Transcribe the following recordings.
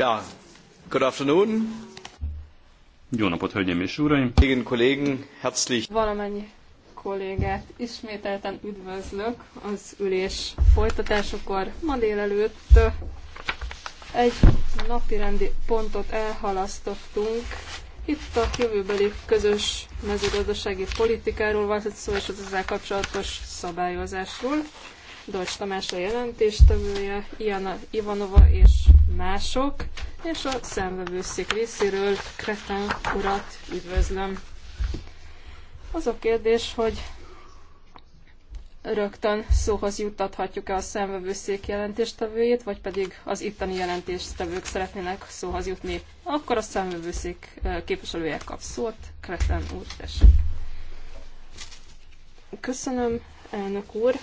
Ja, good afternoon. Jó napot, hölgyeim és uraim! Igen, kollégen, herzlich. Valamennyi kollégát ismételten üdvözlök az ülés folytatásokor ma délelőtt egy napirendi pontot elhalasztottunk. Itt a jövőbeli közös mezőgazdasági politikáról van szó, és az ezzel kapcsolatos szabályozásról. Dolcs Tamás a jelentéstevője, Iana Ivanova és mások, és a szemvevőszék részéről Kreten urat üdvözlöm. Az a kérdés, hogy rögtön szóhoz juttathatjuk-e a szemvevőszék jelentéstevőjét, vagy pedig az itteni jelentéstevők szeretnének szóhoz jutni. Akkor a szemvevőszék eh, képviselője kap szót. Kreten úr, tessék. Köszönöm, elnök úr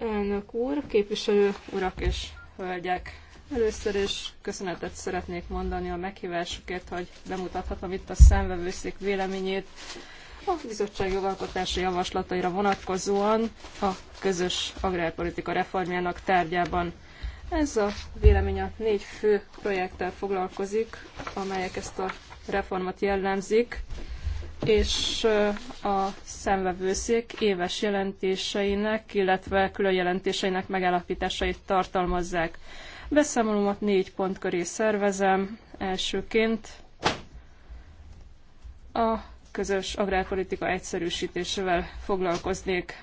elnök úr, képviselő urak és hölgyek! Először is köszönetet szeretnék mondani a meghívásukért, hogy bemutathatom itt a szemvevőszék véleményét a bizottság jogalkotási javaslataira vonatkozóan a közös agrárpolitika reformjának tárgyában. Ez a vélemény a négy fő projekttel foglalkozik, amelyek ezt a reformat jellemzik, és a szemvevőszék éves jelentéseinek, illetve külön jelentéseinek megállapításait tartalmazzák. Beszámolomat négy pont köré szervezem. Elsőként a közös agrárpolitika egyszerűsítésével foglalkoznék.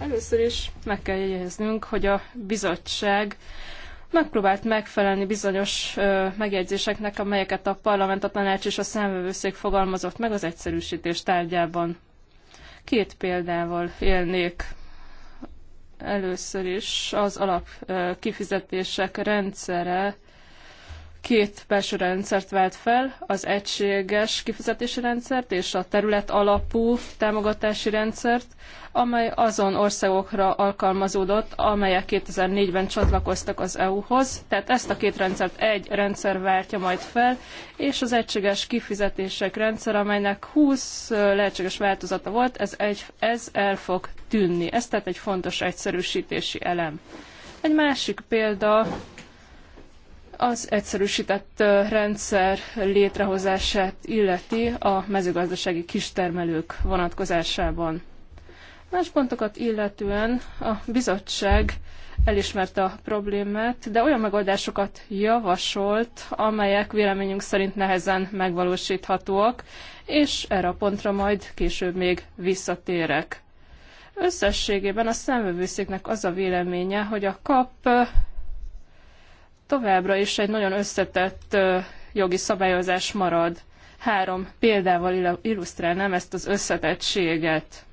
Először is meg kell jegyeznünk, hogy a bizottság megpróbált megfelelni bizonyos megjegyzéseknek, amelyeket a parlament, a tanács és a számvevőszék fogalmazott meg az egyszerűsítés tárgyában. Két példával élnék először is az alap kifizetések rendszere két belső rendszert vált fel, az egységes kifizetési rendszert és a terület alapú támogatási rendszert, amely azon országokra alkalmazódott, amelyek 2004-ben csatlakoztak az EU-hoz. Tehát ezt a két rendszert egy rendszer váltja majd fel, és az egységes kifizetések rendszer, amelynek 20 lehetséges változata volt, ez, egy, ez el fog tűnni. Ez tehát egy fontos egyszerűsítési elem. Egy másik példa az egyszerűsített rendszer létrehozását illeti a mezőgazdasági kistermelők vonatkozásában. Más pontokat illetően a bizottság elismerte a problémát, de olyan megoldásokat javasolt, amelyek véleményünk szerint nehezen megvalósíthatóak, és erre a pontra majd később még visszatérek. Összességében a szemvevőszéknek az a véleménye, hogy a kap továbbra is egy nagyon összetett jogi szabályozás marad. Három példával illusztrálnám ezt az összetettséget.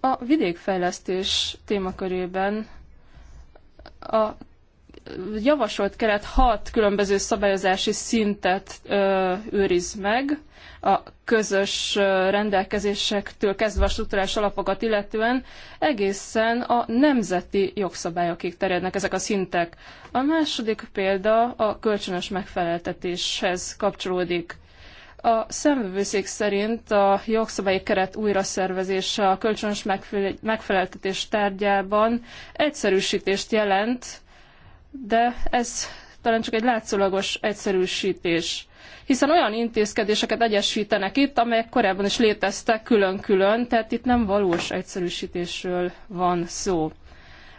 A vidékfejlesztés témakörében a javasolt keret hat különböző szabályozási szintet ö, őriz meg. A közös rendelkezésektől kezdve a strukturális alapokat illetően egészen a nemzeti jogszabályokig terjednek ezek a szintek. A második példa a kölcsönös megfeleltetéshez kapcsolódik. A szemvevőszék szerint a jogszabályi keret újraszervezése a kölcsönös megfeleltetés tárgyában egyszerűsítést jelent, de ez talán csak egy látszólagos egyszerűsítés hiszen olyan intézkedéseket egyesítenek itt, amelyek korábban is léteztek külön-külön, tehát itt nem valós egyszerűsítésről van szó.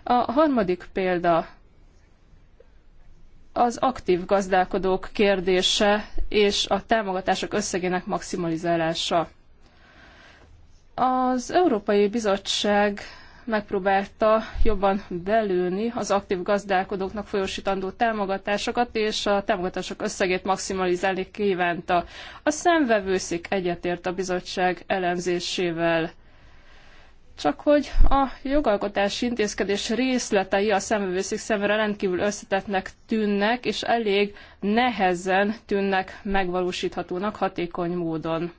A harmadik példa az aktív gazdálkodók kérdése és a támogatások összegének maximalizálása. Az Európai Bizottság megpróbálta jobban belőni az aktív gazdálkodóknak folyósítandó támogatásokat, és a támogatások összegét maximalizálni kívánta. A szemvevőszik egyetért a bizottság elemzésével. Csak hogy a jogalkotási intézkedés részletei a szemvevőszik szemre rendkívül összetettnek tűnnek, és elég nehezen tűnnek megvalósíthatónak hatékony módon.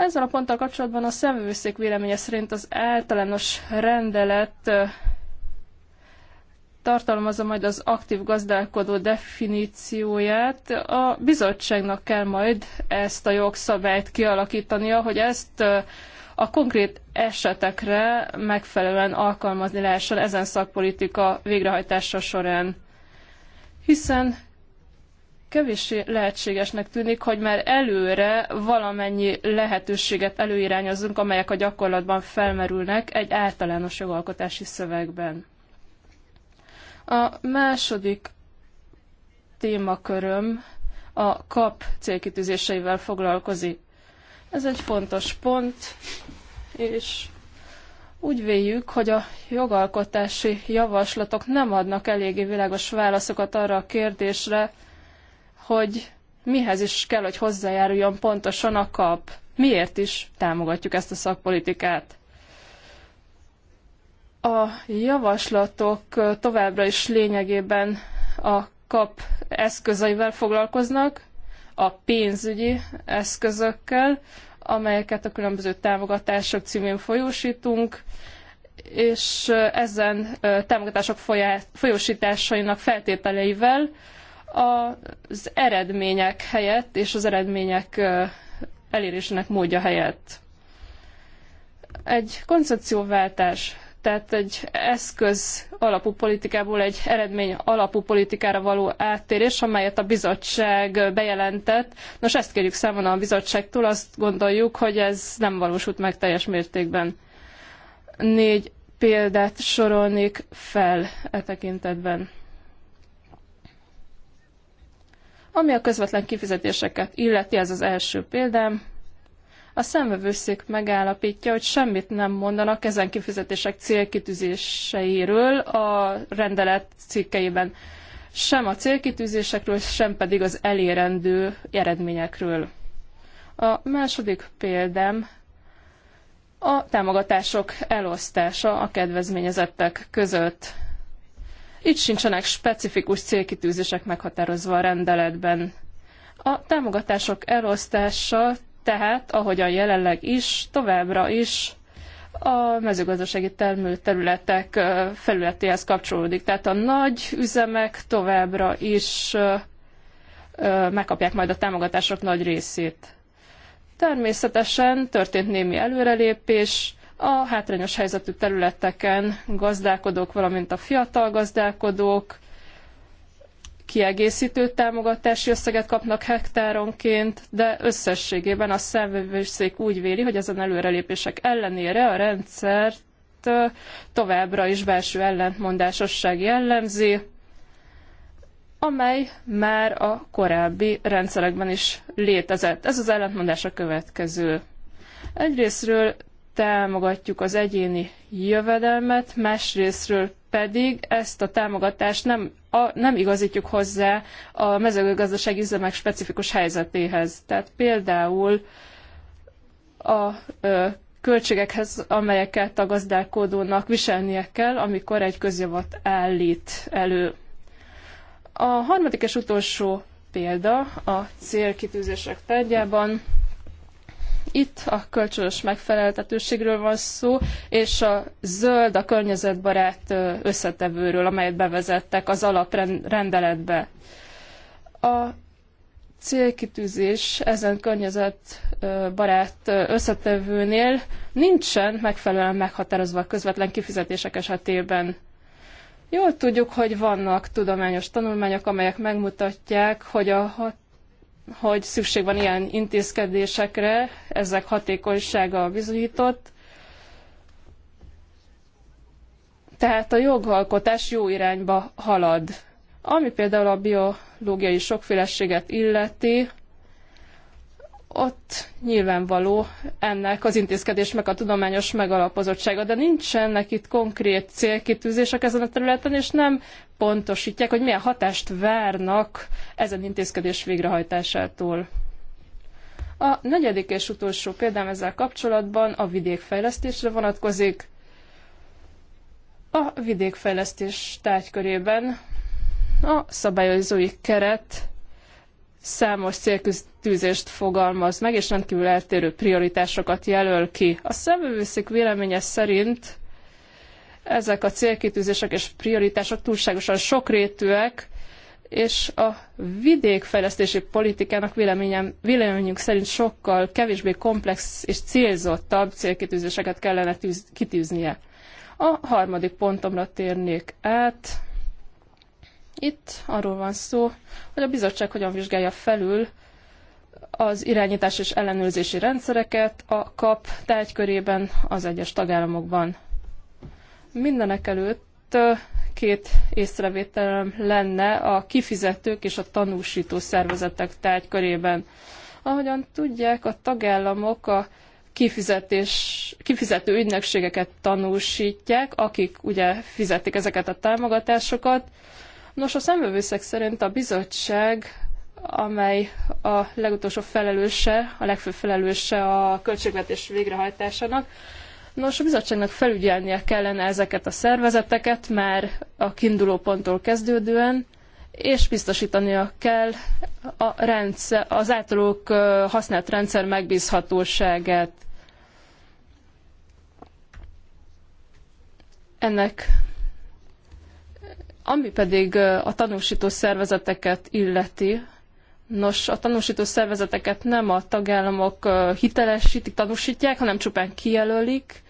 Ezzel a ponttal kapcsolatban a szemvőszék véleménye szerint az általános rendelet tartalmazza majd az aktív gazdálkodó definícióját. A bizottságnak kell majd ezt a jogszabályt kialakítania, hogy ezt a konkrét esetekre megfelelően alkalmazni lehessen ezen szakpolitika végrehajtása során. Hiszen kevés lehetségesnek tűnik, hogy már előre valamennyi lehetőséget előirányozunk, amelyek a gyakorlatban felmerülnek egy általános jogalkotási szövegben. A második témaköröm a kap célkitűzéseivel foglalkozik. Ez egy fontos pont, és úgy véljük, hogy a jogalkotási javaslatok nem adnak eléggé világos válaszokat arra a kérdésre, hogy mihez is kell, hogy hozzájáruljon pontosan a kap. Miért is támogatjuk ezt a szakpolitikát? A javaslatok továbbra is lényegében a kap eszközeivel foglalkoznak, a pénzügyi eszközökkel, amelyeket a különböző támogatások címén folyósítunk, és ezen támogatások folyósításainak feltételeivel, az eredmények helyett és az eredmények elérésének módja helyett. Egy koncepcióváltás, tehát egy eszköz alapú politikából egy eredmény alapú politikára való áttérés, amelyet a bizottság bejelentett. Nos, ezt kérjük számon a bizottságtól, azt gondoljuk, hogy ez nem valósult meg teljes mértékben. Négy példát sorolnék fel e tekintetben. Ami a közvetlen kifizetéseket illeti, ez az első példám, a szemvevőszék megállapítja, hogy semmit nem mondanak ezen kifizetések célkitűzéseiről a rendelet cikkeiben. Sem a célkitűzésekről, sem pedig az elérendő eredményekről. A második példám a támogatások elosztása a kedvezményezettek között. Itt sincsenek specifikus célkitűzések meghatározva a rendeletben. A támogatások elosztása tehát, ahogyan jelenleg is, továbbra is a mezőgazdasági termőterületek felületéhez kapcsolódik. Tehát a nagy üzemek továbbra is megkapják majd a támogatások nagy részét. Természetesen történt némi előrelépés, a hátrányos helyzetű területeken gazdálkodók, valamint a fiatal gazdálkodók kiegészítő támogatási összeget kapnak hektáronként, de összességében a szervezőszék úgy véli, hogy ezen előrelépések ellenére a rendszert továbbra is belső ellentmondásosság jellemzi, amely már a korábbi rendszerekben is létezett. Ez az ellentmondás a következő. Egyrésztről támogatjuk az egyéni jövedelmet, másrésztről pedig ezt a támogatást nem, a, nem igazítjuk hozzá a mezőgazdasági üzemek specifikus helyzetéhez. Tehát például a ö, költségekhez, amelyeket a gazdálkodónak viselnie kell, amikor egy közjavat állít elő. A harmadik és utolsó példa a célkitűzések tárgyában itt a kölcsönös megfeleltetőségről van szó, és a zöld, a környezetbarát összetevőről, amelyet bevezettek az alaprendeletbe. A célkitűzés ezen környezetbarát összetevőnél nincsen megfelelően meghatározva a közvetlen kifizetések esetében. Jól tudjuk, hogy vannak tudományos tanulmányok, amelyek megmutatják, hogy a hat hogy szükség van ilyen intézkedésekre, ezek hatékonysága bizonyított. Tehát a jogalkotás jó irányba halad. Ami például a biológiai sokféleséget illeti, ott nyilvánvaló ennek az intézkedésnek a tudományos megalapozottsága, de nincsenek itt konkrét célkitűzések ezen a területen, és nem pontosítják, hogy milyen hatást várnak ezen intézkedés végrehajtásától. A negyedik és utolsó példám ezzel kapcsolatban a vidékfejlesztésre vonatkozik. A vidékfejlesztés tárgykörében a szabályozói keret számos célkitűzést fogalmaz meg, és rendkívül eltérő prioritásokat jelöl ki. A szemövőszik véleménye szerint ezek a célkitűzések és prioritások túlságosan sokrétűek, és a vidékfejlesztési politikának véleményem, véleményünk szerint sokkal kevésbé komplex és célzottabb célkitűzéseket kellene tűz, kitűznie. A harmadik pontomra térnék át. Itt arról van szó, hogy a bizottság hogyan vizsgálja felül az irányítás és ellenőrzési rendszereket a kap tárgykörében az egyes tagállamokban. Mindenek előtt két észrevételem lenne a kifizetők és a tanúsító szervezetek tárgykörében. Ahogyan tudják, a tagállamok a kifizetés, kifizető ügynökségeket tanúsítják, akik ugye fizetik ezeket a támogatásokat. Nos, a szemövőszek szerint a bizottság amely a legutolsó felelőse, a legfőbb felelőse a költségvetés végrehajtásának. Nos, a bizottságnak felügyelnie kellene ezeket a szervezeteket már a kiinduló ponttól kezdődően, és biztosítania kell a rendszer, az általuk használt rendszer megbízhatóságát. Ennek ami pedig a tanúsító szervezeteket illeti, Nos, a tanúsító szervezeteket nem a tagállamok hitelesítik, tanúsítják, hanem csupán kijelölik.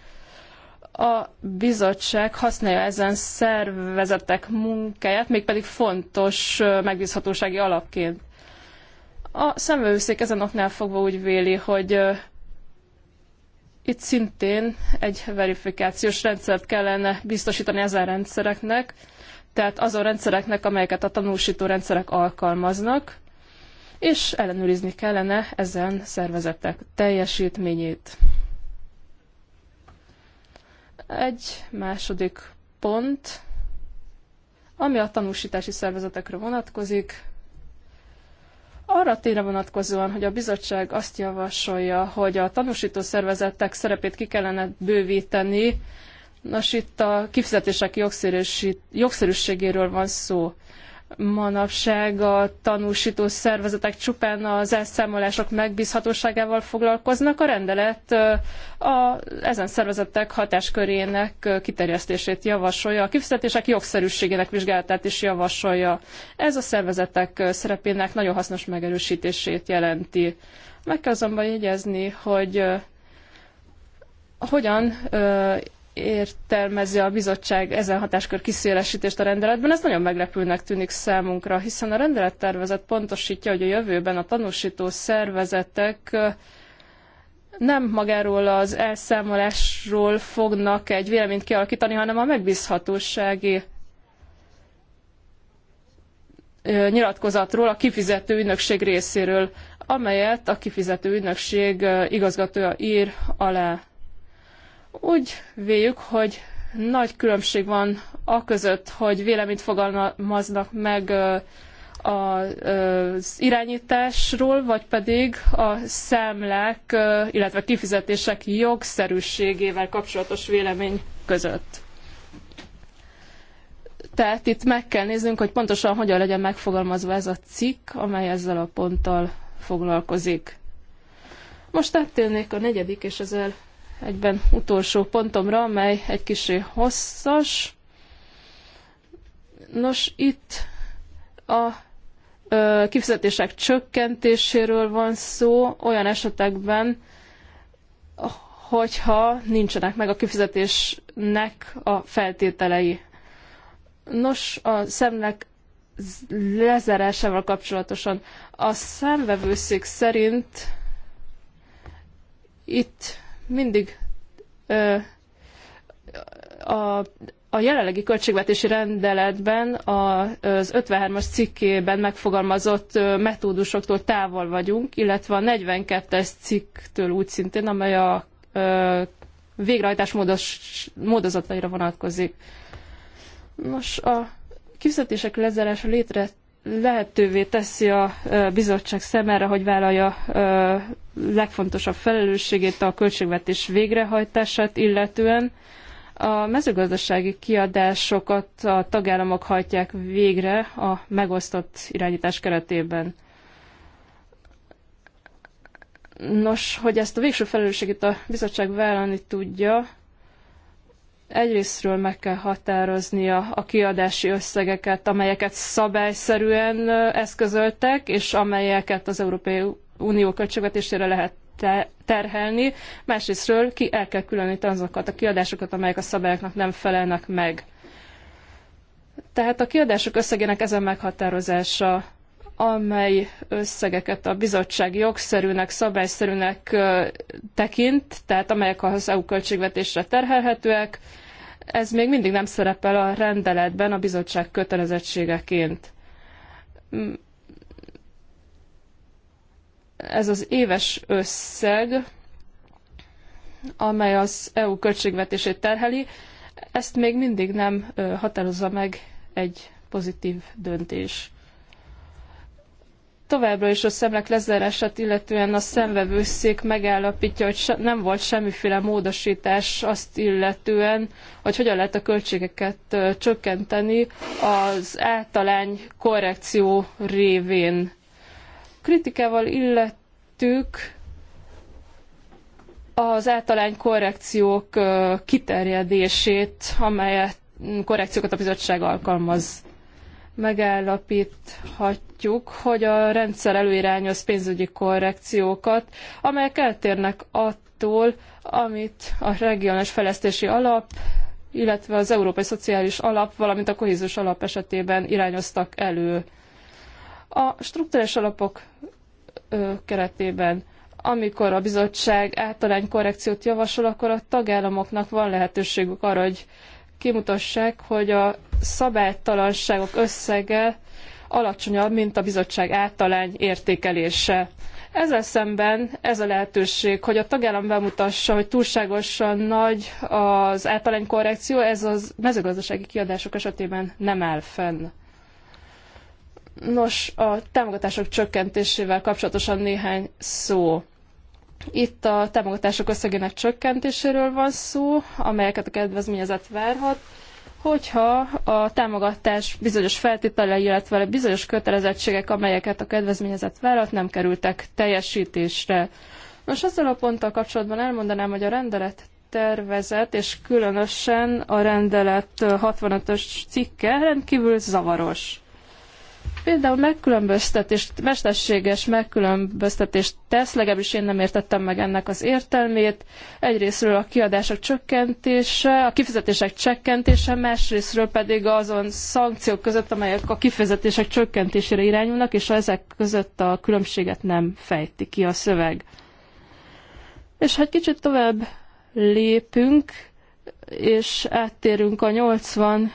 A bizottság használja ezen szervezetek munkáját, mégpedig fontos megbízhatósági alapként. A szemőszék ezen oknál fogva úgy véli, hogy itt szintén egy verifikációs rendszert kellene biztosítani ezen rendszereknek, tehát azon rendszereknek, amelyeket a tanúsító rendszerek alkalmaznak, és ellenőrizni kellene ezen szervezetek teljesítményét. Egy második pont, ami a tanúsítási szervezetekre vonatkozik, arra tényre vonatkozóan, hogy a bizottság azt javasolja, hogy a tanúsító szervezetek szerepét ki kellene bővíteni. Nos, itt a kifizetések jogszerűségéről van szó manapság a tanúsító szervezetek csupán az elszámolások megbízhatóságával foglalkoznak, a rendelet a, ezen szervezetek hatáskörének kiterjesztését javasolja, a kifizetések jogszerűségének vizsgálatát is javasolja. Ez a szervezetek szerepének nagyon hasznos megerősítését jelenti. Meg kell azonban jegyezni, hogy hogyan értelmezi a bizottság ezen hatáskör kiszélesítést a rendeletben, ez nagyon meglepőnek tűnik számunkra, hiszen a rendelettervezet pontosítja, hogy a jövőben a tanúsító szervezetek nem magáról az elszámolásról fognak egy véleményt kialakítani, hanem a megbízhatósági nyilatkozatról a kifizető ügynökség részéről, amelyet a kifizető ügynökség igazgatója ír alá. Úgy véljük, hogy nagy különbség van a között, hogy véleményt fogalmaznak meg az irányításról, vagy pedig a számlák, illetve kifizetések jogszerűségével kapcsolatos vélemény között. Tehát itt meg kell néznünk, hogy pontosan hogyan legyen megfogalmazva ez a cikk, amely ezzel a ponttal foglalkozik. Most áttérnék a negyedik és ezzel egyben utolsó pontomra, amely egy kicsi hosszas. Nos, itt a ö, kifizetések csökkentéséről van szó olyan esetekben, hogyha nincsenek meg a kifizetésnek a feltételei. Nos, a szemnek lezárásával kapcsolatosan a szemvevőszék szerint itt mindig ö, a, a jelenlegi költségvetési rendeletben az 53-as cikkében megfogalmazott metódusoktól távol vagyunk, illetve a 42-es cikktől úgy szintén, amely a ö, végrehajtás módos, módozataira vonatkozik. Nos, a kifizetések lezárása létre lehetővé teszi a bizottság szemére, hogy vállalja legfontosabb felelősségét a költségvetés végrehajtását illetően. A mezőgazdasági kiadásokat a tagállamok hajtják végre a megosztott irányítás keretében. Nos, hogy ezt a végső felelősségét a bizottság vállalni tudja, Egyrésztről meg kell határoznia a kiadási összegeket, amelyeket szabályszerűen eszközöltek, és amelyeket az Európai Unió költségvetésére lehet terhelni, másrésztről ki el kell különíteni azokat a kiadásokat, amelyek a szabályoknak nem felelnek meg. Tehát a kiadások összegének ezen meghatározása, amely összegeket a bizottság jogszerűnek, szabályszerűnek tekint, tehát amelyek az EU költségvetésre terhelhetőek, ez még mindig nem szerepel a rendeletben a bizottság kötelezettségeként. Mm. Ez az éves összeg, amely az EU költségvetését terheli, ezt még mindig nem határozza meg egy pozitív döntés. Továbbra is a szemlek lezárását illetően a szemvevőszék megállapítja, hogy nem volt semmiféle módosítás azt illetően, hogy hogyan lehet a költségeket csökkenteni az általány korrekció révén. Kritikával illettük az általány korrekciók kiterjedését, amelyet korrekciókat a bizottság alkalmaz megállapíthatjuk, hogy a rendszer előirányoz pénzügyi korrekciókat, amelyek eltérnek attól, amit a regionális fejlesztési alap, illetve az Európai Szociális Alap, valamint a kohéziós alap esetében irányoztak elő. A strukturális alapok ö, keretében amikor a bizottság általány korrekciót javasol, akkor a tagállamoknak van lehetőségük arra, hogy kimutassák, hogy a szabálytalanságok összege alacsonyabb, mint a bizottság általány értékelése. Ezzel szemben ez a lehetőség, hogy a tagállam bemutassa, hogy túlságosan nagy az általány korrekció, ez a mezőgazdasági kiadások esetében nem áll fenn. Nos, a támogatások csökkentésével kapcsolatosan néhány szó. Itt a támogatások összegének csökkentéséről van szó, amelyeket a kedvezményezett várhat, hogyha a támogatás bizonyos feltételei, illetve bizonyos kötelezettségek, amelyeket a kedvezményezett vállalat nem kerültek teljesítésre. Nos, ezzel a ponttal kapcsolatban elmondanám, hogy a rendelet tervezet, és különösen a rendelet 65-ös cikke rendkívül zavaros. Például megkülönböztetés mesterséges megkülönböztetést tesz, legalábbis én nem értettem meg ennek az értelmét. Egyrésztről a kiadások csökkentése, a kifizetések csökkentése, másrésztről pedig azon szankciók között, amelyek a kifizetések csökkentésére irányulnak, és ezek között a különbséget nem fejti ki a szöveg. És ha egy kicsit tovább lépünk, és áttérünk a 80,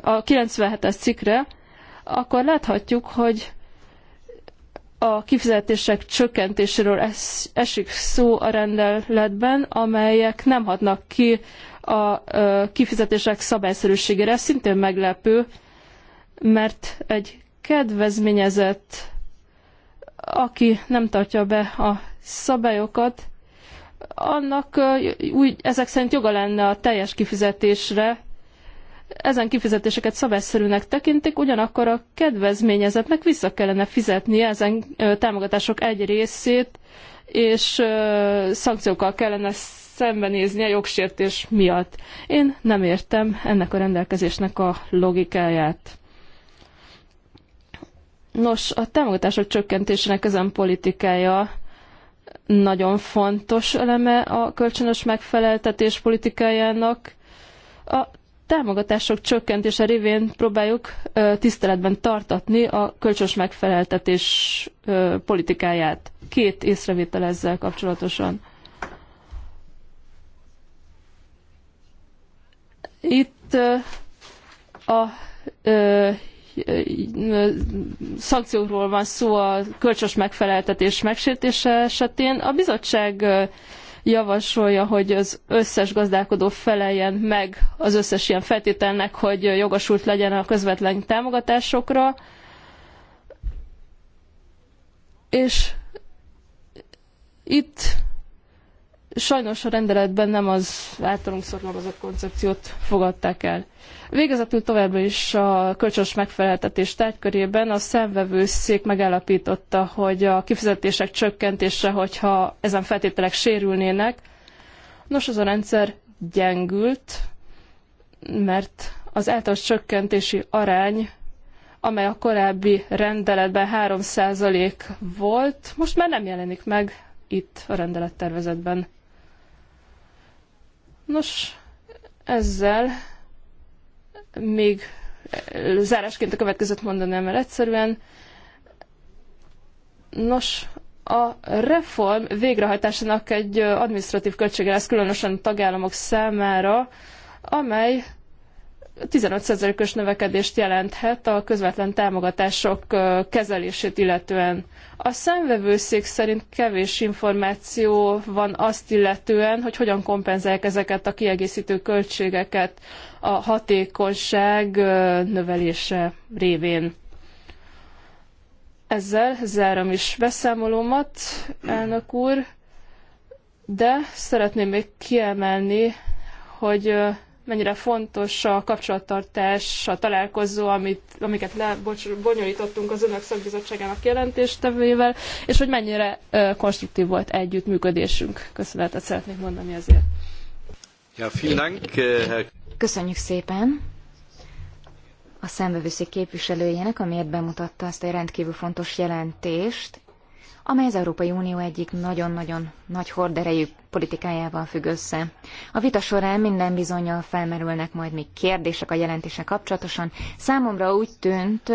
a 97-es cikre, akkor láthatjuk, hogy a kifizetések csökkentéséről esik szó a rendeletben, amelyek nem hatnak ki a kifizetések szabályszerűségére. Ez szintén meglepő, mert egy kedvezményezett, aki nem tartja be a szabályokat, annak úgy ezek szerint joga lenne a teljes kifizetésre, ezen kifizetéseket szabályszerűnek tekintik, ugyanakkor a kedvezményezetnek vissza kellene fizetnie ezen támogatások egy részét, és szankciókkal kellene szembenézni a jogsértés miatt. Én nem értem ennek a rendelkezésnek a logikáját. Nos, a támogatások csökkentésének ezen politikája nagyon fontos eleme a kölcsönös megfeleltetés politikájának. A támogatások csökkentése révén próbáljuk tiszteletben tartatni a kölcsös megfeleltetés politikáját. Két észrevétel ezzel kapcsolatosan. Itt a szankciókról van szó a kölcsös megfeleltetés megsértése esetén. A bizottság javasolja, hogy az összes gazdálkodó feleljen meg az összes ilyen feltételnek, hogy jogosult legyen a közvetlen támogatásokra. És itt Sajnos a rendeletben nem az általunk szorgalmazott koncepciót fogadták el. Végezetül továbbra is a kölcsönös megfeleltetés tárgykörében a szék megállapította, hogy a kifizetések csökkentése, hogyha ezen feltételek sérülnének, nos, az a rendszer gyengült, mert az általános csökkentési arány, amely a korábbi rendeletben 3% volt, most már nem jelenik meg itt a rendelettervezetben. Nos, ezzel még zárásként a következőt mondanám el egyszerűen. Nos, a reform végrehajtásának egy administratív költsége lesz különösen a tagállamok számára, amely 15%-os növekedést jelenthet a közvetlen támogatások kezelését illetően. A számvevőszék szerint kevés információ van azt illetően, hogy hogyan kompenzálják ezeket a kiegészítő költségeket a hatékonyság növelése révén. Ezzel zárom is beszámolómat, elnök úr, de szeretném még kiemelni, hogy mennyire fontos a kapcsolattartás, a találkozó, amit, amiket lebonyolítottunk az Önök Szakbizottságának jelentéstevőjével, és hogy mennyire ö, konstruktív volt együttműködésünk. Köszönetet szeretnék mondani ezért. Ja, vielen Dank. Äh, Köszönjük szépen a szembevőszék képviselőjének, amiért bemutatta ezt a rendkívül fontos jelentést, amely az Európai Unió egyik nagyon-nagyon nagy horderejű politikájával függ össze. A vita során minden bizonyal felmerülnek majd még kérdések a jelentése kapcsolatosan. Számomra úgy tűnt,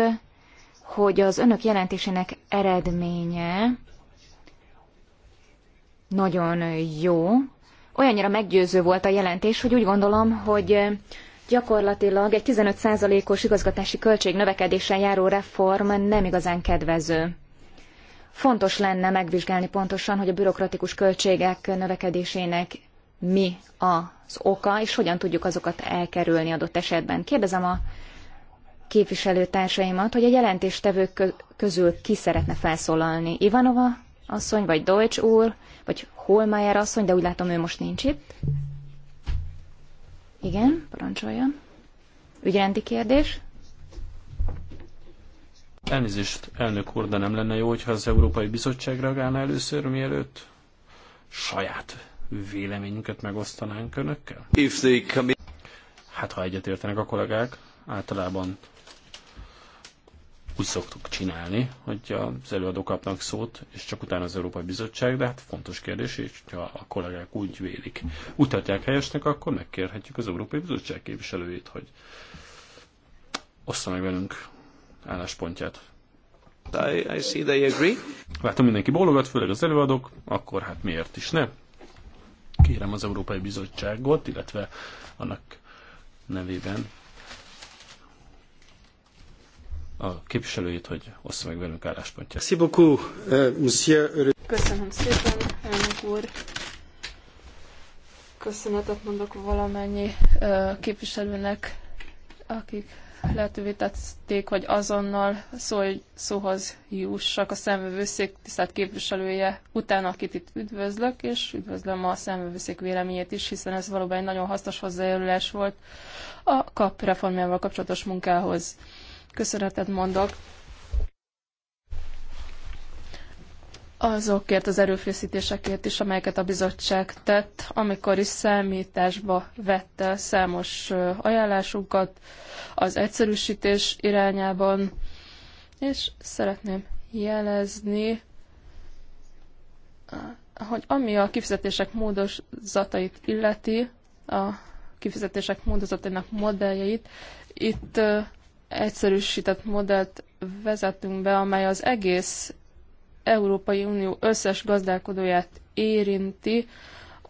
hogy az önök jelentésének eredménye nagyon jó. Olyannyira meggyőző volt a jelentés, hogy úgy gondolom, hogy gyakorlatilag egy 15%-os igazgatási költség növekedéssel járó reform nem igazán kedvező. Fontos lenne megvizsgálni pontosan, hogy a bürokratikus költségek növekedésének mi az oka, és hogyan tudjuk azokat elkerülni adott esetben. Kérdezem a képviselőtársaimat, hogy a jelentéstevők közül ki szeretne felszólalni. Ivanova asszony, vagy Deutsch úr, vagy Holmeyer asszony, de úgy látom ő most nincs itt. Igen, parancsoljon. Ügyrendi kérdés. Elnézést, elnök úr, de nem lenne jó, hogyha az Európai Bizottság reagálna először, mielőtt saját véleményünket megosztanánk önökkel? If they come... Hát, ha egyetértenek a kollégák, általában úgy szoktuk csinálni, hogy az előadók kapnak szót, és csak utána az Európai Bizottság, de hát fontos kérdés, és ha a kollégák úgy vélik, úgy tartják helyesnek, akkor megkérhetjük az Európai Bizottság képviselőjét, hogy osztanak meg velünk álláspontját. I, I see they agree. Látom, mindenki bólogat, főleg az előadók, akkor hát miért is ne? Kérem az Európai Bizottságot, illetve annak nevében a képviselőjét, hogy ossza meg velünk álláspontját. Euh, Köszönöm szépen, elnök úr. Köszönetet mondok valamennyi euh, képviselőnek, akik lehetővé tették, hogy azonnal szólj, szóhoz jussak a szemvevőszék tisztelt képviselője után, akit itt üdvözlök, és üdvözlöm a szemvevőszék véleményét is, hiszen ez valóban egy nagyon hasznos hozzájárulás volt a kap reformjával kapcsolatos munkához. Köszönetet mondok azokért az erőfészítésekért is, amelyeket a bizottság tett, amikor is számításba vette számos ajánlásunkat az egyszerűsítés irányában, és szeretném jelezni, hogy ami a kifizetések módozatait illeti, a kifizetések módozatainak modelljeit, itt egyszerűsített modellt vezetünk be, amely az egész Európai Unió összes gazdálkodóját érinti,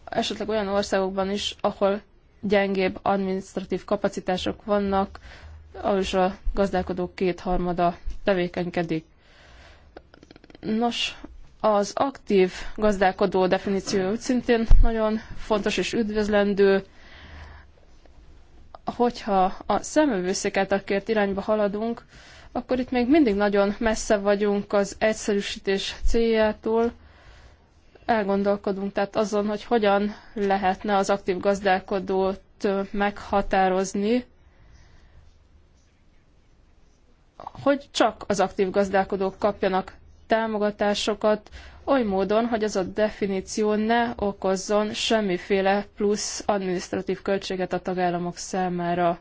esetleg olyan országokban is, ahol gyengébb administratív kapacitások vannak, ahol is a gazdálkodók kétharmada tevékenykedik. Nos, az aktív gazdálkodó definíció szintén nagyon fontos és üdvözlendő, hogyha a szemövőszék által kért irányba haladunk, akkor itt még mindig nagyon messze vagyunk az egyszerűsítés céljától. Elgondolkodunk tehát azon, hogy hogyan lehetne az aktív gazdálkodót meghatározni, hogy csak az aktív gazdálkodók kapjanak támogatásokat, oly módon, hogy az a definíció ne okozzon semmiféle plusz administratív költséget a tagállamok számára.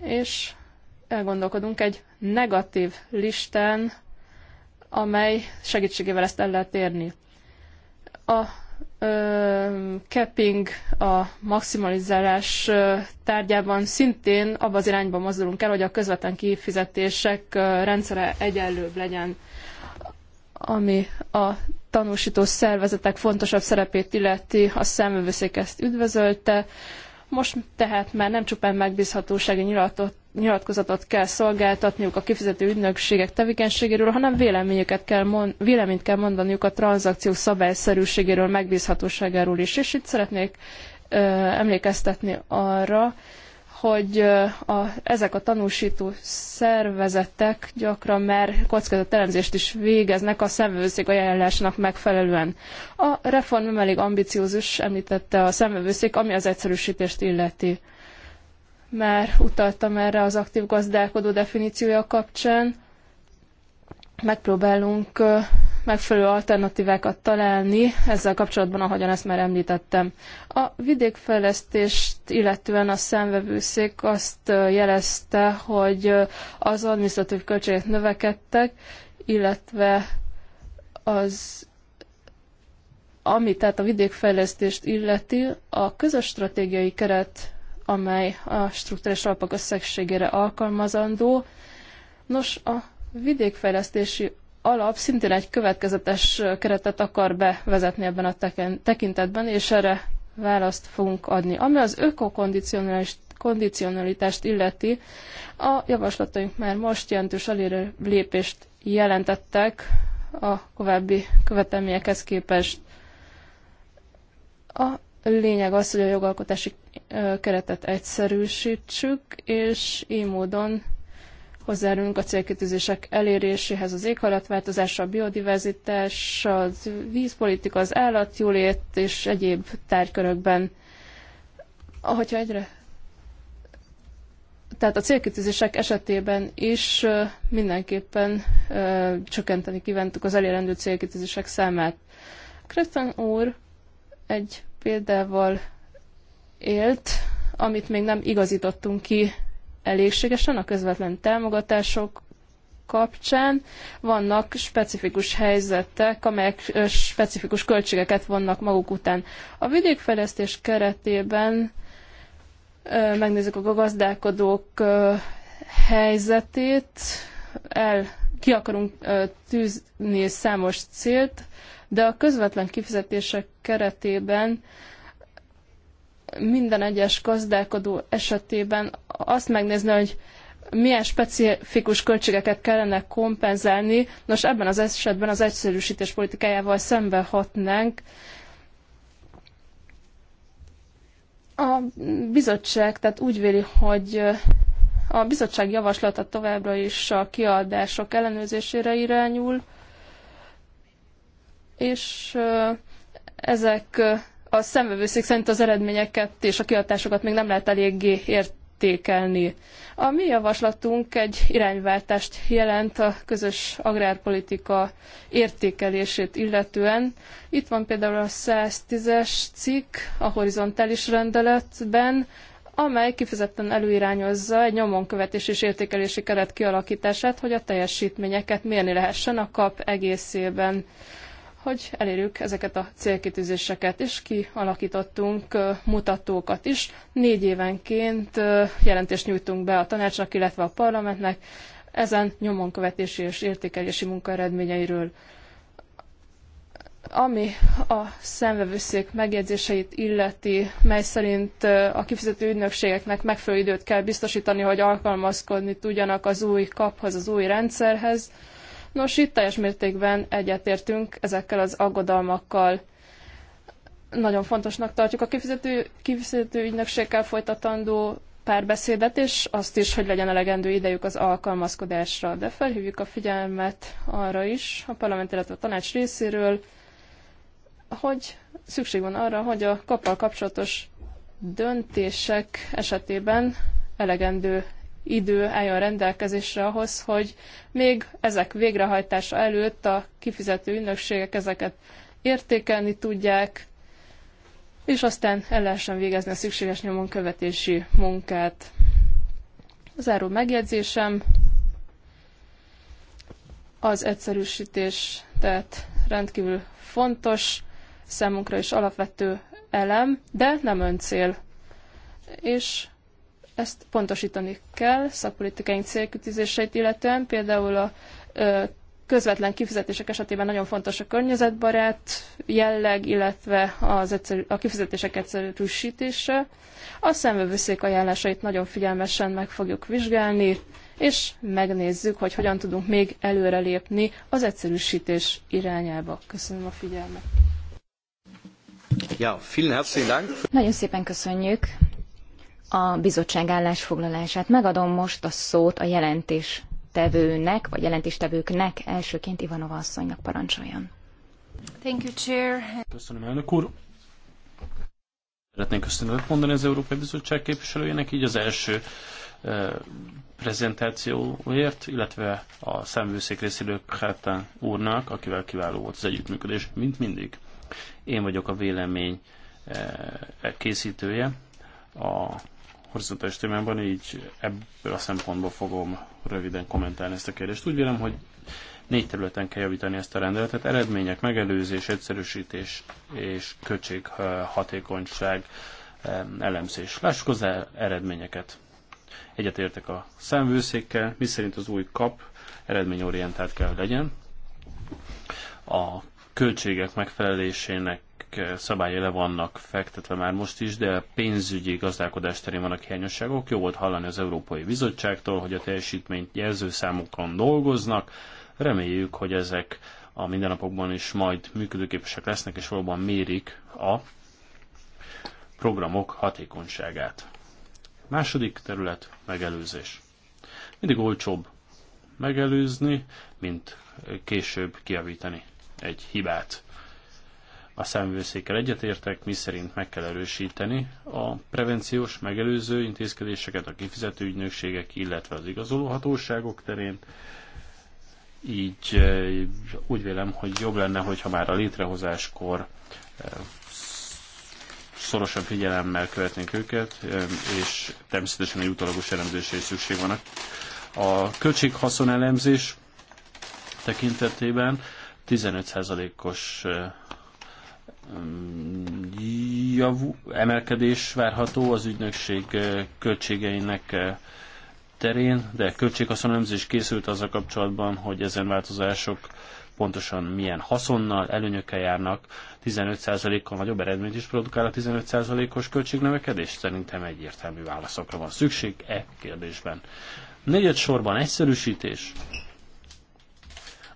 És elgondolkodunk egy negatív listán, amely segítségével ezt el lehet érni. A ö, capping, a maximalizálás ö, tárgyában szintén abba az irányba mozdulunk el, hogy a közvetlen kifizetések ö, rendszere egyenlőbb legyen, ami a tanúsító szervezetek fontosabb szerepét illeti, a számövőszék ezt üdvözölte. Ö, most tehát már nem csupán megbízhatósági nyilatot, nyilatkozatot kell szolgáltatniuk a kifizető ügynökségek tevékenységéről, hanem véleményeket kell mond, véleményt kell mondaniuk a tranzakciók szabályszerűségéről, megbízhatóságáról is. És itt szeretnék ö, emlékeztetni arra, hogy a, ezek a tanúsító szervezetek gyakran már kockázatelemzést is végeznek a szemvőszék ajánlásnak megfelelően. A reform nem elég ambiciózus, említette a szemvőszék, ami az egyszerűsítést illeti. Már utaltam erre az aktív gazdálkodó definíciója kapcsán. Megpróbálunk megfelelő alternatívákat találni, ezzel kapcsolatban, ahogyan ezt már említettem. A vidékfejlesztést illetően a számvevőszék azt jelezte, hogy az adminisztratív költségek növekedtek, illetve az ami tehát a vidékfejlesztést illeti, a közös stratégiai keret, amely a struktúrás alapok összegségére alkalmazandó. Nos, a vidékfejlesztési alap szintén egy következetes keretet akar bevezetni ebben a tekintetben, és erre választ fogunk adni. Ami az ökokondicionális kondicionalitást illeti, a javaslataink már most jelentős elérő lépést jelentettek a további követelményekhez képest. A lényeg az, hogy a jogalkotási keretet egyszerűsítsük, és így módon hozzájárulunk a célkitűzések eléréséhez, az éghajlatváltozás, a biodiverzitás, a vízpolitika, az állatjólét és egyéb tárgykörökben. Ahogyha egyre tehát a célkitűzések esetében is mindenképpen ö, csökkenteni kívántuk az elérendő célkitűzések számát. Kretan úr egy példával élt, amit még nem igazítottunk ki elégségesen a közvetlen támogatások kapcsán vannak specifikus helyzetek, amelyek specifikus költségeket vannak maguk után. A vidékfejlesztés keretében megnézzük a gazdálkodók helyzetét, el ki akarunk tűzni számos célt, de a közvetlen kifizetések keretében minden egyes gazdálkodó esetében azt megnézni, hogy milyen specifikus költségeket kellene kompenzálni. Nos, ebben az esetben az egyszerűsítés politikájával szembe hatnánk. A bizottság tehát úgy véli, hogy a bizottság javaslata továbbra is a kiadások ellenőrzésére irányul, és ezek a szemvevőszék szerint az eredményeket és a kihatásokat még nem lehet eléggé értékelni. A mi javaslatunk egy irányváltást jelent a közös agrárpolitika értékelését illetően. Itt van például a 110-es cikk a horizontális rendeletben, amely kifejezetten előirányozza egy nyomonkövetés és értékelési keret kialakítását, hogy a teljesítményeket mérni lehessen a kap egészében hogy elérjük ezeket a célkitűzéseket, és kialakítottunk mutatókat is. Négy évenként jelentést nyújtunk be a tanácsnak, illetve a parlamentnek ezen nyomonkövetési és értékelési munka eredményeiről. Ami a szemvevőszék megjegyzéseit illeti, mely szerint a kifizető ügynökségeknek megfelelő időt kell biztosítani, hogy alkalmazkodni tudjanak az új kaphoz, az új rendszerhez, Nos, itt teljes mértékben egyetértünk ezekkel az aggodalmakkal. Nagyon fontosnak tartjuk a kifizető, kifizető ügynökségkel folytatandó párbeszédet, és azt is, hogy legyen elegendő idejük az alkalmazkodásra. De felhívjuk a figyelmet arra is, a parlament, illetve a tanács részéről, hogy szükség van arra, hogy a kappal kapcsolatos döntések esetében elegendő idő álljon rendelkezésre ahhoz, hogy még ezek végrehajtása előtt a kifizető ügynökségek ezeket értékelni tudják, és aztán el lehessen végezni a szükséges nyomon követési munkát. Záró megjegyzésem, az egyszerűsítés tehát rendkívül fontos, számunkra is alapvető elem, de nem öncél. És ezt pontosítani kell szakpolitikáink célkütizéseit illetően, például a közvetlen kifizetések esetében nagyon fontos a környezetbarát jelleg, illetve az egyszerű, a kifizetések egyszerűsítése. A szemvevőszék ajánlásait nagyon figyelmesen meg fogjuk vizsgálni, és megnézzük, hogy hogyan tudunk még előrelépni az egyszerűsítés irányába. Köszönöm a figyelmet. Ja, vielen herzlichen Dank. Nagyon szépen köszönjük a bizottság állásfoglalását. Megadom most a szót a jelentés tevőnek, vagy jelentéstevőknek, elsőként Ivanova asszonynak parancsoljon. Thank you, Chair. Köszönöm, elnök úr. Szeretnék köszönetet mondani az Európai Bizottság képviselőjének, így az első eh, prezentációért, illetve a számvőszék részéről Kátán úrnak, akivel kiváló volt az együttműködés, mint mindig. Én vagyok a vélemény eh, készítője, a horizontális témában, így ebből a szempontból fogom röviden kommentálni ezt a kérdést. Úgy vélem, hogy négy területen kell javítani ezt a rendeletet. Eredmények, megelőzés, egyszerűsítés és költség hatékonyság eh, elemzés. Lássuk hozzá eredményeket. Egyetértek a számvőszékkel, miszerint az új kap eredményorientált kell legyen. A költségek megfelelésének ezek eh, szabályi le vannak fektetve már most is, de a pénzügyi gazdálkodás terén vannak hiányosságok. Jó volt hallani az Európai Bizottságtól, hogy a teljesítményt jelzőszámokon dolgoznak. Reméljük, hogy ezek a mindennapokban is majd működőképesek lesznek, és valóban mérik a programok hatékonyságát. Második terület megelőzés. Mindig olcsóbb megelőzni, mint később kiavítani egy hibát a számvőszékkel egyetértek, mi szerint meg kell erősíteni a prevenciós, megelőző intézkedéseket a kifizető ügynökségek, illetve az igazoló hatóságok terén. Így eh, úgy vélem, hogy jobb lenne, hogyha már a létrehozáskor eh, szorosan figyelemmel követnénk őket, eh, és természetesen egy utalagos elemzésre is szükség van. A költséghaszon elemzés tekintetében 15%-os javú, emelkedés várható az ügynökség eh, költségeinek eh, terén, de költséghaszonelemzés készült azzal kapcsolatban, hogy ezen változások pontosan milyen haszonnal, előnyökkel járnak, 15%-kal nagyobb eredményt is produkál a 15%-os költségnövekedés? Szerintem egyértelmű válaszokra van szükség e kérdésben. Negyed sorban egyszerűsítés,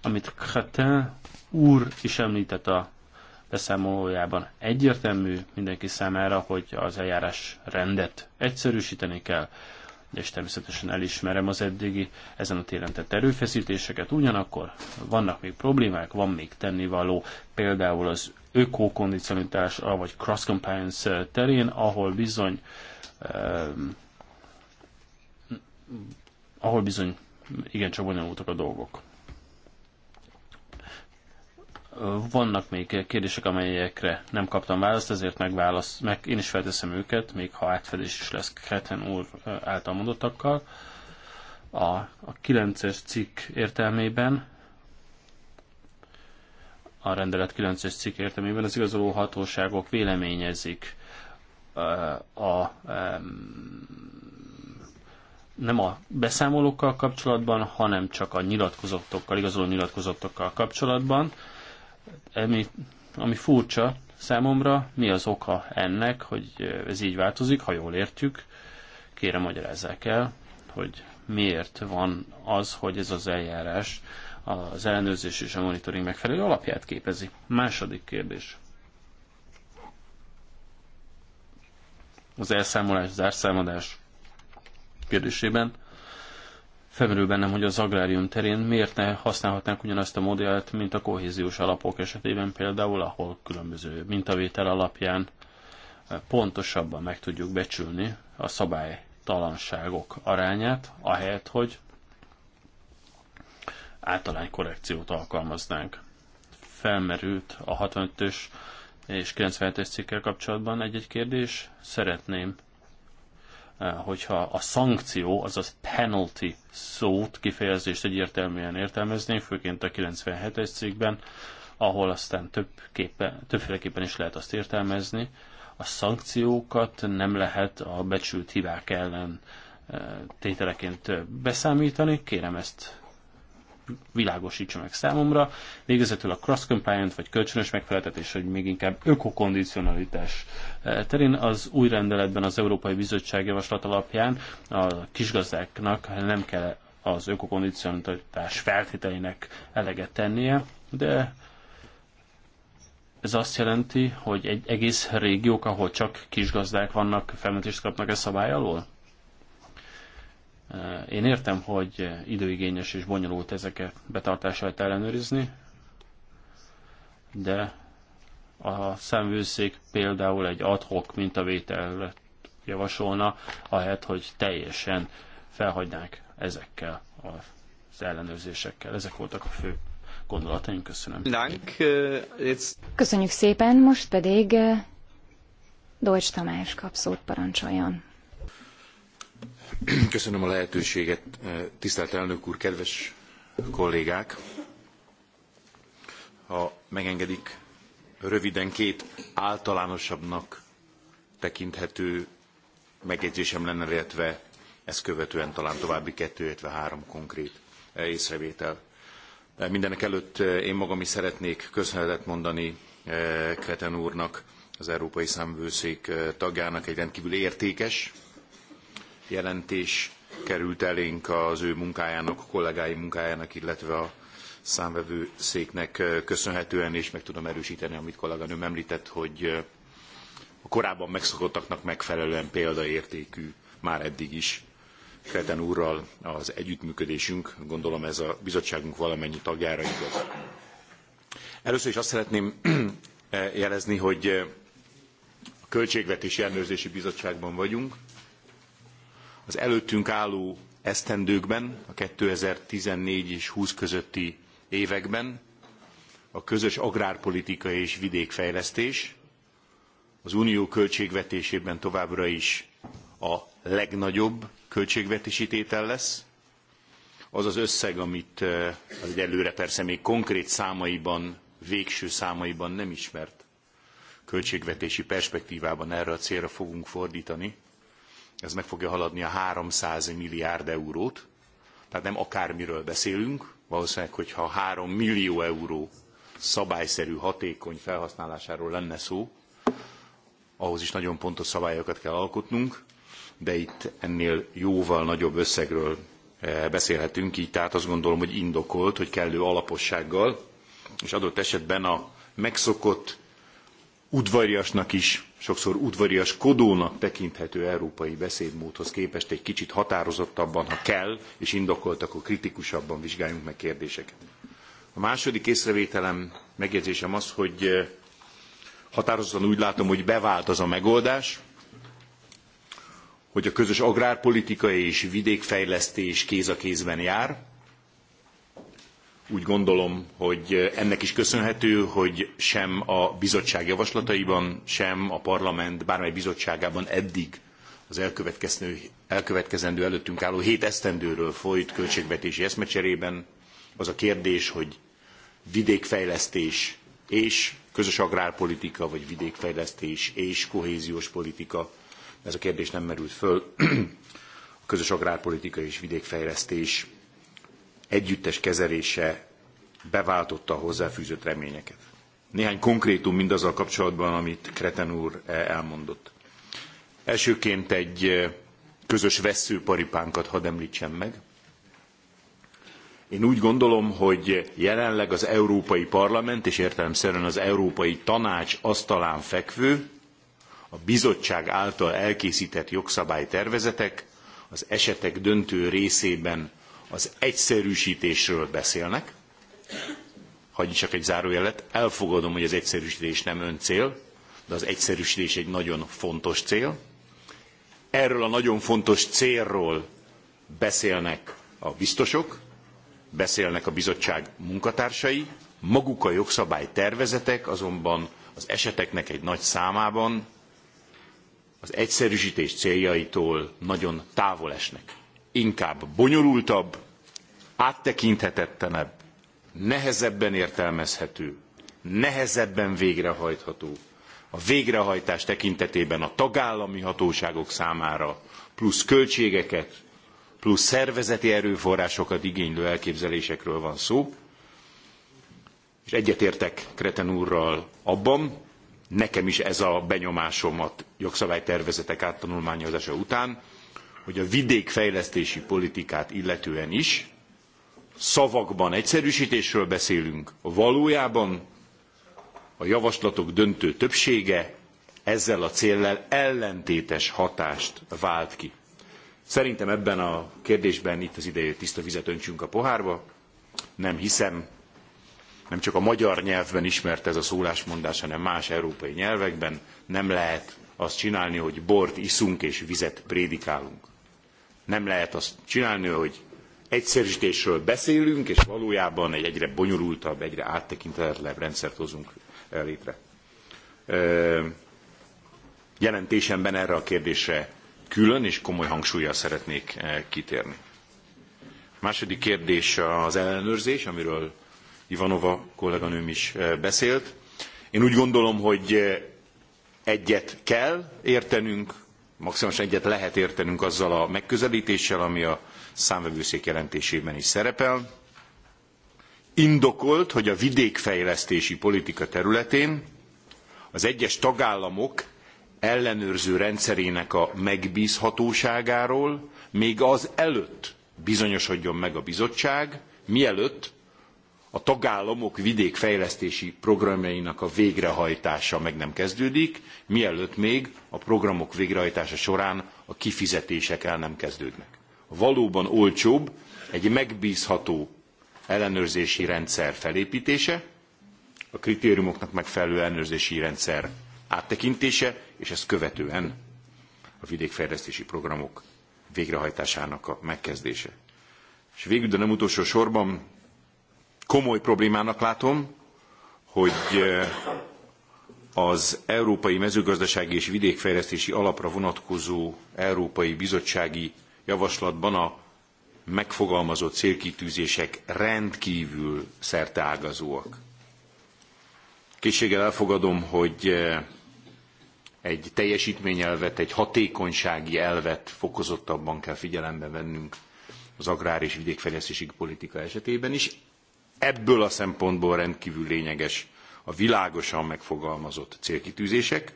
amit Khatin úr is említett a beszámolójában egyértelmű mindenki számára, hogy az eljárás rendet egyszerűsíteni kell, és természetesen elismerem az eddigi ezen a téren tett erőfeszítéseket. Ugyanakkor vannak még problémák, van még tennivaló, például az ökokondicionitás, vagy cross-compliance terén, ahol bizony eh, ahol bizony igencsak bonyolultak a dolgok. Vannak még kérdések, amelyekre nem kaptam választ, ezért megválasz, meg én is felteszem őket, még ha átfedés is lesz Kreten úr által mondottakkal. A, a 9-es cikk értelmében a rendelet 9-es cikk értelmében az igazoló hatóságok véleményezik a, a, nem a beszámolókkal kapcsolatban, hanem csak a nyilatkozatokkal, igazoló nyilatkozatokkal kapcsolatban ami, ami furcsa számomra, mi az oka ennek, hogy ez így változik, ha jól értjük, kérem magyarázzák el, hogy miért van az, hogy ez az eljárás az ellenőrzés és a monitoring megfelelő alapját képezi. Második kérdés. Az elszámolás, zárszámadás kérdésében felmerül bennem, hogy az agrárium terén miért ne használhatnánk ugyanazt a modellt, mint a kohéziós alapok esetében például, ahol különböző mintavétel alapján eh, pontosabban meg tudjuk becsülni a szabálytalanságok arányát, ahelyett, hogy általány korrekciót alkalmaznánk. Felmerült a 65-ös és 97-es cikkel kapcsolatban egy-egy kérdés. Szeretném Eh, hogyha a szankció, azaz penalty szót, kifejezést egyértelműen értelmezni, főként a 97-es cikkben, ahol aztán több képe, többféleképpen is lehet azt értelmezni. A szankciókat nem lehet a becsült hibák ellen eh, tételeként eh, beszámítani. Kérem ezt világosítsa meg számomra. Végezetül a cross-compliant vagy kölcsönös megfeleltetés, hogy még inkább ökokondicionalitás eh, terén az új rendeletben az Európai Bizottság javaslat alapján a kisgazdáknak nem kell az ökokondicionalitás feltételének eleget tennie, de ez azt jelenti, hogy egy egész régiók, ahol csak kisgazdák vannak, felmentést kapnak e szabály alól? Én értem, hogy időigényes és bonyolult ezeket betartását ellenőrizni, de a szemvőszék például egy adhok mintavételt javasolna, ahelyett, hogy teljesen felhagynák ezekkel az ellenőrzésekkel. Ezek voltak a fő gondolataink Köszönöm. Köszönjük szépen, most pedig Dolcs Tamás kapszót parancsoljon. Köszönöm a lehetőséget, tisztelt elnök úr, kedves kollégák! Ha megengedik, röviden két általánosabbnak tekinthető megjegyzésem lenne, illetve ezt követően talán további kettő, illetve három konkrét észrevétel. Mindenekelőtt én magam is szeretnék köszönetet mondani eh, Kreten úrnak, az Európai Számvőszék eh, tagjának egy rendkívül értékes jelentés került elénk az ő munkájának, kollégái munkájának, illetve a számvevő széknek köszönhetően, és meg tudom erősíteni, amit kolléganőm említett, hogy a korábban megszokottaknak megfelelően példaértékű már eddig is Kreten úrral az együttműködésünk, gondolom ez a bizottságunk valamennyi tagjára igaz. Először is azt szeretném jelezni, hogy a Költségvetési Ellenőrzési Bizottságban vagyunk, az előttünk álló esztendőkben, a 2014 és 20 közötti években a közös agrárpolitika és vidékfejlesztés az unió költségvetésében továbbra is a legnagyobb költségvetési tétel lesz. Az az összeg, amit eh, az egyelőre persze még konkrét számaiban, végső számaiban nem ismert költségvetési perspektívában erre a célra fogunk fordítani, ez meg fogja haladni a 300 milliárd eurót, tehát nem akármiről beszélünk, valószínűleg, hogyha 3 millió euró szabályszerű, hatékony felhasználásáról lenne szó, ahhoz is nagyon pontos szabályokat kell alkotnunk, de itt ennél jóval nagyobb összegről eh, beszélhetünk, így tehát azt gondolom, hogy indokolt, hogy kellő alapossággal, és adott esetben a megszokott udvariasnak is sokszor udvarias kodónak tekinthető európai beszédmódhoz képest egy kicsit határozottabban, ha kell, és indokolt, akkor kritikusabban vizsgáljunk meg kérdéseket. A második észrevételem, megjegyzésem az, hogy eh, határozottan úgy látom, hogy bevált az a megoldás, hogy a közös agrárpolitika és vidékfejlesztés kéz a kézben jár, úgy gondolom, hogy ennek is köszönhető, hogy sem a bizottság javaslataiban, sem a parlament bármely bizottságában eddig az elkövetkezendő előttünk álló hét esztendőről folyt költségvetési eszmecserében az a kérdés, hogy vidékfejlesztés és közös agrárpolitika, vagy vidékfejlesztés és kohéziós politika, ez a kérdés nem merült föl, a közös agrárpolitika és vidékfejlesztés együttes kezelése beváltotta a hozzáfűzött reményeket. Néhány konkrétum mindazzal kapcsolatban, amit Kreten úr e- elmondott. Elsőként egy e, közös veszőparipánkat hadd említsem meg. Én úgy gondolom, hogy jelenleg az Európai Parlament, és értelemszerűen az Európai Tanács asztalán fekvő, a bizottság által elkészített jogszabálytervezetek az esetek döntő részében az egyszerűsítésről beszélnek, hagyj csak egy zárójelet, elfogadom, hogy az egyszerűsítés nem öncél, de az egyszerűsítés egy nagyon fontos cél. Erről a nagyon fontos célról beszélnek a biztosok, beszélnek a bizottság munkatársai, maguk a jogszabálytervezetek azonban az eseteknek egy nagy számában az egyszerűsítés céljaitól nagyon távol esnek. Inkább bonyolultabb, áttekinthetetlenebb, nehezebben értelmezhető, nehezebben végrehajtható, a végrehajtás tekintetében a tagállami hatóságok számára plusz költségeket, plusz szervezeti erőforrásokat igénylő elképzelésekről van szó. És egyetértek Kreten úrral abban, nekem is ez a benyomásom a jogszabálytervezetek áttanulmányozása után, hogy a vidékfejlesztési politikát illetően is szavakban egyszerűsítésről beszélünk, valójában a javaslatok döntő többsége ezzel a céllal ellentétes hatást vált ki. Szerintem ebben a kérdésben itt az ideje, hogy tiszta vizet öntsünk a pohárba. Nem hiszem, nem csak a magyar nyelvben ismert ez a szólásmondás, hanem más európai nyelvekben nem lehet azt csinálni, hogy bort iszunk és vizet prédikálunk. Nem lehet azt csinálni, hogy egyszerűstésről beszélünk, és valójában egy egyre bonyolultabb, egyre áttekintetlenebb rendszert hozunk eh, létre. Eh, jelentésemben erre a kérdésre külön és komoly hangsúlyjal szeretnék eh, kitérni. A második kérdés az ellenőrzés, amiről Ivanova kolléganőm is beszélt. Én úgy gondolom, hogy egyet kell értenünk, maximálisan egyet lehet értenünk azzal a megközelítéssel, ami a számvevőszék jelentésében is szerepel. Indokolt, hogy a vidékfejlesztési politika területén az egyes tagállamok ellenőrző rendszerének a megbízhatóságáról még az előtt bizonyosodjon meg a bizottság, mielőtt a tagállamok vidékfejlesztési programjainak a végrehajtása meg nem kezdődik, mielőtt még a programok végrehajtása során a kifizetések el nem kezdődnek valóban olcsóbb egy megbízható ellenőrzési rendszer felépítése, a kritériumoknak megfelelő ellenőrzési rendszer áttekintése, és ezt követően a vidékfejlesztési programok végrehajtásának a megkezdése. És végül, de nem utolsó sorban komoly problémának látom, hogy eh, az Európai Mezőgazdasági és Vidékfejlesztési Alapra vonatkozó Európai Bizottsági javaslatban a megfogalmazott célkitűzések rendkívül szerteágazóak. Készséggel elfogadom, hogy eh, egy teljesítményelvet, egy hatékonysági elvet fokozottabban kell figyelembe vennünk az agrár és vidékfejlesztési politika esetében is. Ebből a szempontból rendkívül lényeges a világosan megfogalmazott célkitűzések.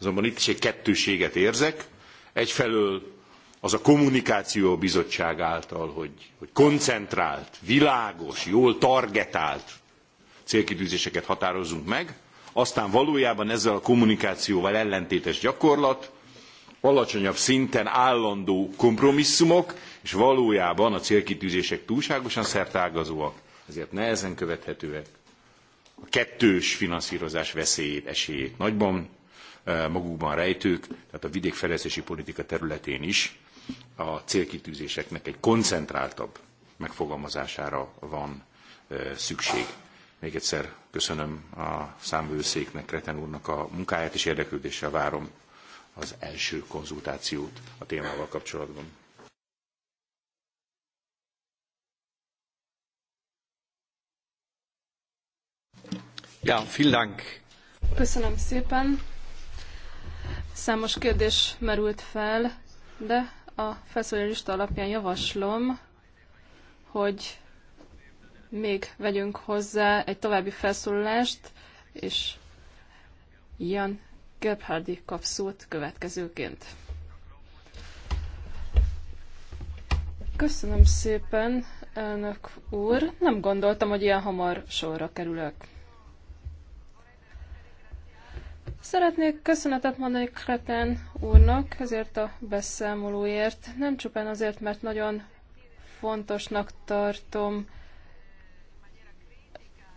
Azonban itt is egy kettőséget érzek. Egyfelől az a kommunikáció bizottság által, hogy, hogy koncentrált, világos, jól targetált célkitűzéseket határozzunk meg, aztán valójában ezzel a kommunikációval ellentétes gyakorlat, alacsonyabb szinten állandó kompromisszumok, és valójában a célkitűzések túlságosan szertágazóak, ezért nehezen követhetőek. A kettős finanszírozás veszélyét, esélyét nagyban eh, magukban rejtők, tehát a vidékfejlesztési politika területén is a célkitűzéseknek egy koncentráltabb megfogalmazására van szükség. Még egyszer köszönöm a számvőszéknek, Kreten úrnak a munkáját, és érdeklődéssel várom az első konzultációt a témával kapcsolatban. Ja, vielen Dank. Köszönöm szépen. Számos kérdés merült fel, de a lista alapján javaslom, hogy még vegyünk hozzá egy további felszólalást, és Jan Gebhardi kap szót következőként. Köszönöm szépen, elnök úr. Nem gondoltam, hogy ilyen hamar sorra kerülök. Szeretnék köszönetet mondani Kreten úrnak ezért a beszámolóért, nem csupán azért, mert nagyon fontosnak tartom,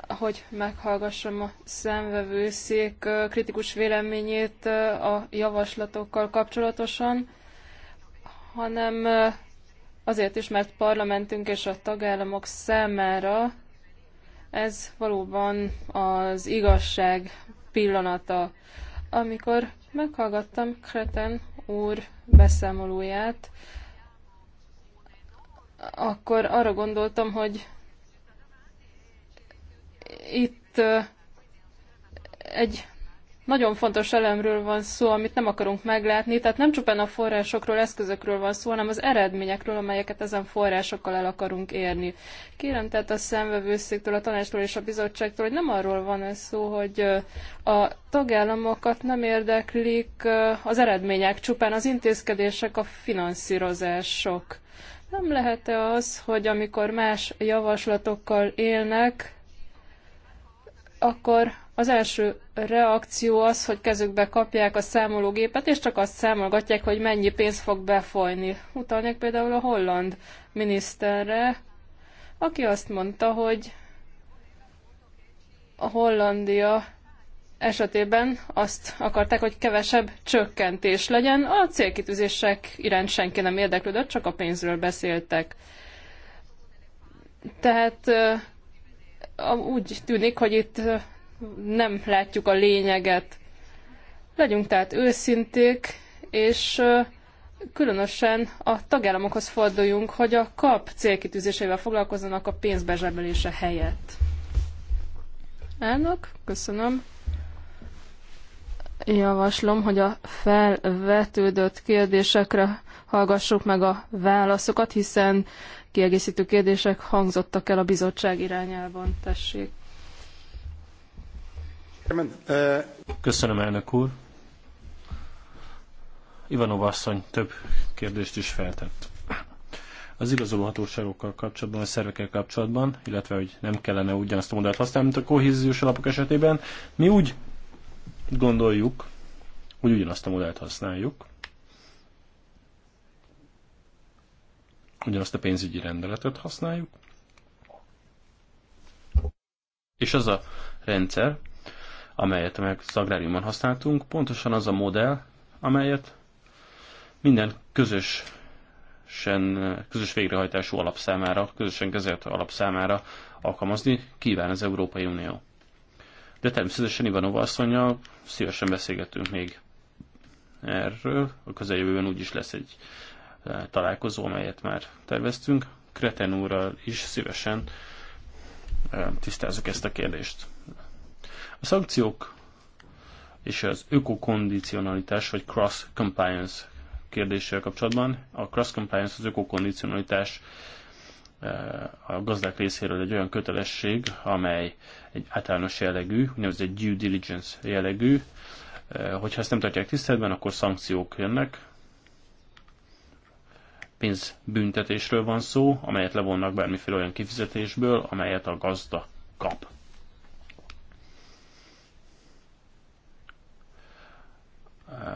hogy meghallgassam a szemvevőszék kritikus véleményét a javaslatokkal kapcsolatosan, hanem azért is, mert parlamentünk és a tagállamok számára ez valóban az igazság pillanata. Amikor meghallgattam Kreten úr beszámolóját, akkor arra gondoltam, hogy itt egy nagyon fontos elemről van szó, amit nem akarunk meglátni, tehát nem csupán a forrásokról, eszközökről van szó, hanem az eredményekről, amelyeket ezen forrásokkal el akarunk érni. Kérem tehát a szemvevőszéktől, a tanástól és a bizottságtól, hogy nem arról van ez szó, hogy a tagállamokat nem érdeklik az eredmények, csupán az intézkedések, a finanszírozások. Nem lehet-e az, hogy amikor más javaslatokkal élnek, akkor az első reakció az, hogy kezükbe kapják a számológépet, és csak azt számolgatják, hogy mennyi pénz fog befolyni. Utalnék például a holland miniszterre, aki azt mondta, hogy a Hollandia esetében azt akarták, hogy kevesebb csökkentés legyen. A célkitűzések iránt senki nem érdeklődött, csak a pénzről beszéltek. Tehát úgy tűnik, hogy itt nem látjuk a lényeget. Legyünk tehát őszinték, és különösen a tagállamokhoz forduljunk, hogy a kap célkitűzéseivel foglalkozzanak a pénzbezsebelése helyett. Elnök, köszönöm. Javaslom, hogy a felvetődött kérdésekre hallgassuk meg a válaszokat, hiszen kiegészítő kérdések hangzottak el a bizottság irányában. Tessék. Köszönöm, elnök úr. Ivanov asszony több kérdést is feltett. Az hatóságokkal kapcsolatban, a szervekkel kapcsolatban, illetve hogy nem kellene ugyanazt a modellt használni, mint a kohéziós alapok esetében, mi úgy gondoljuk, hogy ugyanazt a modellt használjuk, ugyanazt a pénzügyi rendeletet használjuk, és az a rendszer, amelyet az agráriumban használtunk, pontosan az a modell, amelyet minden közös közös végrehajtású alapszámára, közösen kezelt alapszámára alkalmazni kíván az Európai Unió. De természetesen Ivanova asszonynal szívesen beszélgetünk még erről, a közeljövőben úgyis lesz egy találkozó, amelyet már terveztünk. Kreten úrral is szívesen tisztázok ezt a kérdést. A szankciók és az ökokondicionalitás vagy cross-compliance kérdéssel kapcsolatban. A cross-compliance, az ökokondicionalitás a gazdák részéről egy olyan kötelesség, amely egy általános jellegű, úgynevezett due diligence jellegű. Hogyha ezt nem tartják tiszteletben, akkor szankciók jönnek pénzbüntetésről van szó, amelyet levonnak bármiféle olyan kifizetésből, amelyet a gazda kap.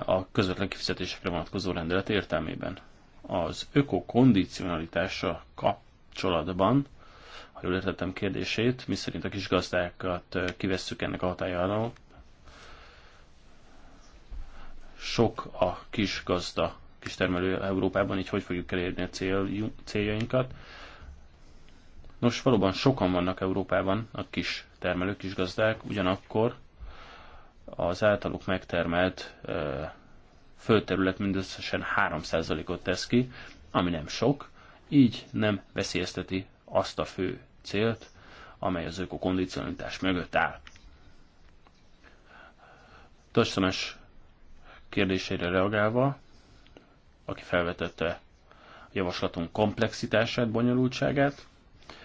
a közvetlen kifizetésekre vonatkozó rendelet értelmében. Az ökokondicionalitása kapcsolatban, ha jól értettem kérdését, miszerint a kis gazdákat kivesszük ennek a hatájáról, sok a kis gazda kistermelő Európában, így hogy fogjuk elérni a cél, céljainkat. Nos, valóban sokan vannak Európában a kis termelők, kis gazdák, ugyanakkor az általuk megtermelt földterület mindösszesen 3%-ot tesz ki, ami nem sok, így nem veszélyezteti azt a fő célt, amely az ökokondicionalitás mögött áll. Tösszemes kérdésére reagálva, aki felvetette a javaslatunk komplexitását, bonyolultságát.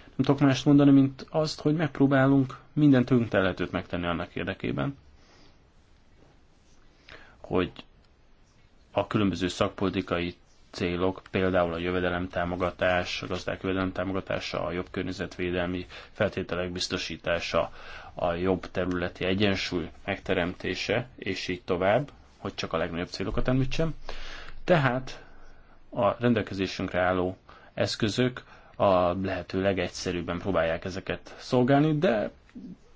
Nem tudok mást mondani, mint azt, hogy megpróbálunk minden tőlünk telhetőt megtenni annak érdekében, hogy a különböző szakpolitikai célok, például a jövedelemtámogatás, a gazdák jövedelemtámogatása, a jobb környezetvédelmi feltételek biztosítása, a jobb területi egyensúly megteremtése, és így tovább, hogy csak a legnagyobb célokat említsem. Tehát a rendelkezésünkre álló eszközök a lehető legegyszerűbben próbálják ezeket szolgálni, de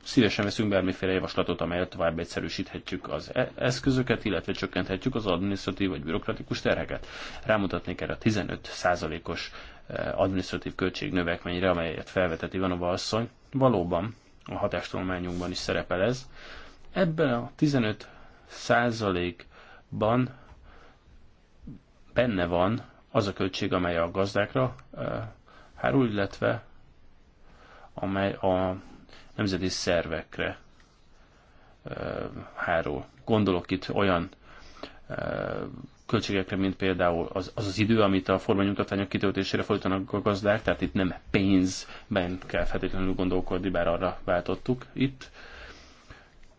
szívesen veszünk bármiféle javaslatot, amelyet tovább egyszerűsíthetjük az e- eszközöket, illetve csökkenthetjük az adminisztratív vagy bürokratikus terheket. Rámutatnék erre a 15%-os e, adminisztratív költség növekményre, amelyet felvetett Ivanova asszony. Valóban a hatástolományunkban is szerepel ez. Ebben a 15 százalékban benne van az a költség, amely a gazdákra eh, hárul, illetve amely a nemzeti szervekre eh, hárul. Gondolok itt olyan eh, költségekre, mint például az az, az idő, amit a formanyomtatványok kitöltésére folytanak a gazdák, tehát itt nem pénzben kell feltétlenül gondolkodni, bár arra váltottuk itt.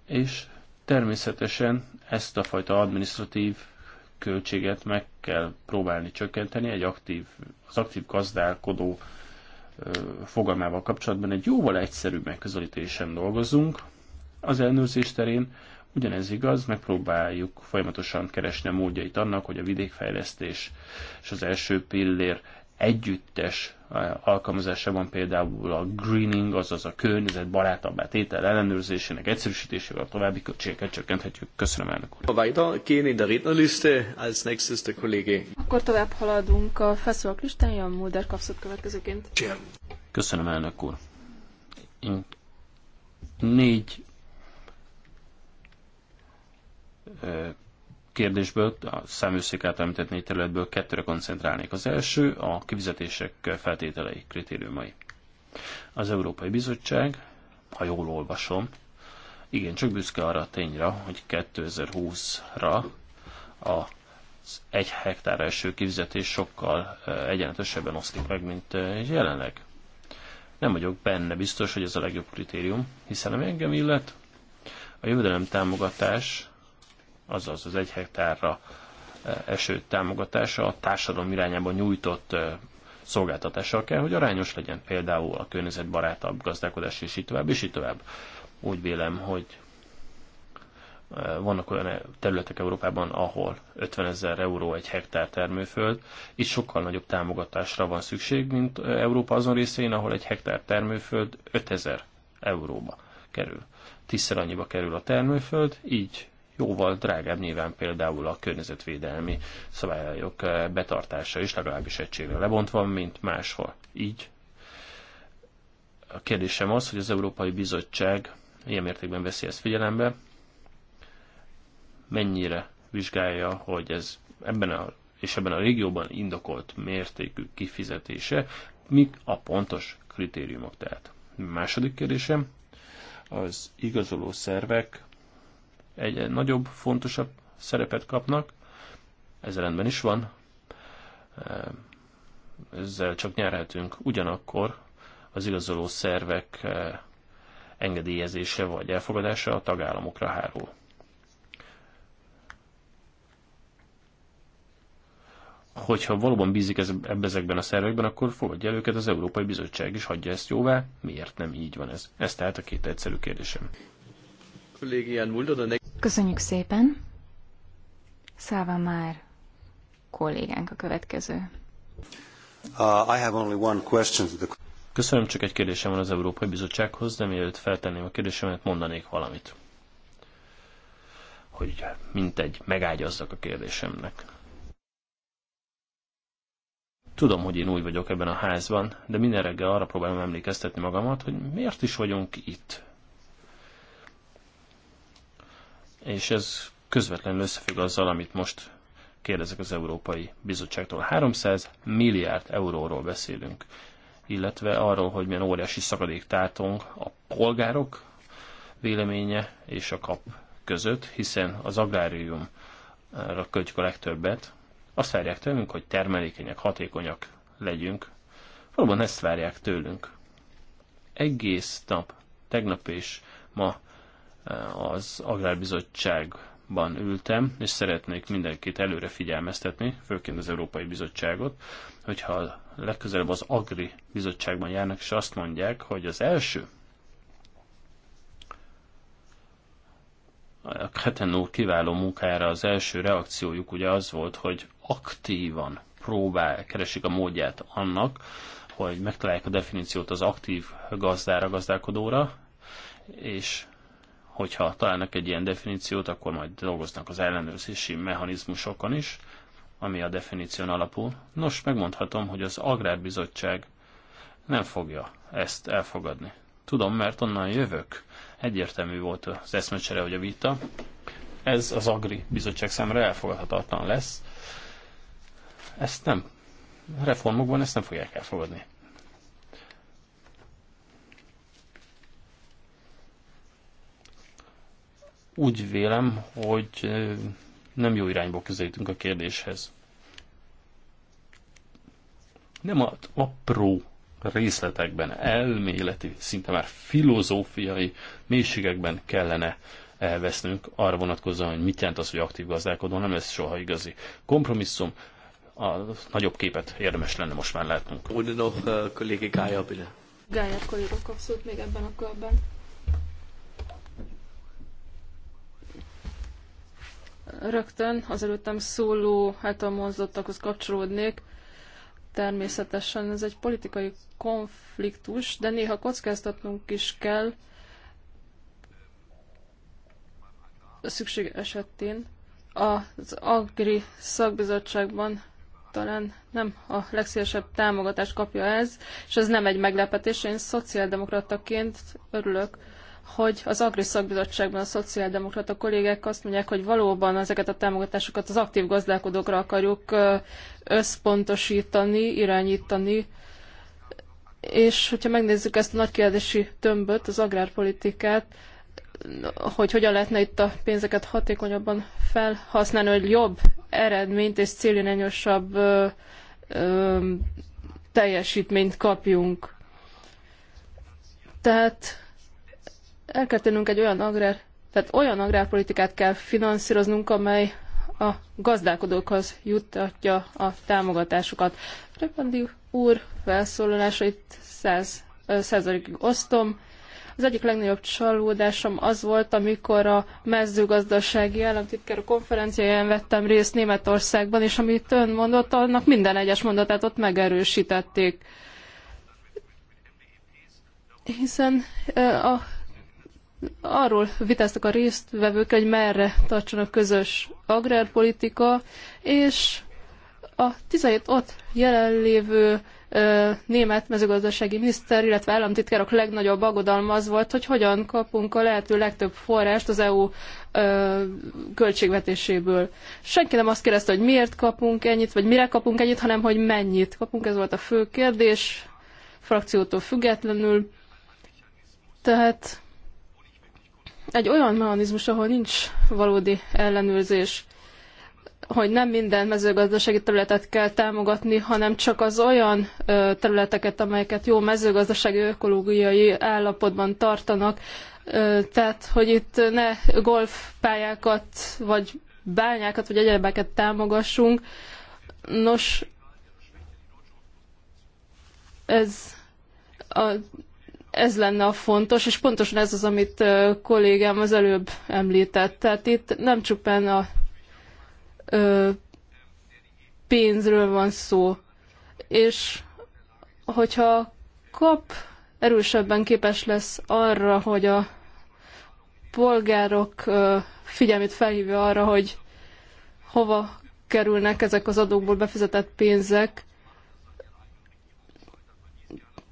És természetesen ezt a fajta administratív költséget meg kell próbálni csökkenteni egy aktív, az aktív gazdálkodó fogalmával kapcsolatban egy jóval egyszerűbb megközelítésen dolgozunk az ellenőrzés terén, Ugyanez igaz, megpróbáljuk folyamatosan keresni a módjait annak, hogy a vidékfejlesztés és az első pillér együttes van eh, például a greening, azaz a környezet barátabbá tétel ellenőrzésének egyszerűsítésével a további költségeket csökkenthetjük. Köszönöm elnök úr. Weiter gehen in der Rednerliste, als nächstes der Kollege. Akkor tovább haladunk a felszólalók listán, Jan Mulder kapszott következőként. Köszönöm elnök úr. négy eh, kérdésből, a számőszék említett négy területből kettőre koncentrálnék. Az első a kifizetések feltételei, kritériumai. Az Európai Bizottság, ha jól olvasom, igen, csak büszke arra a tényre, hogy 2020-ra az egy hektár első kifizetés sokkal egyenletesebben osztik meg, mint jelenleg. Nem vagyok benne biztos, hogy ez a legjobb kritérium, hiszen ami engem illet, a jövedelem támogatás azaz az egy hektárra e, eső támogatása a társadalom irányába nyújtott e, szolgáltatással kell, hogy arányos legyen például a környezetbarátabb gazdálkodás, és így tovább, és így tovább. Úgy vélem, hogy e, vannak olyan területek Európában, ahol 50 ezer euró egy hektár termőföld, itt sokkal nagyobb támogatásra van szükség, mint Európa azon részén, ahol egy hektár termőföld 5000 euróba kerül. Tízszer annyiba kerül a termőföld, így jóval drágább nyilván például a környezetvédelmi szabályok eh, betartása is legalábbis egységre lebontva, mint máshol. Így a kérdésem az, hogy az Európai Bizottság ilyen mértékben veszi ezt figyelembe, mennyire vizsgálja, hogy ez ebben a, és ebben a régióban indokolt mértékű kifizetése, mik a pontos kritériumok tehát. Második kérdésem, az igazoló szervek egy nagyobb, fontosabb szerepet kapnak. Ez rendben is van. Ezzel csak nyerhetünk. Ugyanakkor az igazoló szervek engedélyezése vagy elfogadása a tagállamokra hárul. Hogyha valóban bízik ebbe ezekben a szervekben, akkor fogadja el őket az Európai Bizottság is, hagyja ezt jóvá. Miért nem így van ez? Ez tehát a két egyszerű kérdésem. Köszönjük szépen. Száva már kollégánk a következő. Uh, I have only one question Köszönöm, csak egy kérdésem van az Európai Bizottsághoz, de mielőtt feltenném a kérdésemet, mondanék valamit. Hogy mintegy, megágyazzak a kérdésemnek. Tudom, hogy én úgy vagyok ebben a házban, de minden reggel arra próbálom emlékeztetni magamat, hogy miért is vagyunk itt. és ez közvetlenül összefügg azzal, amit most kérdezek az Európai Bizottságtól. 300 milliárd euróról beszélünk, illetve arról, hogy milyen óriási szakadék tátong a polgárok véleménye és a kap között, hiszen az agráriumra költjük a legtöbbet. Azt várják tőlünk, hogy termelékenyek, hatékonyak legyünk. Valóban ezt várják tőlünk. Egész nap, tegnap és ma az Agrárbizottságban ültem, és szeretnék mindenkit előre figyelmeztetni, főként az Európai Bizottságot, hogyha legközelebb az Agri Bizottságban járnak, és azt mondják, hogy az első a Kreten úr kiváló munkájára az első reakciójuk ugye az volt, hogy aktívan próbál, keresik a módját annak, hogy megtalálják a definíciót az aktív gazdára, gazdálkodóra, és hogyha találnak egy ilyen definíciót, akkor majd dolgoznak az ellenőrzési mechanizmusokon is, ami a definíción alapul. Nos, megmondhatom, hogy az Agrárbizottság nem fogja ezt elfogadni. Tudom, mert onnan jövök. Egyértelmű volt az eszmecsere, hogy a vita. Ez az Agri Bizottság számára elfogadhatatlan lesz. Ezt nem. Reformokban ezt nem fogják elfogadni. úgy vélem, hogy nem jó irányból közelítünk a kérdéshez. Nem az apró részletekben, elméleti, szinte már filozófiai mélységekben kellene elvesznünk arra vonatkozóan, hogy mit jelent az, hogy aktív gazdálkodó, nem lesz soha igazi kompromisszum, a nagyobb képet érdemes lenne most már látnunk. Ugyanok kollégi Gája Gája kolléga kapszott még ebben a körben. Rögtön az előttem szóló által mondottakhoz kapcsolódnék. Természetesen ez egy politikai konfliktus, de néha kockáztatnunk is kell a szükség esetén. Az Agri szakbizottságban talán nem a legszélesebb támogatást kapja ez, és ez nem egy meglepetés. Én szociáldemokrataként örülök hogy az Agri Szakbizottságban a szociáldemokrata kollégák azt mondják, hogy valóban ezeket a támogatásokat az aktív gazdálkodókra akarjuk összpontosítani, irányítani. És hogyha megnézzük ezt a nagy kérdési tömböt, az agrárpolitikát, hogy hogyan lehetne itt a pénzeket hatékonyabban felhasználni, hogy jobb eredményt és célirányosabb ö, teljesítményt kapjunk. Tehát el kell tennünk egy olyan agrár, tehát olyan agrárpolitikát kell finanszíroznunk, amely a gazdálkodókhoz juttatja a támogatásukat. Rependi úr felszólalásait 100 százalékig osztom. Az egyik legnagyobb csalódásom az volt, amikor a mezőgazdasági államtitkár konferenciáján vettem részt Németországban, és amit ön mondott, annak minden egyes mondatát ott megerősítették. Hiszen a arról vitáztak a résztvevők, hogy merre tartson a közös agrárpolitika, és a 17 ott jelenlévő német mezőgazdasági miniszter, illetve államtitkárok legnagyobb aggodalma az volt, hogy hogyan kapunk a lehető legtöbb forrást az EU költségvetéséből. Senki nem azt kérdezte, hogy miért kapunk ennyit, vagy mire kapunk ennyit, hanem hogy mennyit kapunk. Ez volt a fő kérdés, frakciótól függetlenül. Tehát egy olyan mechanizmus, ahol nincs valódi ellenőrzés, hogy nem minden mezőgazdasági területet kell támogatni, hanem csak az olyan területeket, amelyeket jó mezőgazdasági ökológiai állapotban tartanak, tehát, hogy itt ne golfpályákat, vagy bányákat, vagy egyebeket támogassunk. Nos, ez a ez lenne a fontos, és pontosan ez az, amit kollégám az előbb említett. Tehát itt nem csupán a ö, pénzről van szó, és hogyha kap erősebben képes lesz arra, hogy a polgárok ö, figyelmét felhívja arra, hogy hova kerülnek ezek az adókból befizetett pénzek,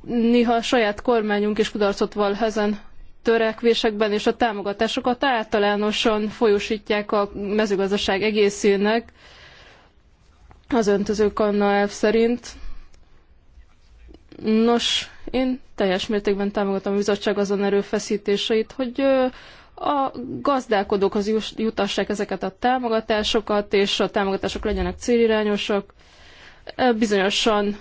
néha a saját kormányunk is kudarcot val ezen törekvésekben, és a támogatásokat általánosan folyósítják a mezőgazdaság egészének, az öntözők Anna elv szerint. Nos, én teljes mértékben támogatom a bizottság azon erőfeszítéseit, hogy a az jutassák ezeket a támogatásokat, és a támogatások legyenek célirányosak. Bizonyosan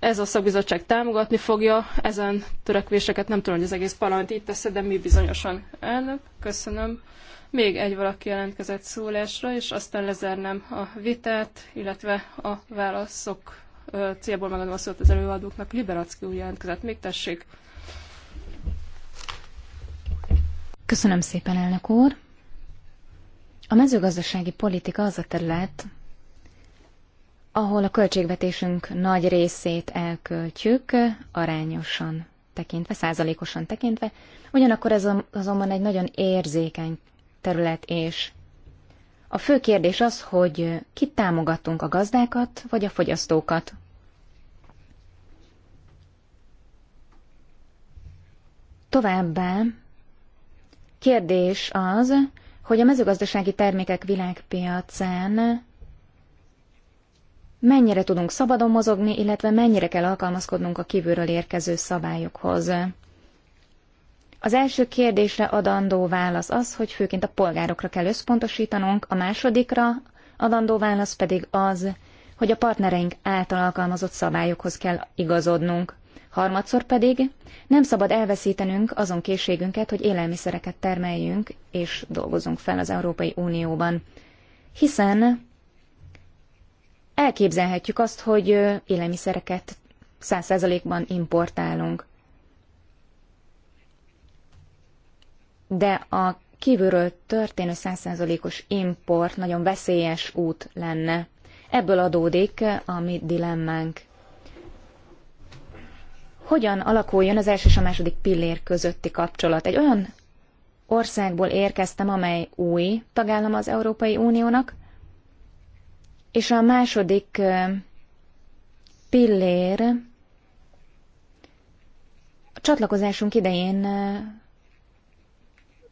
ez a szakbizottság támogatni fogja ezen törekvéseket. Nem tudom, hogy az egész parlament itt tesz, de mi bizonyosan elnök. Köszönöm. Még egy valaki jelentkezett szólásra, és aztán lezárnám a vitát, illetve a válaszok célból megadom a szót az előadóknak. Liberacki úr jelentkezett. Még tessék. Köszönöm szépen, elnök úr. A mezőgazdasági politika az a terület, ahol a költségvetésünk nagy részét elköltjük arányosan tekintve, százalékosan tekintve, ugyanakkor ez azonban egy nagyon érzékeny terület, és a fő kérdés az, hogy kit támogatunk a gazdákat vagy a fogyasztókat. Továbbá kérdés az, hogy a mezőgazdasági termékek világpiacán mennyire tudunk szabadon mozogni, illetve mennyire kell alkalmazkodnunk a kívülről érkező szabályokhoz. Az első kérdésre adandó válasz az, hogy főként a polgárokra kell összpontosítanunk, a másodikra adandó válasz pedig az, hogy a partnereink által alkalmazott szabályokhoz kell igazodnunk. Harmadszor pedig nem szabad elveszítenünk azon készségünket, hogy élelmiszereket termeljünk és dolgozunk fel az Európai Unióban. Hiszen elképzelhetjük azt, hogy élelmiszereket 100%-ban importálunk. De a kívülről történő 100%-os import nagyon veszélyes út lenne. Ebből adódik a mi dilemmánk. Hogyan alakuljon az első és a második pillér közötti kapcsolat? Egy olyan országból érkeztem, amely új tagállam az Európai Uniónak, és a második pillér a csatlakozásunk idején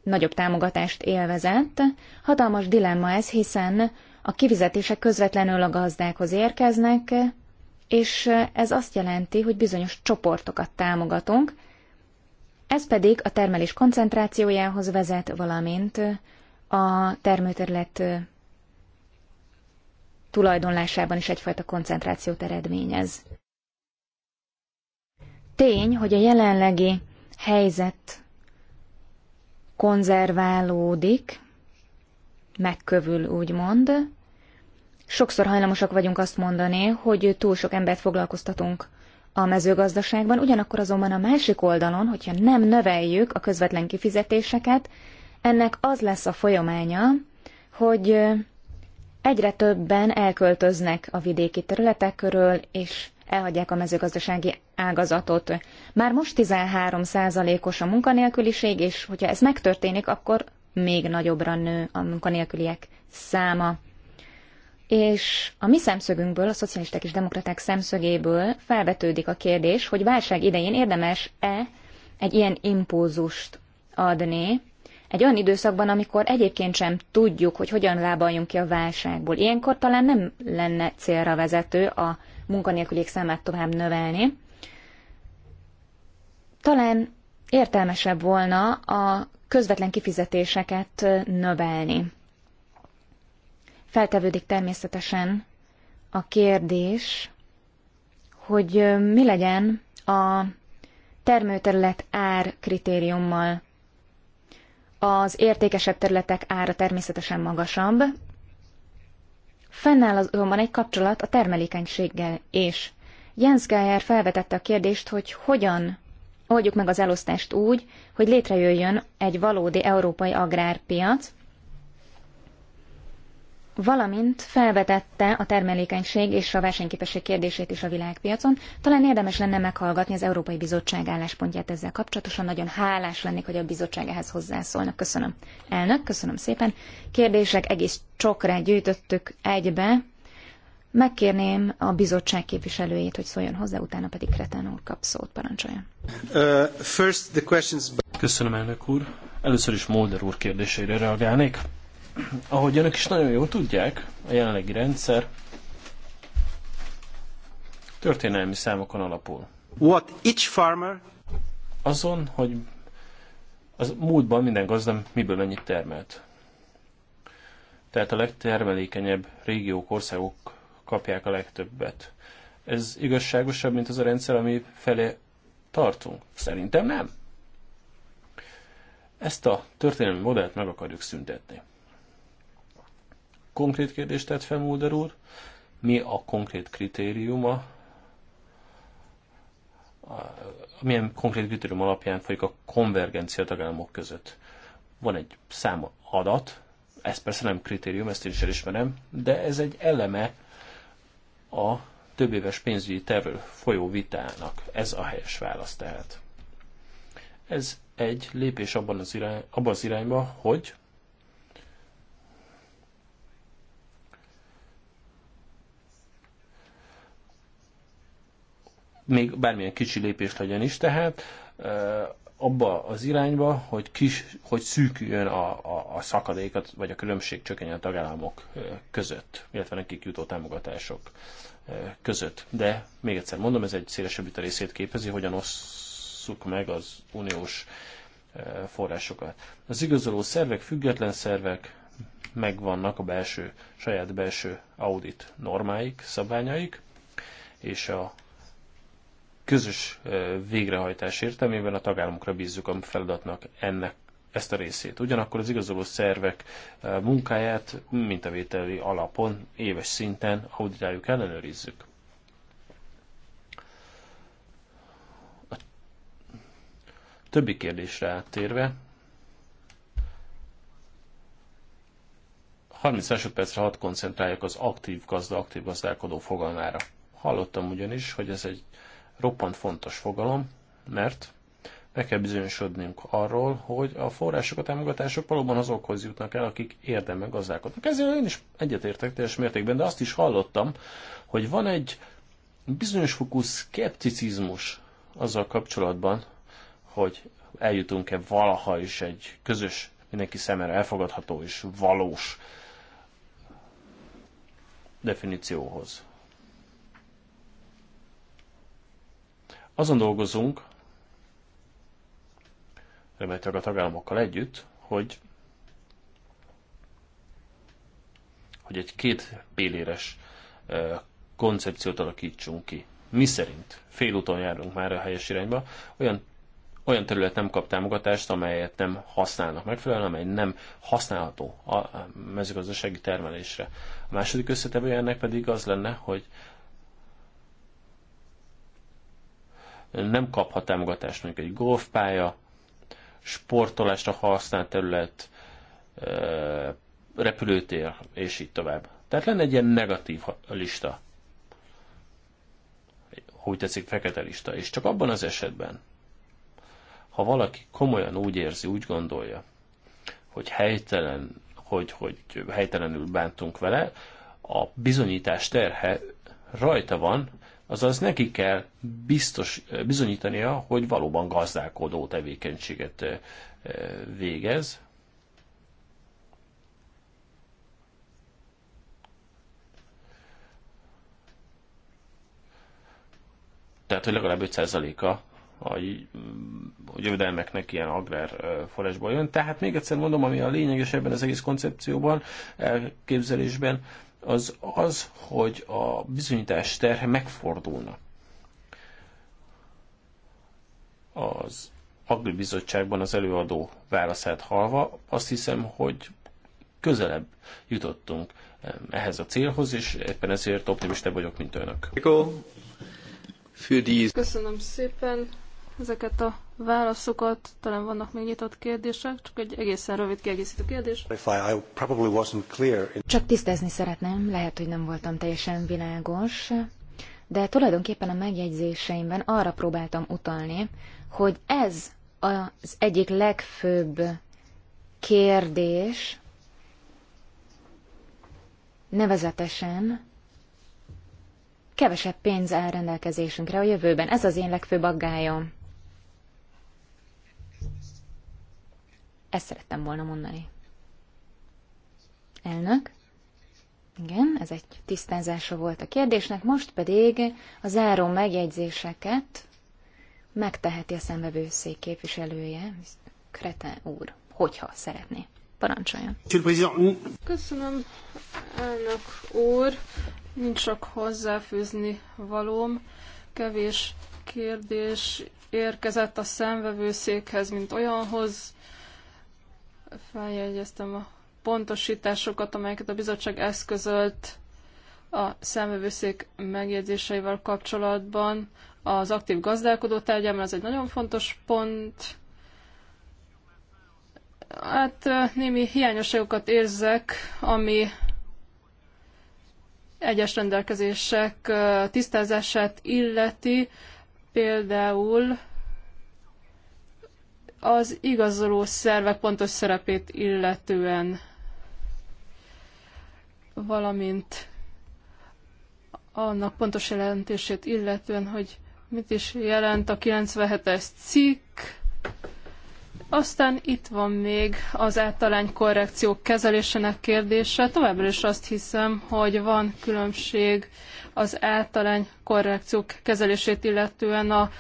nagyobb támogatást élvezett. Hatalmas dilemma ez, hiszen a kivizetések közvetlenül a gazdákhoz érkeznek, és ez azt jelenti, hogy bizonyos csoportokat támogatunk, ez pedig a termelés koncentrációjához vezet, valamint a termőterület tulajdonlásában is egyfajta koncentrációt eredményez. Tény, hogy a jelenlegi helyzet konzerválódik, megkövül úgymond. Sokszor hajlamosak vagyunk azt mondani, hogy túl sok embert foglalkoztatunk a mezőgazdaságban, ugyanakkor azonban a másik oldalon, hogyha nem növeljük a közvetlen kifizetéseket, ennek az lesz a folyamánya, hogy Egyre többen elköltöznek a vidéki területek körül, és elhagyják a mezőgazdasági ágazatot. Már most 13 os a munkanélküliség, és hogyha ez megtörténik, akkor még nagyobbra nő a munkanélküliek száma. És a mi szemszögünkből, a szocialisták és demokraták szemszögéből felvetődik a kérdés, hogy válság idején érdemes-e egy ilyen impulzust adni egy olyan időszakban, amikor egyébként sem tudjuk, hogy hogyan lábaljunk ki a válságból. Ilyenkor talán nem lenne célra vezető a munkanélküliek számát tovább növelni. Talán értelmesebb volna a közvetlen kifizetéseket növelni. Feltevődik természetesen a kérdés, hogy mi legyen a termőterület ár kritériummal az értékesebb területek ára természetesen magasabb. Fennáll azonban egy kapcsolat a termelékenységgel és Jens Geyer felvetette a kérdést, hogy hogyan oldjuk meg az elosztást úgy, hogy létrejöjjön egy valódi európai agrárpiac, valamint felvetette a termelékenység és a versenyképesség kérdését is a világpiacon. Talán érdemes lenne meghallgatni az Európai Bizottság álláspontját ezzel kapcsolatosan. Nagyon hálás lennék, hogy a bizottság ehhez hozzászólnak. Köszönöm. Elnök, köszönöm szépen. Kérdések egész csokra gyűjtöttük egybe. Megkérném a bizottság képviselőjét, hogy szóljon hozzá, utána pedig Kretán úr kap szót, parancsoljon. Uh, first the questions... Köszönöm, elnök úr. Először is Molder úr kérdéseire reagálnék ahogy önök is nagyon jól tudják, a jelenlegi rendszer történelmi számokon alapul. What each farmer azon, hogy az múltban minden gazda miből mennyit termelt. Tehát a legtermelékenyebb régiók, országok kapják a legtöbbet. Ez igazságosabb, mint az a rendszer, ami felé tartunk? Szerintem nem. Ezt a történelmi modellt meg akarjuk szüntetni konkrét kérdést tett fel Mulder úr. Mi a konkrét kritériuma? Milyen konkrét kritérium alapján folyik a konvergencia tagállamok között? Van egy szám adat, ez persze nem kritérium, ezt én is elismerem, de ez egy eleme a több éves pénzügyi tervről folyó vitának. Ez a helyes válasz tehát. Ez egy lépés abban az, irány, abban az irányba, hogy még bármilyen kicsi lépés legyen is, tehát abba az irányba, hogy, kis, hogy szűküljön a, a, a szakadékat, vagy a különbség csökkenjen a tagállamok között, illetve nekik jutó támogatások között. De még egyszer mondom, ez egy szélesebb a részét képezi, hogyan osszuk meg az uniós forrásokat. Az igazoló szervek, független szervek, megvannak a belső, saját belső audit normáik, szabványaik, és a közös végrehajtás értelmében a tagállamokra bízzuk a feladatnak ennek ezt a részét. Ugyanakkor az igazoló szervek munkáját mintavételi alapon, éves szinten auditáljuk, ellenőrizzük. A többi kérdésre áttérve, 30 másodpercre hat koncentráljak az aktív gazda, aktív gazdálkodó fogalmára. Hallottam ugyanis, hogy ez egy roppant fontos fogalom, mert meg kell bizonyosodnunk arról, hogy a források, a támogatások valóban azokhoz jutnak el, akik érdemben gazdálkodnak. Ezzel én is egyetértek teljes mértékben, de azt is hallottam, hogy van egy bizonyos fokú szkepticizmus azzal kapcsolatban, hogy eljutunk-e valaha is egy közös, mindenki szemére elfogadható és valós definícióhoz. Azon dolgozunk, remélhetőleg a tagállamokkal együtt, hogy, hogy egy két péléres koncepciót alakítsunk ki. Mi szerint félúton járunk már a helyes irányba, olyan, olyan terület nem kap támogatást, amelyet nem használnak megfelelően, amely nem használható a mezőgazdasági termelésre. A második összetevője ennek pedig az lenne, hogy nem kaphat támogatást mondjuk egy golfpálya, sportolásra használt terület, repülőtér, és így tovább. Tehát lenne egy ilyen negatív lista. hogy tetszik, fekete lista. És csak abban az esetben, ha valaki komolyan úgy érzi, úgy gondolja, hogy helytelen, hogy, hogy helytelenül bántunk vele, a bizonyítás terhe rajta van, azaz neki kell biztos, bizonyítania, hogy valóban gazdálkodó tevékenységet eh, végez. Tehát, hogy legalább 5%-a a, a jövedelmeknek ilyen eh, forrásból jön. Tehát még egyszer mondom, ami a lényeges ebben az egész koncepcióban, elképzelésben, az az, hogy a bizonyítás terhe megfordulna. Az Agri Bizottságban az előadó válaszát halva, azt hiszem, hogy közelebb jutottunk ehhez a célhoz, és éppen ezért optimista vagyok, mint önök. Köszönöm szépen ezeket a válaszokat, talán vannak még nyitott kérdések, csak egy egészen rövid kiegészítő kérdés. Csak tisztázni szeretném, lehet, hogy nem voltam teljesen világos, de tulajdonképpen a megjegyzéseimben arra próbáltam utalni, hogy ez az egyik legfőbb kérdés, nevezetesen kevesebb pénz áll rendelkezésünkre a jövőben. Ez az én legfőbb aggályom. Ezt szerettem volna mondani. Elnök? Igen, ez egy tisztázása volt a kérdésnek, most pedig a záró megjegyzéseket megteheti a szék képviselője, Krete úr, hogyha szeretné. Parancsoljon. Köszönöm, elnök úr. Nincs csak hozzáfűzni valóm. Kevés kérdés érkezett a szemvevőszékhez, mint olyanhoz feljegyeztem a pontosításokat, amelyeket a bizottság eszközölt a számövőszék megjegyzéseivel kapcsolatban. Az aktív gazdálkodó tárgyában ez egy nagyon fontos pont. Hát némi hiányosságokat érzek, ami egyes rendelkezések tisztázását illeti, például az igazoló szervek pontos szerepét illetően, valamint annak pontos jelentését illetően, hogy mit is jelent a 97-es cikk. Aztán itt van még az általány korrekciók kezelésének kérdése. Továbbra is azt hiszem, hogy van különbség az általány korrekciók kezelését illetően a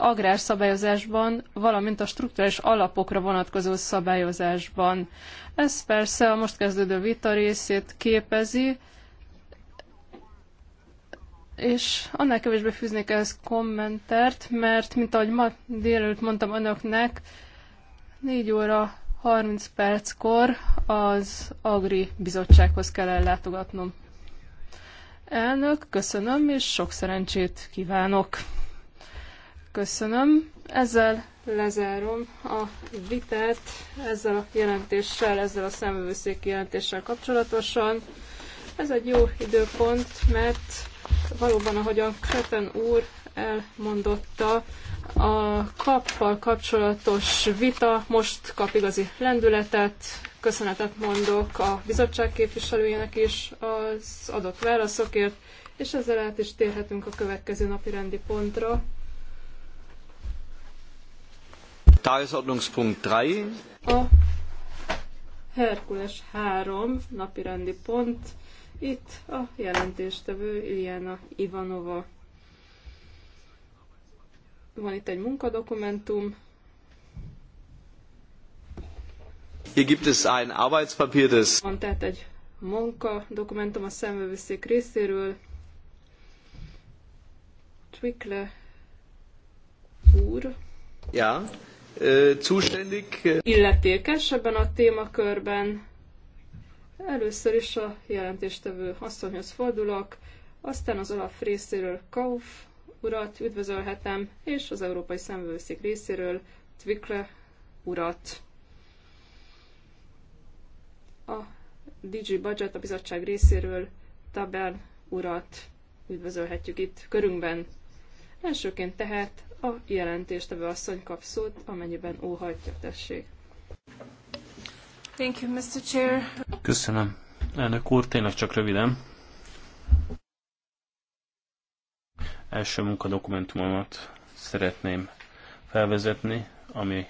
agrárszabályozásban, valamint a strukturális alapokra vonatkozó szabályozásban. Ez persze a most kezdődő vita részét képezi, és annál kevésbé fűznék ehhez kommentert, mert mint ahogy ma délelőtt mondtam önöknek, 4 óra 30 perckor az Agri Bizottsághoz kell ellátogatnom. Elnök, köszönöm, és sok szerencsét kívánok! Köszönöm. Ezzel lezárom a vitát ezzel a jelentéssel, ezzel a számövőszéki jelentéssel kapcsolatosan. Ez egy jó időpont, mert valóban, ahogyan Kreten úr elmondotta, a kappal kapcsolatos vita most kap igazi lendületet. Köszönetet mondok a bizottság képviselőjének is az adott válaszokért, és ezzel át is térhetünk a következő napi rendi pontra. Tagesordnungspunkt 3. A Herkules 3 napirendi pont. Itt a jelentéstevő Iliana Ivanova. Van itt egy munkadokumentum. Hier gibt es ein Arbeitspapier des... Van tehát egy munkadokumentum a szemvevőszék részéről. Twickle úr. Ja zuständig. Illetékes ebben a témakörben. Először is a jelentéstevő asszonyhoz fordulok, aztán az alap részéről Kauf urat üdvözölhetem, és az Európai Szemvőszék részéről Twikle urat. A DG Budget a bizottság részéről Tabern urat üdvözölhetjük itt körünkben. Elsőként tehát a jelentéstevő asszony kap szót, amennyiben óhajtja, tessék. Thank you, Mr. Chair. Köszönöm. Elnök úr, tényleg csak röviden. Első munkadokumentumomat szeretném felvezetni, ami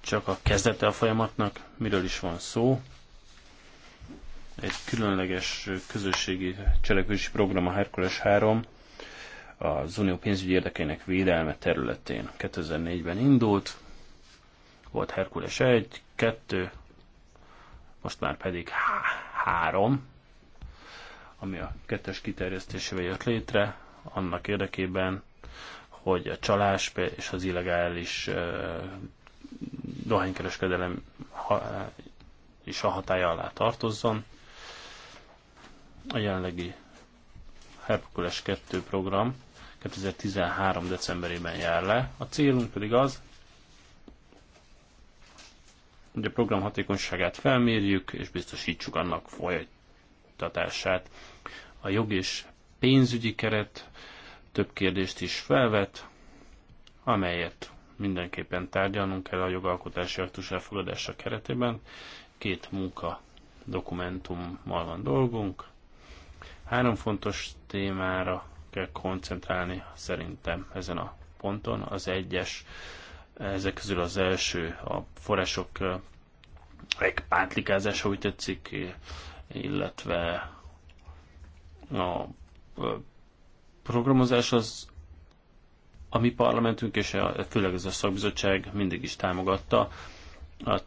csak a kezdete a folyamatnak, miről is van szó. Egy különleges közösségi cselekvési program a Herkules 3, az unió pénzügyi érdekeinek védelme területén. 2004-ben indult, volt Herkules 1, 2, most már pedig 3, ami a kettes kiterjesztésével jött létre, annak érdekében, hogy a csalás és az illegális dohánykereskedelem is a hatája alá tartozzon. A jelenlegi Herkules 2 program 2013. decemberében jár le. A célunk pedig az, hogy a program hatékonyságát felmérjük és biztosítsuk annak folytatását. A jog és pénzügyi keret több kérdést is felvet, amelyet mindenképpen tárgyalnunk kell a jogalkotási aktus elfogadása keretében. Két munka dokumentummal van dolgunk. Három fontos témára kell koncentrálni szerintem ezen a ponton. Az egyes, ezek közül az első a források pántlikázása, úgy tetszik, illetve a programozás az a mi parlamentünk és a, főleg ez a szakbizottság mindig is támogatta. A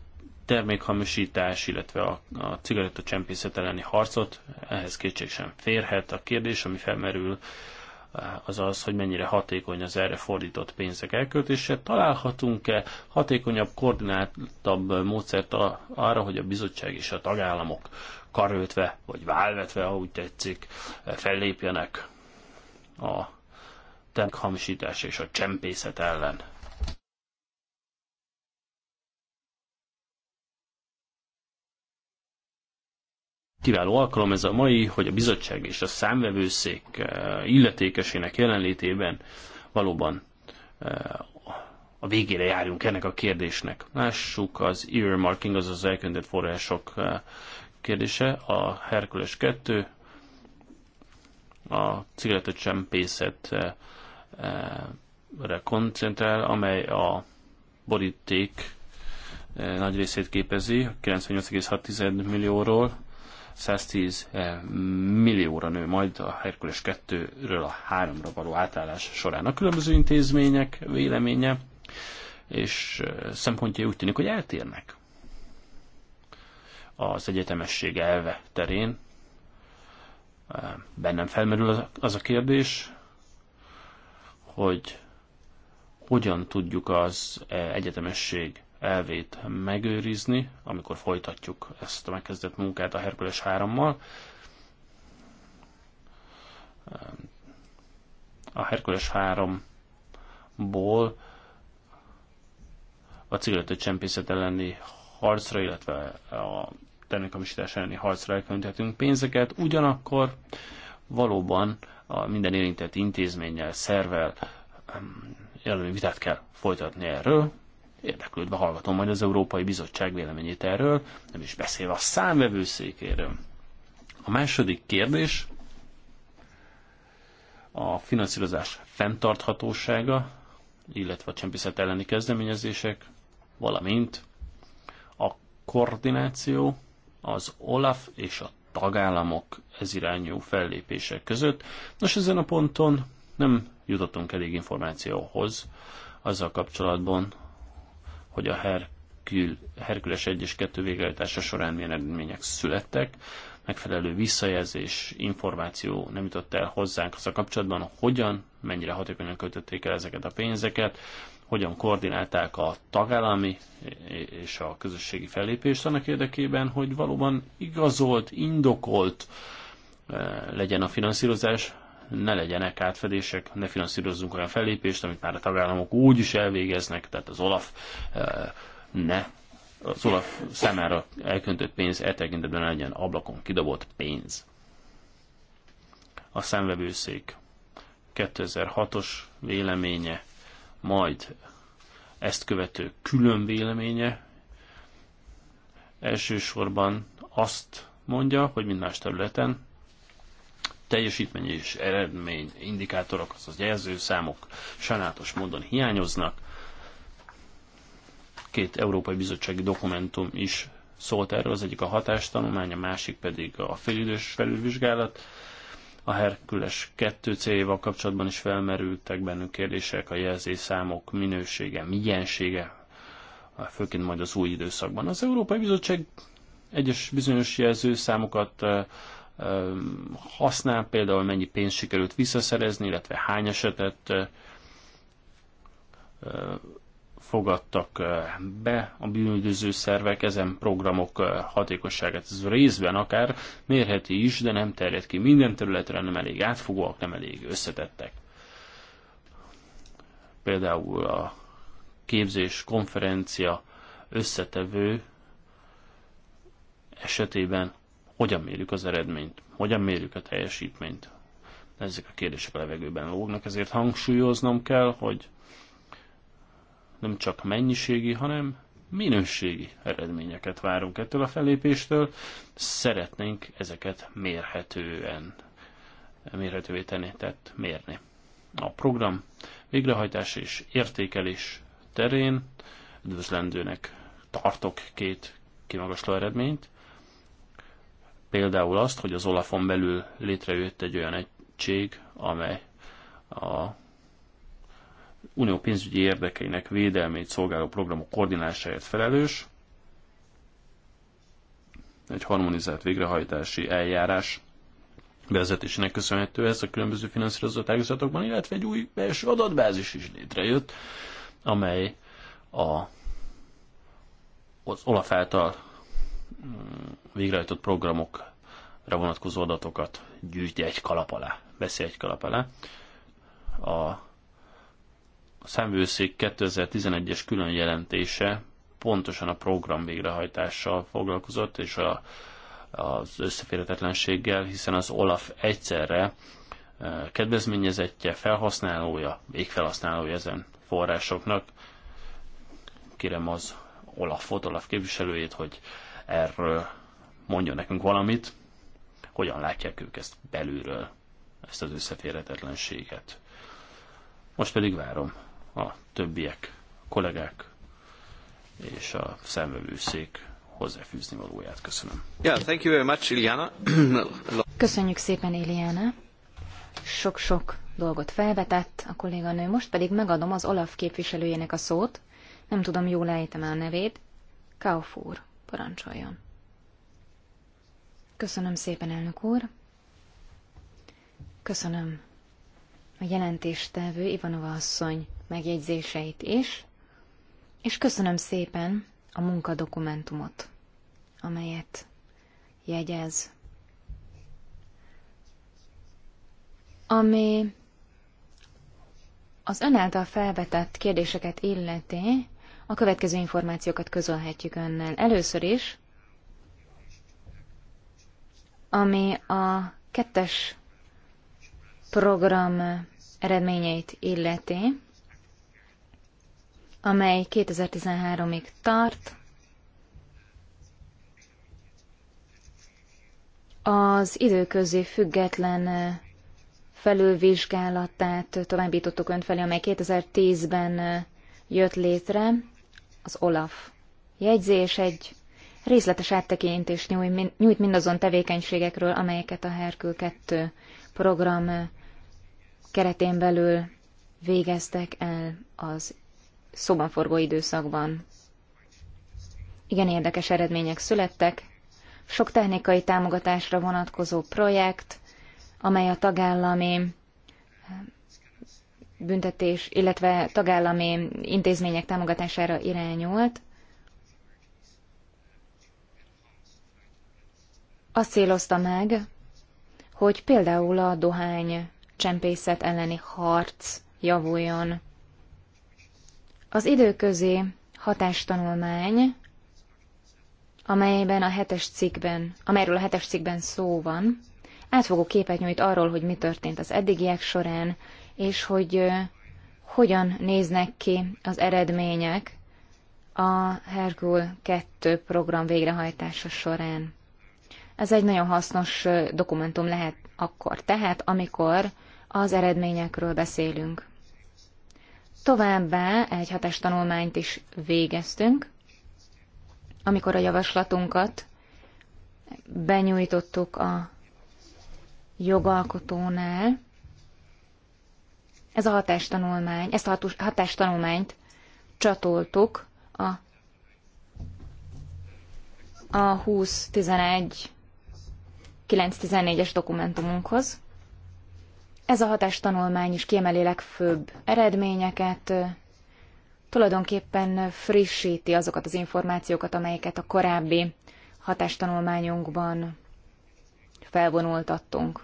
termékhamisítás, illetve a, a cigarettacsempészet elleni harcot, ehhez kétség sem férhet. A kérdés, ami felmerül, eh, az az, hogy mennyire hatékony az erre fordított pénzek elköltése. Találhatunk-e hatékonyabb, koordináltabb módszert arra, hogy a bizottság és a tagállamok karöltve, vagy válvetve, ahogy tetszik, fellépjenek a termékhamisítás és a csempészet ellen? Kiváló alkalom ez a mai, hogy a bizottság és a számvevőszék eh, illetékesének jelenlétében valóban eh, a végére járjunk ennek a kérdésnek. Lássuk az earmarking, azaz az elkönyvett források eh, kérdése, a Herkules 2, a cigarettacsempészetre koncentrál, amely a boríték nagy részét képezi, 98,6 millióról 110 eh, millióra nő majd a Herkules 2-ről a 3-ra való átállás során. A különböző intézmények véleménye és eh, szempontjai úgy tűnik, hogy eltérnek az egyetemesség elve terén. Eh, bennem felmerül az a kérdés, hogy hogyan tudjuk az egyetemesség elvét megőrizni, amikor folytatjuk ezt a megkezdett munkát a Herkules 3-mal. A Herkules 3-ból a cigarettő csempészet elleni harcra, illetve a termékamisítás elleni harcra elkülöníthetünk pénzeket, ugyanakkor valóban a minden érintett intézménnyel, szervel, jellemű vitát kell folytatni erről, Érdeklődve hallgatom majd az Európai Bizottság véleményét erről, nem is beszél a számvevőszékéről. A második kérdés a finanszírozás fenntarthatósága, illetve a csempészet elleni kezdeményezések, valamint a koordináció az OLAF és a tagállamok ezirányú fellépések között. Nos, ezen a ponton nem jutottunk elég információhoz azzal kapcsolatban, hogy a Herkül, Herkules 1 és 2 végrehajtása során milyen eredmények születtek, megfelelő visszajelzés, információ nem jutott el hozzánk az a kapcsolatban, hogyan, mennyire hatékonyan költötték el ezeket a pénzeket, hogyan koordinálták a tagállami és a közösségi fellépést annak érdekében, hogy valóban igazolt, indokolt eh, legyen a finanszírozás, ne legyenek átfedések, ne finanszírozzunk olyan fellépést, amit már a tagállamok úgy is elvégeznek, tehát az OLAF eh, ne az OLAF számára elköntött pénz e tekintetben legyen ablakon kidobott pénz. A szemvevőszék 2006-os véleménye, majd ezt követő külön véleménye elsősorban azt mondja, hogy mind más területen teljesítmény és eredmény indikátorok, azaz jelzőszámok sajnálatos módon hiányoznak. Két Európai Bizottsági dokumentum is szólt erről, az egyik a hatástanulmány, a másik pedig a félidős felülvizsgálat. A Herkules 2 céljával kapcsolatban is felmerültek bennünk kérdések, a jelzőszámok minősége, migyensége, főként majd az új időszakban. Az Európai Bizottság egyes bizonyos jelzőszámokat használ, például mennyi pénzt sikerült visszaszerezni, illetve hány esetet fogadtak be a bűnüldöző szervek ezen programok hatékosságát Ez részben akár mérheti is, de nem terjed ki minden területre, nem elég átfogóak, nem elég összetettek. Például a képzés, konferencia összetevő esetében hogyan mérjük az eredményt? Hogyan mérjük a teljesítményt? Ezek a kérdések a levegőben lógnak, ezért hangsúlyoznom kell, hogy nem csak mennyiségi, hanem minőségi eredményeket várunk ettől a fellépéstől, szeretnénk ezeket mérhetően, mérhetővé tenni, tehát mérni. A program végrehajtás és értékelés terén üdvözlendőnek tartok két kimagasló eredményt. Például azt, hogy az Olafon belül létrejött egy olyan egység, amely a unió pénzügyi érdekeinek védelmét szolgáló programok koordinálásáért felelős, egy harmonizált végrehajtási eljárás bevezetésének köszönhető ez a különböző finanszírozott ágazatokban, illetve egy új belső adatbázis is létrejött, amely a, az Olaf által mm, végrehajtott programokra vonatkozó adatokat gyűjti egy kalap alá, veszi egy kalap alá. A számvőszék 2011-es külön jelentése pontosan a program végrehajtással foglalkozott, és a, az összeférhetetlenséggel, hiszen az OLAF egyszerre e, kedvezményezettje, felhasználója, végfelhasználója ezen forrásoknak. Kérem az Olaf Olaf képviselőjét, hogy erről mondjon nekünk valamit, hogyan látják ők ezt belülről, ezt az összeférhetetlenséget. Most pedig várom a többiek, a kollégák és a szemvevőszék hozzáfűzni valóját. Köszönöm. Yeah, thank you very much, Iliana. Köszönjük szépen, Iliana. Sok-sok dolgot felvetett a kolléganő, most pedig megadom az Olaf képviselőjének a szót. Nem tudom, jól ejtem el a nevét. Kaufúr, parancsoljon. Köszönöm szépen, elnök úr. Köszönöm a jelentéstevő Ivanova asszony megjegyzéseit is, és köszönöm szépen a munkadokumentumot, amelyet jegyez. Ami az ön által felvetett kérdéseket illeti, a következő információkat közölhetjük önnel. Először is ami a kettes program eredményeit illeti, amely 2013-ig tart. Az időközi független felülvizsgálatát továbbítottuk ön felé, amely 2010-ben jött létre, az OLAF jegyzés egy részletes áttekintést nyújt mindazon tevékenységekről, amelyeket a Herkül 2 program keretén belül végeztek el az szobanforgó időszakban. Igen érdekes eredmények születtek, sok technikai támogatásra vonatkozó projekt, amely a tagállami büntetés, illetve tagállami intézmények támogatására irányult, azt célozta meg, hogy például a dohány csempészet elleni harc javuljon. Az időközi hatástanulmány, amelyben a hetes cikkben, amelyről a hetes cikkben szó van, átfogó képet nyújt arról, hogy mi történt az eddigiek során, és hogy hogyan néznek ki az eredmények a Hercule 2 program végrehajtása során. Ez egy nagyon hasznos dokumentum lehet akkor, tehát amikor az eredményekről beszélünk. Továbbá egy hatástanulmányt is végeztünk, amikor a javaslatunkat benyújtottuk a jogalkotónál. Ez a hatástanulmány, ezt a hatástanulmányt csatoltuk a, a 2011 914-es dokumentumunkhoz. Ez a hatástanulmány is kiemeli legfőbb eredményeket, tulajdonképpen frissíti azokat az információkat, amelyeket a korábbi hatástanulmányunkban felvonultattunk.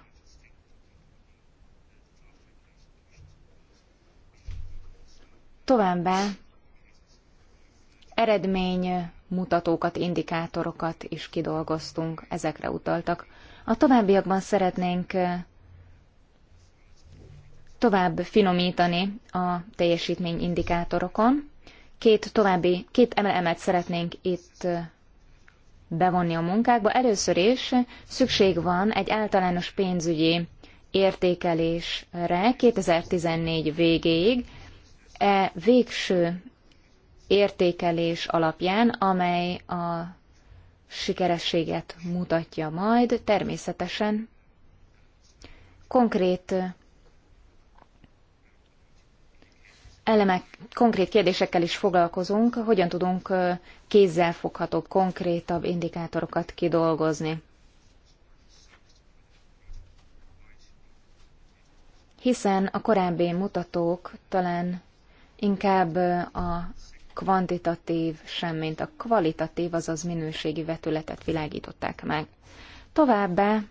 Továbbá eredmény mutatókat, indikátorokat is kidolgoztunk, ezekre utaltak. A továbbiakban szeretnénk tovább finomítani a teljesítményindikátorokon. Két további, két emelemet szeretnénk itt bevonni a munkákba. Először is szükség van egy általános pénzügyi értékelésre 2014 végéig, e végső értékelés alapján, amely a sikerességet mutatja majd, természetesen konkrét elemek, konkrét kérdésekkel is foglalkozunk, hogyan tudunk kézzelfoghatóbb, konkrétabb indikátorokat kidolgozni. Hiszen a korábbi mutatók talán inkább a kvantitatív, semmint a kvalitatív, azaz minőségi vetületet világították meg. Továbbá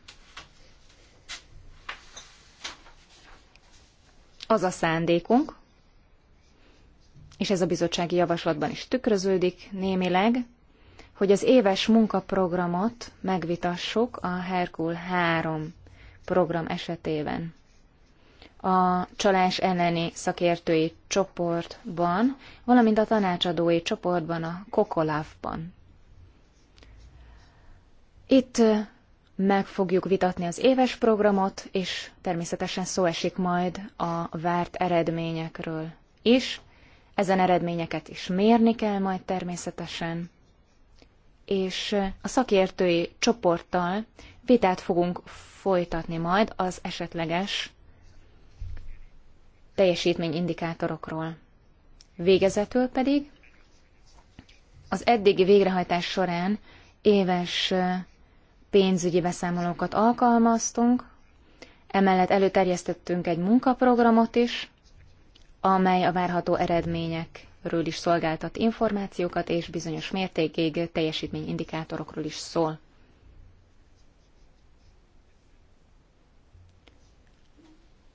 az a szándékunk, és ez a bizottsági javaslatban is tükröződik némileg, hogy az éves munkaprogramot megvitassuk a Herkul 3 program esetében a csalás elleni szakértői csoportban, valamint a tanácsadói csoportban, a Kokolávban. Itt meg fogjuk vitatni az éves programot, és természetesen szó esik majd a várt eredményekről is. Ezen eredményeket is mérni kell majd természetesen, és a szakértői csoporttal vitát fogunk folytatni majd az esetleges teljesítményindikátorokról. Végezetül pedig az eddigi végrehajtás során éves pénzügyi beszámolókat alkalmaztunk, emellett előterjesztettünk egy munkaprogramot is, amely a várható eredményekről is szolgáltat információkat, és bizonyos mértékig teljesítményindikátorokról is szól.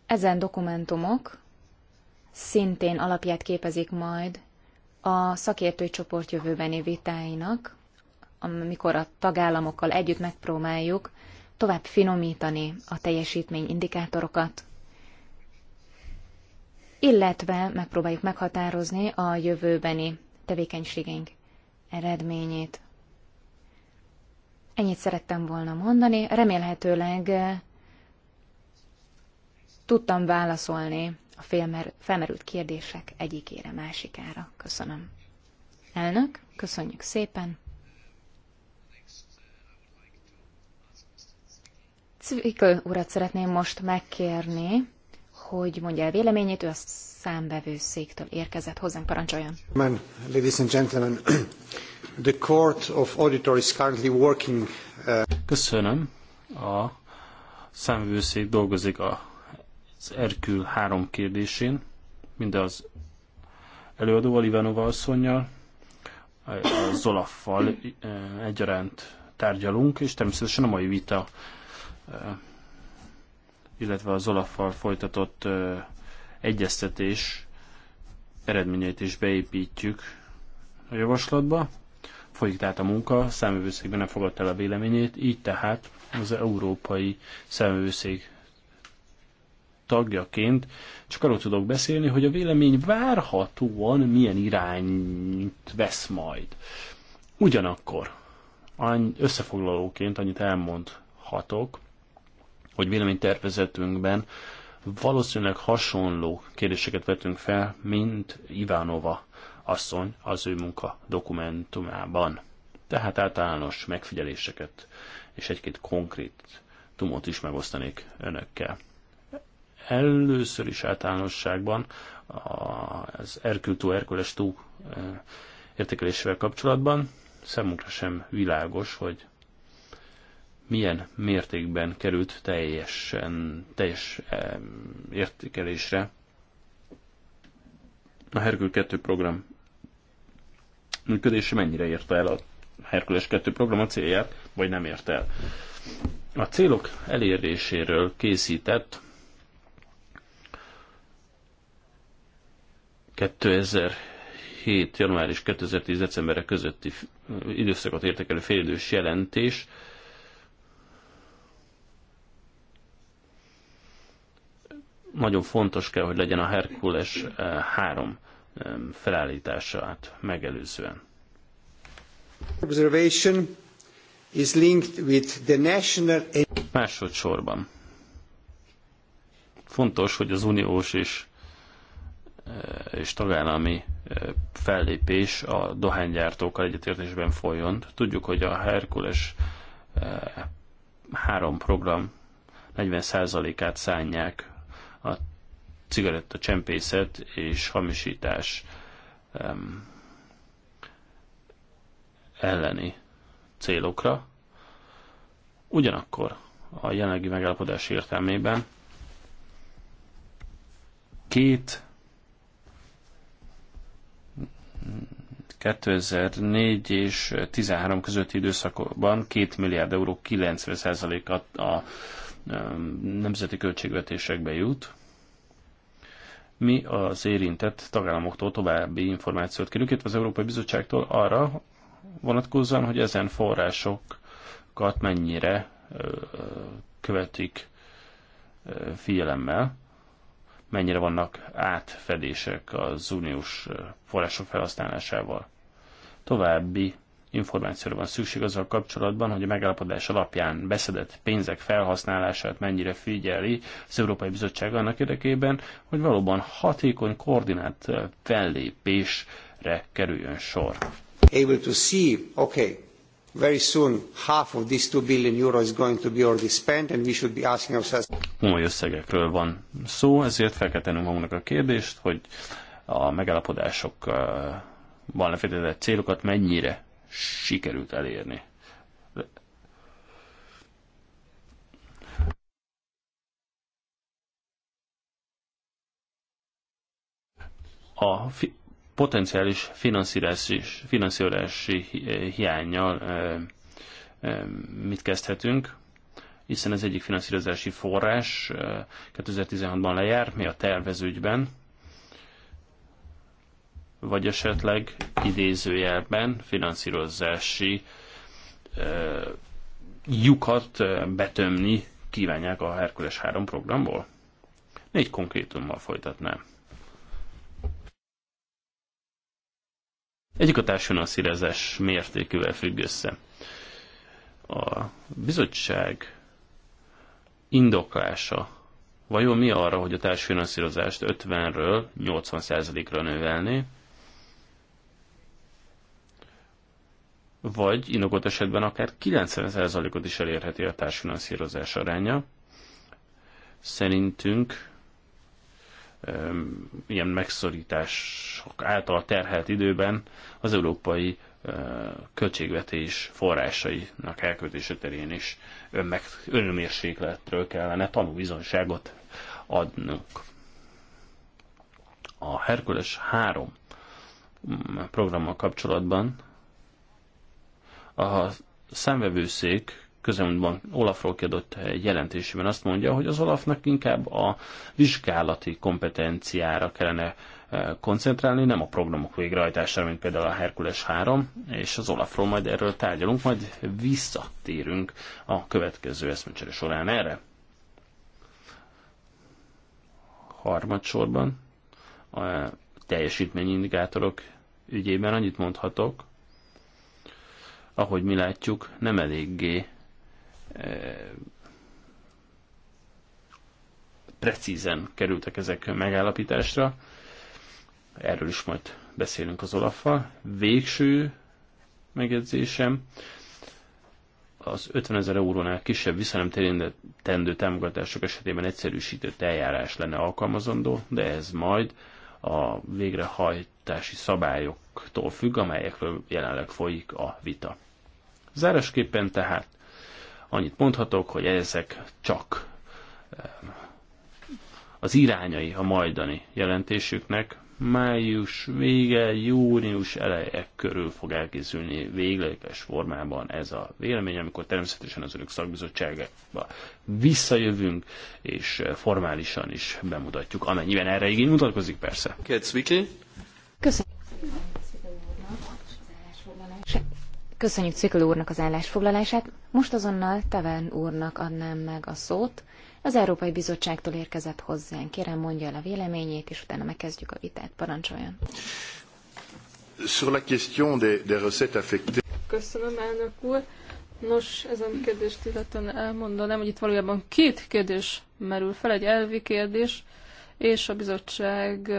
Ezen dokumentumok szintén alapját képezik majd a szakértői csoport jövőbeni vitáinak, amikor a tagállamokkal együtt megpróbáljuk tovább finomítani a teljesítményindikátorokat, illetve megpróbáljuk meghatározni a jövőbeni tevékenységeink eredményét. Ennyit szerettem volna mondani, remélhetőleg eh, tudtam válaszolni a felmer, felmerült kérdések egyikére másikára. Köszönöm. Elnök, köszönjük szépen. Cvikl urat szeretném most megkérni, hogy mondja el véleményét, ő a széktől érkezett hozzánk, parancsoljon. Ladies and gentlemen, the Court of Auditors is currently working. Uh, Köszönöm. A számvőszék dolgozik a az Erkül három kérdésén, mind az előadóval, Ivanova asszonynal, a Zolaffal eh, egyaránt tárgyalunk, és természetesen a mai vita, eh, illetve a Zolaffal folytatott eh, egyeztetés eredményeit is beépítjük a javaslatba. Folyik tehát a munka, számövőszékben nem fogadta el a véleményét, így tehát az Európai Számövőszék tagjaként csak arról tudok beszélni, hogy a vélemény várhatóan milyen irányt vesz majd. Ugyanakkor összefoglalóként annyit elmondhatok, hogy véleménytervezetünkben valószínűleg hasonló kérdéseket vetünk fel, mint Ivánova asszony az ő munka dokumentumában. Tehát általános megfigyeléseket és egy-két konkrét tumot is megosztanék önökkel. Először is általánosságban az Erkültó Erkules túl e, értékelésével kapcsolatban számunkra sem világos, hogy milyen mértékben került teljesen, teljes e, értékelésre a Herkül 2 program működése mennyire érte el a Herkules 2 program a célját, vagy nem érte el. A célok eléréséről készített 2007. január és 2010. decemberre közötti időszakot értékelő félidős jelentés nagyon fontos kell, hogy legyen a Herkules 3 eh, felállítását megelőzően. Observation is linked with the national... Másodszorban. Fontos, hogy az uniós és és tagállami fellépés a dohánygyártókkal egyetértésben folyjon. Tudjuk, hogy a Herkules három program 40%-át szánják a cigaretta csempészet és hamisítás elleni célokra. Ugyanakkor a jelenlegi megállapodás értelmében két 2004 és 13 közötti időszakban 2 milliárd euró 90%-a a nemzeti költségvetésekbe jut. Mi az érintett tagállamoktól további információt kérünk, itt az Európai Bizottságtól arra vonatkozóan, hogy ezen forrásokat mennyire követik figyelemmel mennyire vannak átfedések az uniós eh, források felhasználásával. További információra van szükség azzal kapcsolatban, hogy a megállapodás alapján beszedett pénzek felhasználását mennyire figyeli az Európai Bizottság annak érdekében, hogy valóban hatékony, koordinált eh, fellépésre kerüljön sor. Able to see, okay, very soon half of this 2 billion euro is going to be already spent and we should be asking ourselves komoly összegekről van szó, ezért fel kell tennünk magunknak a kérdést, hogy a megállapodásokban lefektetett célokat mennyire sikerült elérni. A fi- potenciális finanszírozási, finanszírozási eh, hiányjal eh, eh, mit kezdhetünk, hiszen az egyik finanszírozási forrás 2016-ban lejár, mi a tervezőgyben, vagy esetleg idézőjelben finanszírozási lyukat betömni kívánják a Herkules 3 programból? Négy konkrétummal folytatnám. Egyik a társfinanszírozás mértékével függ össze. A bizottság indoklása vajon mi arra, hogy a társfinanszírozást 50-ről 80%-ra növelni, vagy indokolt esetben akár 90%-ot is elérheti a társfinanszírozás aránya. Szerintünk ilyen megszorítások által terhelt időben az európai költségvetés forrásainak elköltése terén is önmeg, önmérsékletről kellene tanúbizonyságot adnunk. A Herkules 3 mm, programmal kapcsolatban a szemvevőszék közelmúltban Olafról kiadott jelentésében azt mondja, hogy az Olafnak inkább a vizsgálati kompetenciára kellene eh, koncentrálni, nem a programok végrehajtására, mint például a Herkules 3, és az Olafról majd erről tárgyalunk, majd visszatérünk a következő eszmecsere során erre. Harmadsorban a teljesítményindikátorok ügyében annyit mondhatok, ahogy mi látjuk, nem eléggé precízen kerültek ezek megállapításra. Erről is majd beszélünk az Olaffal. Végső megjegyzésem, az 50 ezer eurónál kisebb visszanemtérítendő támogatások esetében egyszerűsített eljárás lenne alkalmazandó, de ez majd a végrehajtási szabályoktól függ, amelyekről jelenleg folyik a vita. Zárásképpen tehát Annyit mondhatok, hogy ezek csak eh, az irányai a majdani jelentésüknek. Május vége, június eleje körül fog elkészülni végleges formában ez a vélemény, amikor természetesen az önök szakbizottságába visszajövünk, és eh, formálisan is bemutatjuk, amennyiben erre igény mutatkozik persze. Köszönöm. Köszönjük Cikl úrnak az állásfoglalását. Most azonnal Tavern úrnak adnám meg a szót. Az Európai Bizottságtól érkezett hozzánk. Kérem, mondja el a véleményét, és utána megkezdjük a vitát. Parancsoljon. Köszönöm, elnök úr. Nos, ezen kérdést illetően elmondanám, hogy itt valójában két kérdés merül fel, egy elvi kérdés, és a bizottság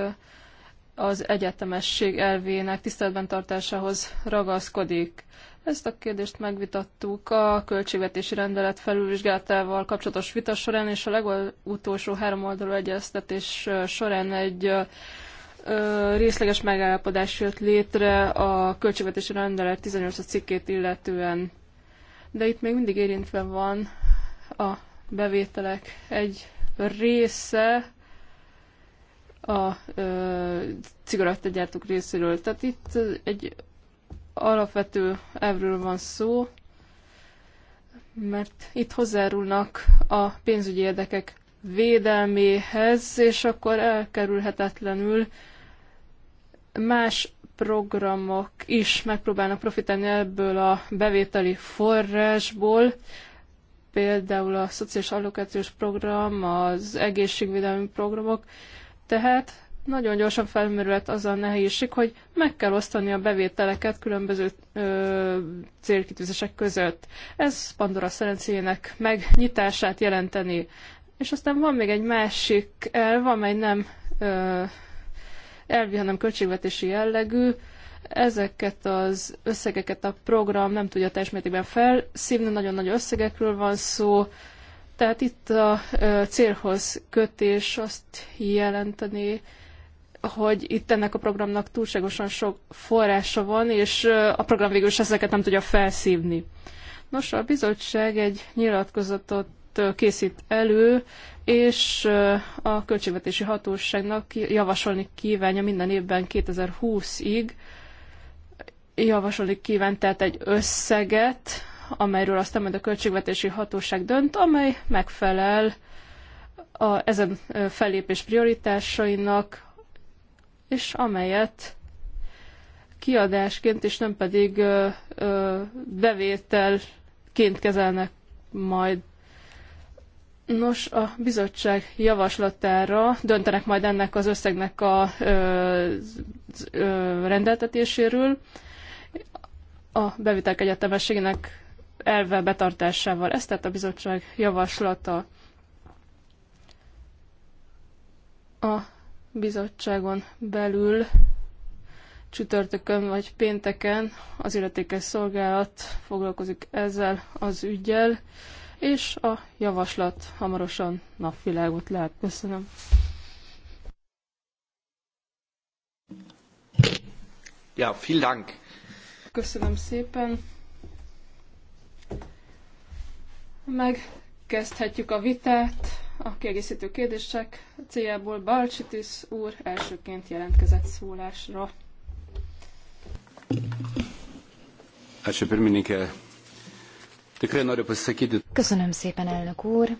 az egyetemesség elvének tiszteletben tartásához ragaszkodik. Ezt a kérdést megvitattuk a költségvetési rendelet felülvizsgálatával kapcsolatos vita során, és a legutolsó oldalú egyeztetés során egy részleges megállapodás jött létre a költségvetési rendelet 18 cikkét illetően. De itt még mindig érintve van a bevételek egy része, a ö, cigarettagyártók részéről. Tehát itt egy alapvető elvről van szó, mert itt hozzárulnak a pénzügyi érdekek védelméhez, és akkor elkerülhetetlenül más programok is megpróbálnak profitálni ebből a bevételi forrásból, például a szociális allokációs program, az egészségvédelmi programok, tehát nagyon gyorsan felmerült az a nehézség, hogy meg kell osztani a bevételeket különböző ö, célkitűzések között. Ez Pandora szerencéjének megnyitását jelenteni. És aztán van még egy másik elv, amely nem ö, elvi, hanem költségvetési jellegű. Ezeket az összegeket a program nem tudja teljes mértékben felszívni, nagyon nagy összegekről van szó, tehát itt a célhoz kötés azt jelenteni, hogy itt ennek a programnak túlságosan sok forrása van, és a program végül is ezeket nem tudja felszívni. Nos, a bizottság egy nyilatkozatot készít elő, és a költségvetési hatóságnak javasolni kívánja minden évben 2020-ig, javasolni kíván tehát egy összeget, amelyről aztán majd a költségvetési hatóság dönt, amely megfelel a, ezen fellépés prioritásainak, és amelyet kiadásként, és nem pedig ö, ö, bevételként kezelnek majd. Nos, a bizottság javaslatára döntenek majd ennek az összegnek a ö, ö, rendeltetéséről. A bevitek egyetemességének elve betartásával. Ezt tett a bizottság javaslata. A bizottságon belül csütörtökön vagy pénteken az illetékes szolgálat foglalkozik ezzel az ügyel, és a javaslat hamarosan napvilágot lát. Köszönöm. Ja, vielen Dank. Köszönöm szépen. Megkezdhetjük a vitát. A kiegészítő kérdések céljából Balcsitis úr elsőként jelentkezett szólásra. Köszönöm szépen, elnök úr.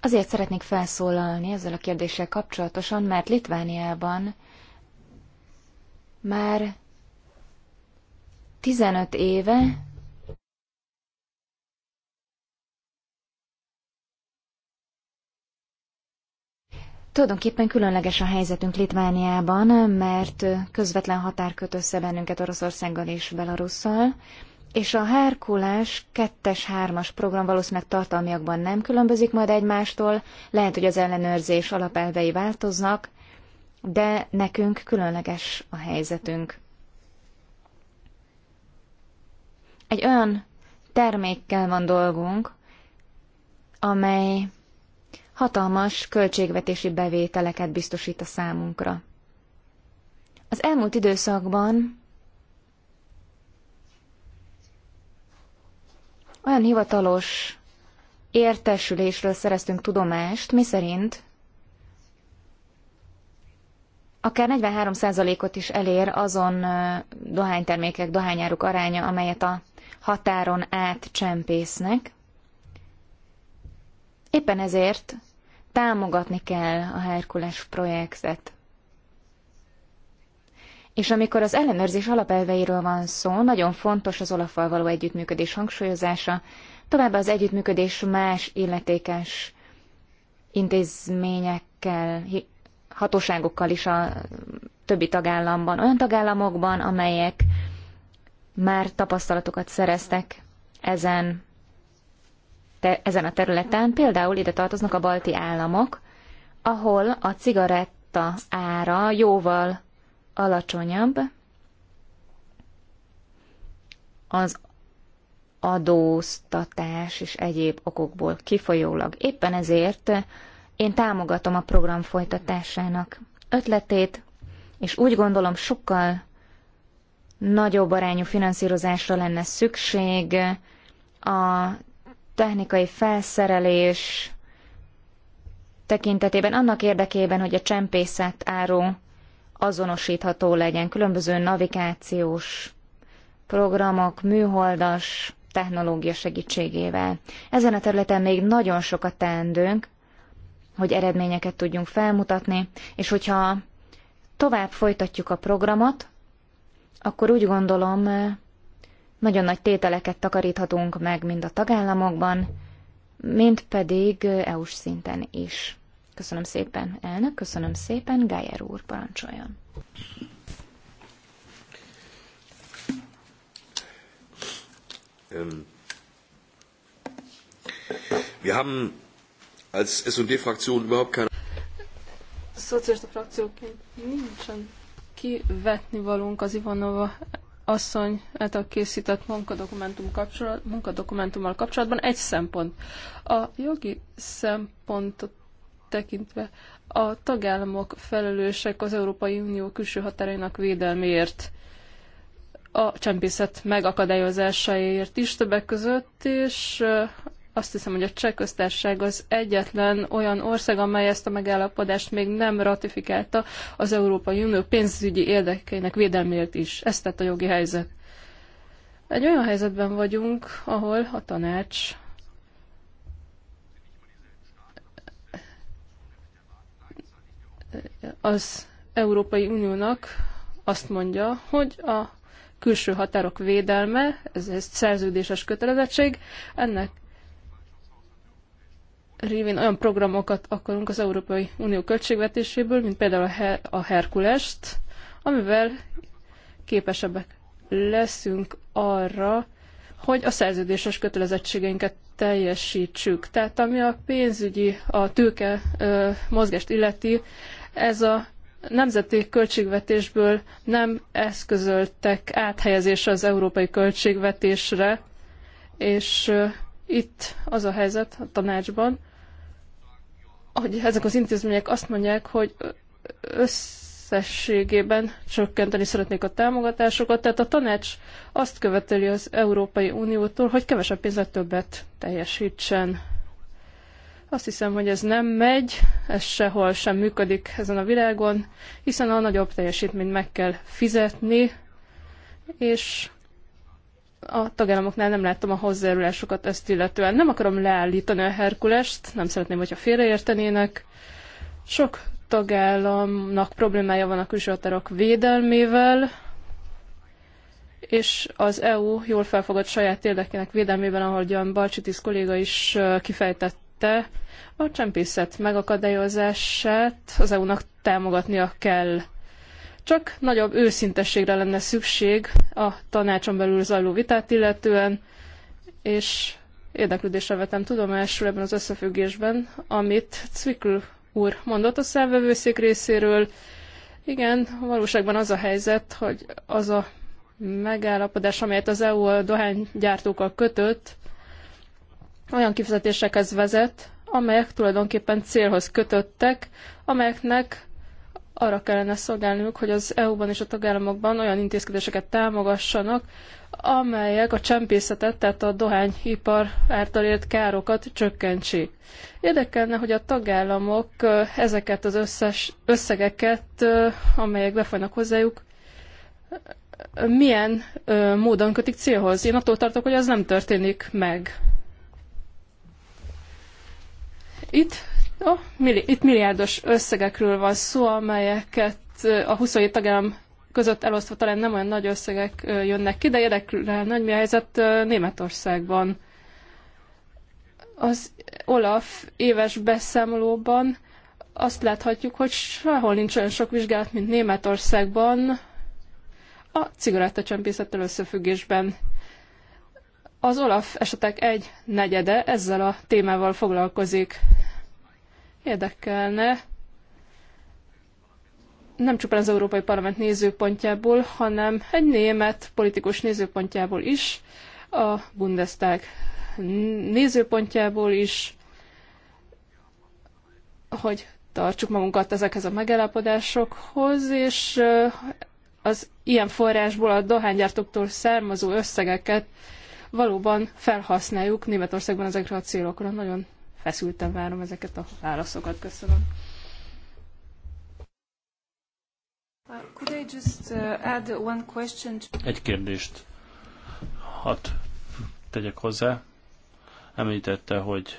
Azért szeretnék felszólalni ezzel a kérdéssel kapcsolatosan, mert Litvániában már 15 éve Tulajdonképpen különleges a helyzetünk Litvániában, mert közvetlen határ köt össze bennünket Oroszországgal és Belarusszal, és a hárkulás 2-3-as program valószínűleg tartalmiakban nem különbözik majd egymástól, lehet, hogy az ellenőrzés alapelvei változnak, de nekünk különleges a helyzetünk. Egy olyan termékkel van dolgunk, amely hatalmas költségvetési bevételeket biztosít a számunkra. Az elmúlt időszakban olyan hivatalos értesülésről szereztünk tudomást, miszerint akár 43%-ot is elér azon dohánytermékek, dohányáruk aránya, amelyet a határon át csempésznek. Éppen ezért támogatni kell a Herkules projektet. És amikor az ellenőrzés alapelveiről van szó, nagyon fontos az olafal való együttműködés hangsúlyozása, továbbá az együttműködés más illetékes intézményekkel, hatóságokkal is a többi tagállamban, olyan tagállamokban, amelyek már tapasztalatokat szereztek ezen te, ezen a területen, például ide tartoznak a balti államok, ahol a cigaretta ára jóval alacsonyabb, az adóztatás és egyéb okokból kifolyólag. Éppen ezért én támogatom a program folytatásának ötletét, és úgy gondolom sokkal nagyobb arányú finanszírozásra lenne szükség a technikai felszerelés tekintetében annak érdekében, hogy a csempészet áru azonosítható legyen, különböző navigációs programok, műholdas technológia segítségével. Ezen a területen még nagyon sokat teendőnk, hogy eredményeket tudjunk felmutatni, és hogyha tovább folytatjuk a programot, akkor úgy gondolom, nagyon nagy tételeket takaríthatunk meg mind a tagállamokban, mint pedig EU-s szinten is. Köszönöm szépen, elnök, köszönöm szépen, Gájer úr, parancsoljon. Ähm, wir haben als S&D-Fraktion überhaupt keine... Szocialista frakcióként nincsen kivetni valunk az Ivanova asszony által készített munkadokumentum kapcsolat, munkadokumentummal kapcsolatban egy szempont. A jogi szempontot tekintve a tagállamok felelősek az Európai Unió külső határainak védelméért, a csempészet megakadályozásáért is többek között, és azt hiszem, hogy a cseh köztársaság az egyetlen olyan ország, amely ezt a megállapodást még nem ratifikálta az Európai Unió pénzügyi érdekeinek védelmért is. Ezt tett a jogi helyzet. Egy olyan helyzetben vagyunk, ahol a tanács az Európai Uniónak azt mondja, hogy a külső határok védelme, ez egy szerződéses kötelezettség, ennek révén olyan programokat akarunk az Európai Unió költségvetéséből, mint például a, Her a Herkulest, amivel képesebbek leszünk arra, hogy a szerződéses kötelezettségeinket teljesítsük. Tehát ami a pénzügyi, a tőke ö, mozgást illeti, ez a nemzeti költségvetésből nem eszközöltek áthelyezésre az európai költségvetésre, és itt az a helyzet a tanácsban, hogy ezek az intézmények azt mondják, hogy összességében csökkenteni szeretnék a támogatásokat, tehát a tanács azt követeli az Európai Uniótól, hogy kevesebb pénzet többet teljesítsen. Azt hiszem, hogy ez nem megy, ez sehol sem működik ezen a világon, hiszen a nagyobb teljesítményt meg kell fizetni, és a tagállamoknál nem láttam a hozzájárulásokat ezt illetően. Nem akarom leállítani a Herkulest, nem szeretném, hogyha félreértenének. Sok tagállamnak problémája van a külső határok védelmével, és az EU jól felfogott saját érdekének védelmében, ahogyan Balcsitis kolléga is kifejtette, a csempészet megakadályozását az EU-nak támogatnia kell. Csak nagyobb őszintességre lenne szükség a tanácson belül zajló vitát illetően, és érdeklődésre vetem tudomásul ebben az összefüggésben, amit Cvikl úr mondott a számvevőszék részéről. Igen, valóságban az a helyzet, hogy az a megállapodás, amelyet az EU a dohánygyártókkal kötött, olyan kifizetésekhez vezet, amelyek tulajdonképpen célhoz kötöttek, amelyeknek arra kellene szolgálniuk, hogy az EU-ban és a tagállamokban olyan intézkedéseket támogassanak, amelyek a csempészetet, tehát a dohányipar által ért károkat csökkentsék. Érdekelne, hogy a tagállamok ezeket az összes összegeket, amelyek befolynak hozzájuk, milyen módon kötik célhoz. Én attól tartok, hogy ez nem történik meg. Itt Oh, milli, itt milliárdos összegekről van szó, amelyeket a 27 tagállam között elosztva talán nem olyan nagy összegek jönnek ki, de érdekel nagy mi a helyzet Németországban. Az Olaf éves beszámolóban azt láthatjuk, hogy sehol nincs olyan sok vizsgálat, mint Németországban a cigarettacsempészettel összefüggésben. Az Olaf esetek egy negyede ezzel a témával foglalkozik. Érdekelne nem csupán az Európai Parlament nézőpontjából, hanem egy német politikus nézőpontjából is, a Bundestag nézőpontjából is, hogy tartsuk magunkat ezekhez a megállapodásokhoz, és az ilyen forrásból a dohánygyártóktól származó összegeket valóban felhasználjuk Németországban ezekre a célokra. Nagyon feszülten várom ezeket a válaszokat. Köszönöm. Uh, uh, Egy kérdést hat tegyek hozzá. Említette, hogy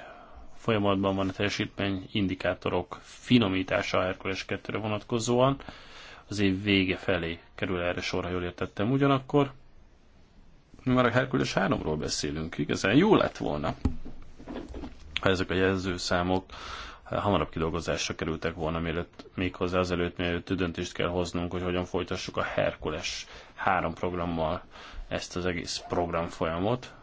folyamatban van a teljesítmény indikátorok finomítása a Herkules 2-re vonatkozóan. Az év vége felé kerül erre sor, ha jól értettem. Ugyanakkor mi már a Herkules 3-ról beszélünk, igazán jó lett volna, ha ezek a jelzőszámok hamarabb kidolgozásra kerültek volna, mielőtt méghozzá azelőtt, mielőtt döntést kell hoznunk, hogy hogyan folytassuk a Herkules három programmal ezt az egész programfolyamot.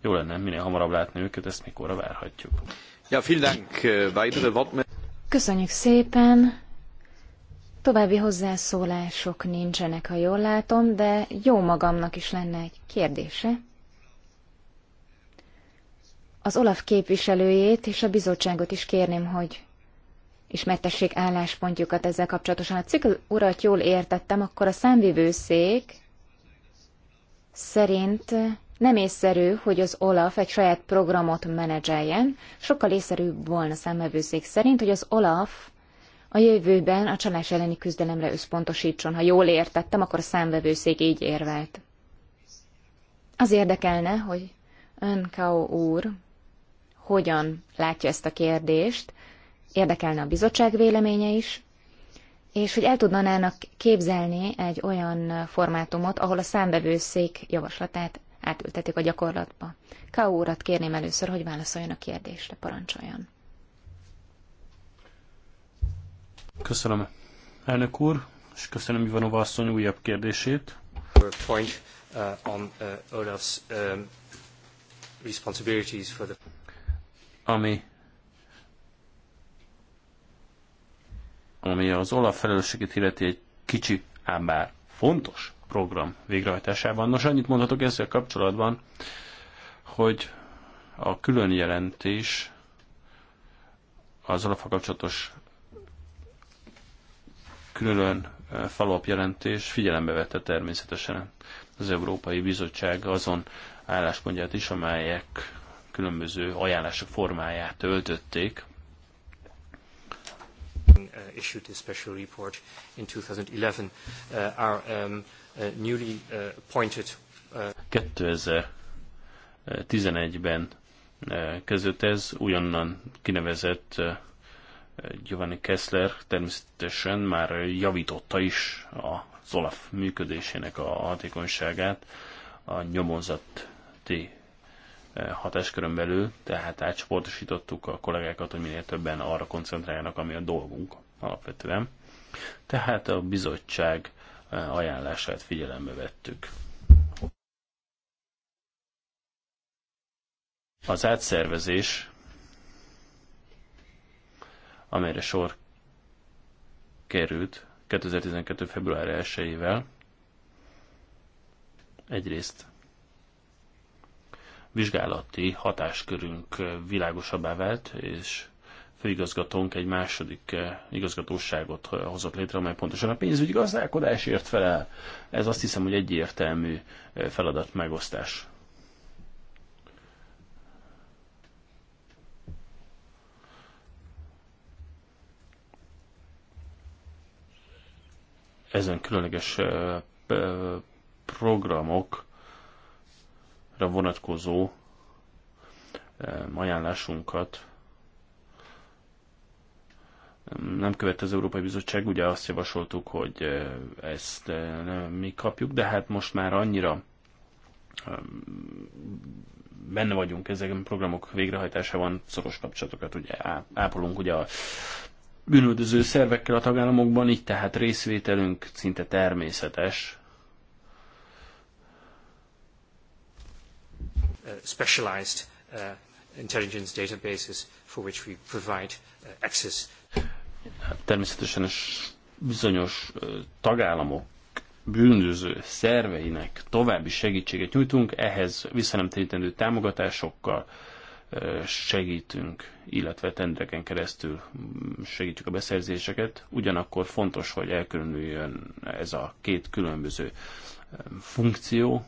Jó lenne minél hamarabb látni őket, ezt mikorra várhatjuk. Ja, vielen Dank. Köszönjük szépen. További hozzászólások nincsenek, ha jól látom, de jó magamnak is lenne egy kérdése. Az Olaf képviselőjét és a bizottságot is kérném, hogy ismertessék álláspontjukat ezzel kapcsolatosan. A cikl urat jól értettem, akkor a számvivőszék szerint nem észszerű, hogy az Olaf egy saját programot menedzseljen, sokkal észszerűbb volna számvevőszék szerint, hogy az Olaf a jövőben a csalás elleni küzdelemre összpontosítson. Ha jól értettem, akkor a számvevőszék így érvelt. Az érdekelne, hogy ön Kao úr hogyan látja ezt a kérdést, érdekelne a bizottság véleménye is, és hogy el tudnának képzelni egy olyan formátumot, ahol a számbevőszék javaslatát átültetik a gyakorlatba. K.O. urat kérném először, hogy válaszoljon a kérdésre, parancsoljon. Köszönöm, elnök úr, és köszönöm Ivanova asszony újabb kérdését. Point, uh, on, uh, Olaf's, um, responsibilities for the ami ami az Olaf felelősségét illeti egy kicsi, ám bár fontos program végrehajtásában. Nos, annyit mondhatok ezzel kapcsolatban, hogy a külön jelentés az Olaf kapcsolatos külön falop jelentés figyelembe vette természetesen az Európai Bizottság azon álláspontját is, amelyek különböző ajánlások formáját öltötték. Uh, issued a special report in 2011. Uh, our um, uh, newly uh, appointed uh, 2011-ben uh, kezdődött ez, újonnan kinevezett uh, Giovanni Kessler természetesen már javította is a Olaf működésének a hatékonyságát a nyomozati hatáskörön belül, tehát átcsoportosítottuk a kollégákat, hogy minél többen arra koncentráljanak, ami a dolgunk alapvetően. Tehát a bizottság e, ajánlását figyelembe vettük. Az átszervezés, amelyre sor került 2012. február 1-ével, egyrészt vizsgálati hatáskörünk világosabbá vált, és főigazgatónk egy második eh, igazgatóságot eh, hozott létre, amely pontosan a pénzügyi gazdálkodásért felel. Ez azt hiszem, hogy egyértelmű eh, feladat megosztás. Ezen különleges programok vonatkozó eh, ajánlásunkat nem követ az Európai Bizottság, ugye azt javasoltuk, hogy eh, ezt eh, mi kapjuk, de hát most már annyira ehm, benne vagyunk ezekben a programok végrehajtásában, szoros kapcsolatokat ugye ápolunk ugye a bűnöldöző szervekkel a tagállamokban, így tehát részvételünk szinte természetes, Uh, specialized uh, intelligence databases for which we provide uh, access. Természetesen bizonyos tagállamok bűnöző szerveinek további segítséget nyújtunk, ehhez visszanemtérítendő támogatásokkal segítünk, illetve tendreken keresztül mm, segítjük a beszerzéseket. Ugyanakkor fontos, hogy elkülönüljön ez a két különböző um, funkció,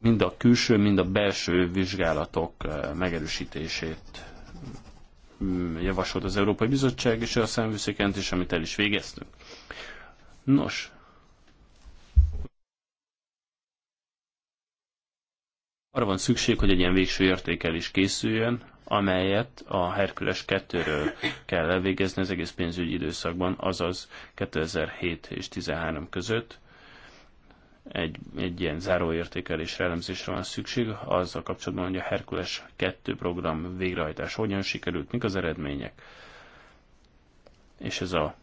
mind a külső, mind a belső vizsgálatok eh, megerősítését mm, javasolt az Európai Bizottság és a számvőszékent és amit el is végeztünk. Nos, arra van szükség, hogy egy ilyen végső értékelés készüljön, amelyet a Herkules 2-ről kell elvégezni az egész pénzügyi időszakban, azaz 2007 és 2013 között, egy, egy ilyen záróértékelésre, elemzésre van szükség, azzal kapcsolatban, hogy a Herkules 2 program végrehajtás hogyan sikerült, mik az eredmények. És ez a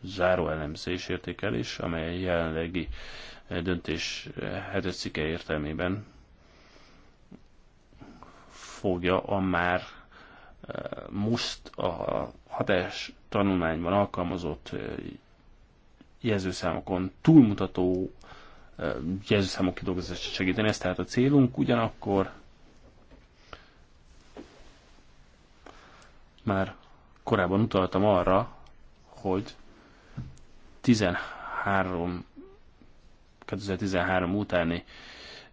záró elemzés értékelés, amely jelenlegi eh, döntés eh, hetes cikke értelmében fogja a már eh, most a hatás tanulmányban alkalmazott jelzőszámokon túlmutató jelzőszámok kidolgozását segíteni, ez tehát a célunk, ugyanakkor már korábban utaltam arra, hogy 13 2013 utáni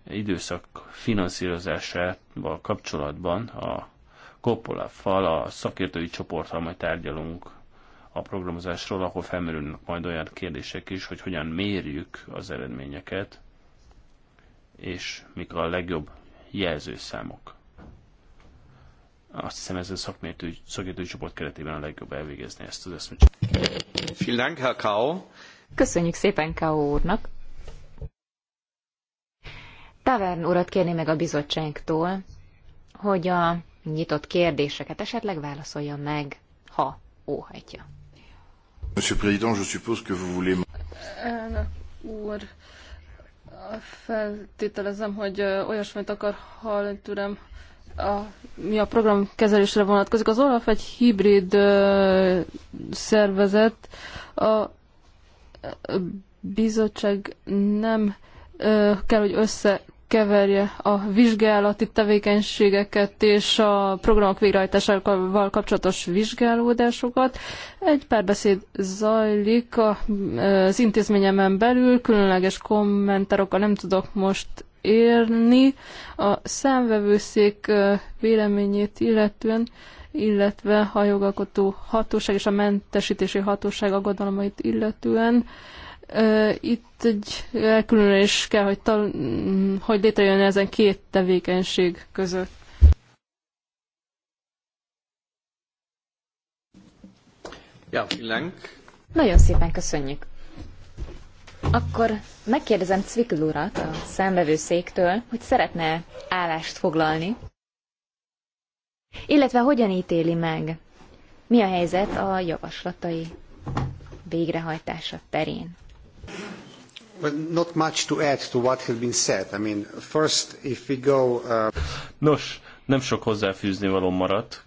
időszak finanszírozásával kapcsolatban a Coppola fal a szakértői csoporttal majd tárgyalunk a programozásról, ahol felmerülnek majd olyan kérdések is, hogy hogyan mérjük az eredményeket, és mik a legjobb jelzőszámok. Azt hiszem ez a szakmértő, szakértői csoport keretében a legjobb elvégezni ezt az eszmecsét. Köszönjük szépen K.O. úrnak. Tavern urat kérni meg a bizottságtól, hogy a nyitott kérdéseket esetleg válaszolja meg, ha óhajtja. Monsieur Président, je suppose que vous voulez... Elnök úr, feltételezem, hogy olyasmit akar hallani tőlem, a, mi a program kezelésre vonatkozik. Az Olaf egy hibrid szervezet, a bizottság nem kell, hogy össze keverje a vizsgálati tevékenységeket és a programok végrehajtásával kapcsolatos vizsgálódásokat. Egy párbeszéd zajlik az intézményemen belül, különleges kommentárokkal nem tudok most érni. A számvevőszék véleményét illetően illetve a jogalkotó hatóság és a mentesítési hatóság aggodalmait illetően itt egy elkülönülés kell, hogy, tal- hogy létrejön ezen két tevékenység között. Ja, Lenk. Nagyon szépen köszönjük. Akkor megkérdezem Cvikl urat a számbevőszéktől, hogy szeretne állást foglalni, illetve hogyan ítéli meg, mi a helyzet a javaslatai végrehajtása terén. Nos, nem sok hozzáfűzni való maradt.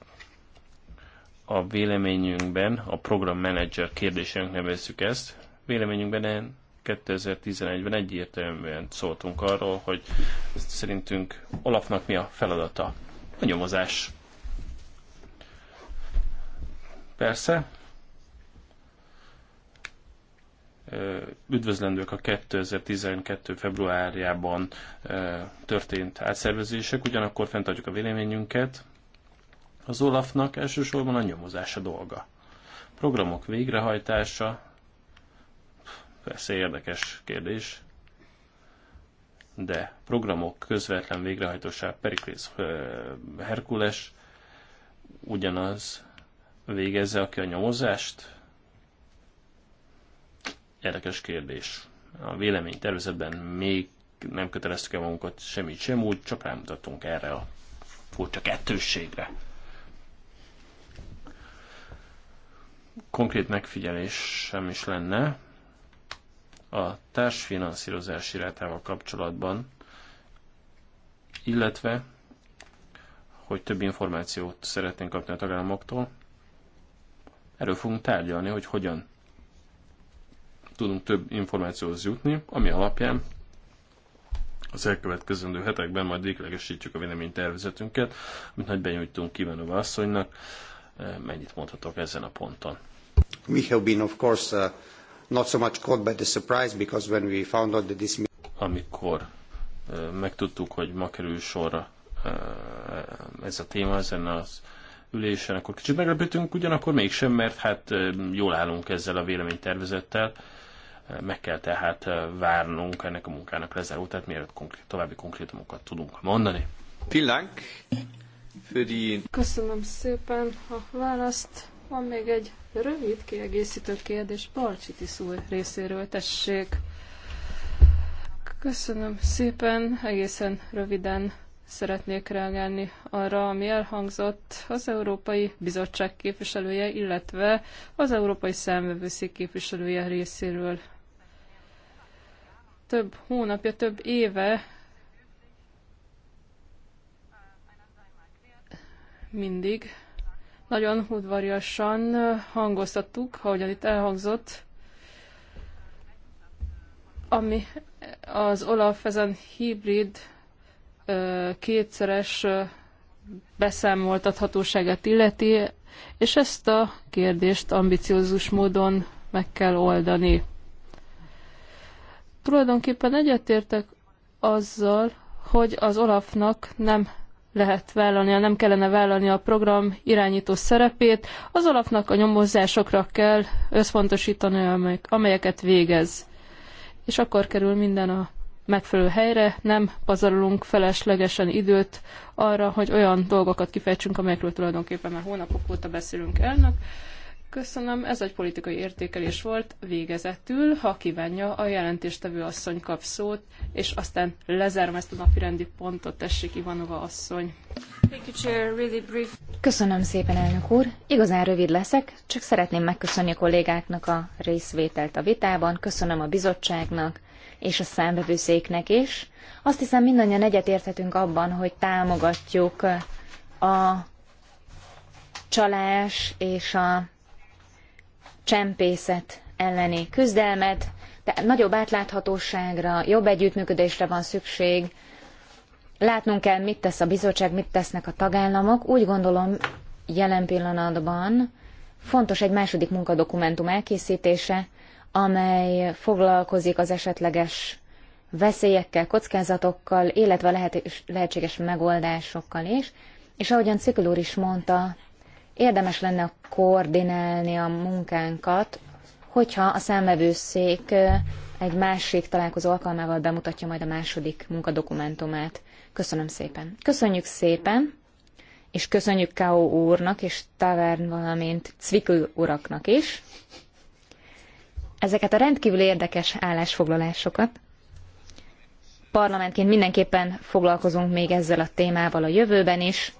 A véleményünkben, a programmenedzser kérdésének nevezzük ezt, véleményünkben 2011-ben egyértelműen szóltunk arról, hogy szerintünk Olafnak mi a feladata. A nyomozás. Persze, üdvözlendők a 2012. februárjában történt átszervezések, ugyanakkor fenntartjuk a véleményünket. Az Olafnak elsősorban a nyomozása dolga. Programok végrehajtása, persze érdekes kérdés, de programok közvetlen végrehajtósá periklis, Herkules ugyanaz végezze, aki a nyomozást, érdekes kérdés. A vélemény tervezetben még nem köteleztük el magunkat semmit sem úgy, csak rámutattunk erre a furcsa kettősségre. Konkrét megfigyelés sem is lenne. A társfinanszírozási rátával kapcsolatban, illetve hogy több információt szeretnénk kapni a tagállamoktól. Erről fogunk tárgyalni, hogy hogyan tudunk több információhoz jutni, ami alapján az elkövetkezendő hetekben majd véglegesítjük a véleménytervezetünket, amit nagy benyújtunk kívánó asszonynak. E, mennyit mondhatok ezen a ponton? We have been, of course, uh, not so much caught by the surprise, because when we found out that this... Amikor uh, megtudtuk, hogy ma kerül sorra uh, ez a téma ezen az ülésen, akkor kicsit meglepődtünk, ugyanakkor mégsem, mert hát jól állunk ezzel a véleménytervezettel. Meg kell tehát várnunk ennek a munkának lezárultát, mielőtt konkrét, további konkrétumokat tudunk mondani. Pillánk. Köszönöm szépen a választ. Van még egy rövid kiegészítő kérdés Balcsiti úr részéről, tessék. Köszönöm szépen, egészen röviden szeretnék reagálni arra, ami elhangzott az Európai Bizottság képviselője, illetve az Európai Számvevőszék képviselője részéről. Több hónapja, több éve mindig nagyon udvariasan hangoztattuk, ahogyan itt elhangzott, ami az Olaf ezen hibrid kétszeres beszámoltathatóságát illeti, és ezt a kérdést ambiciózus módon meg kell oldani. Tulajdonképpen egyetértek azzal, hogy az Olafnak nem lehet vállalnia, nem kellene vállalni a program irányító szerepét. Az Olafnak a nyomozásokra kell összpontosítani, amelyeket végez. És akkor kerül minden a megfelelő helyre, nem pazarolunk feleslegesen időt arra, hogy olyan dolgokat kifejtsünk, amelyekről tulajdonképpen már hónapok óta beszélünk elnök. Köszönöm, ez egy politikai értékelés volt végezetül, ha kívánja, a jelentéstevő asszony kap szót, és aztán lezárom ezt a napirendi pontot, tessék Ivanova asszony. Köszönöm szépen, elnök úr. Igazán rövid leszek, csak szeretném megköszönni a kollégáknak a részvételt a vitában, köszönöm a bizottságnak, és a számbevőszéknek is. Azt hiszem mindannyian egyetérthetünk abban, hogy támogatjuk a csalás és a csempészet elleni küzdelmet, de nagyobb átláthatóságra, jobb együttműködésre van szükség. Látnunk kell, mit tesz a bizottság, mit tesznek a tagállamok. Úgy gondolom, jelen pillanatban fontos egy második munkadokumentum elkészítése, amely foglalkozik az esetleges veszélyekkel, kockázatokkal, illetve lehet, lehetséges megoldásokkal is, és ahogyan Cikl úr is mondta, érdemes lenne koordinálni a munkánkat, hogyha a számvevőszék egy másik találkozó alkalmával bemutatja majd a második munkadokumentumát. Köszönöm szépen. Köszönjük szépen, és köszönjük K.O. úrnak és Tavern, valamint Cvikl uraknak is ezeket a rendkívül érdekes állásfoglalásokat. Parlamentként mindenképpen foglalkozunk még ezzel a témával a jövőben is,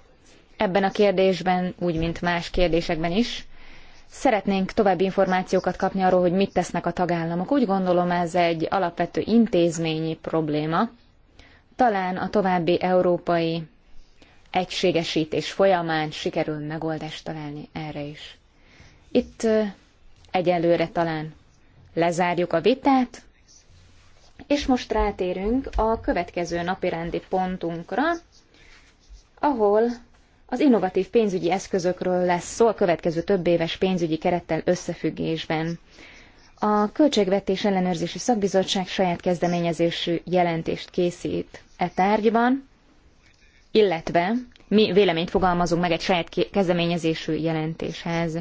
ebben a kérdésben, úgy mint más kérdésekben is. Szeretnénk további információkat kapni arról, hogy mit tesznek a tagállamok. Úgy gondolom ez egy alapvető intézményi probléma. Talán a további európai egységesítés folyamán sikerül megoldást találni erre is. Itt egyelőre talán lezárjuk a vitát, és most rátérünk a következő napirendi pontunkra, ahol az innovatív pénzügyi eszközökről lesz szó a következő több éves pénzügyi kerettel összefüggésben. A Költségvetés Ellenőrzési Szakbizottság saját kezdeményezésű jelentést készít e tárgyban, illetve mi véleményt fogalmazunk meg egy saját kezdeményezésű jelentéshez.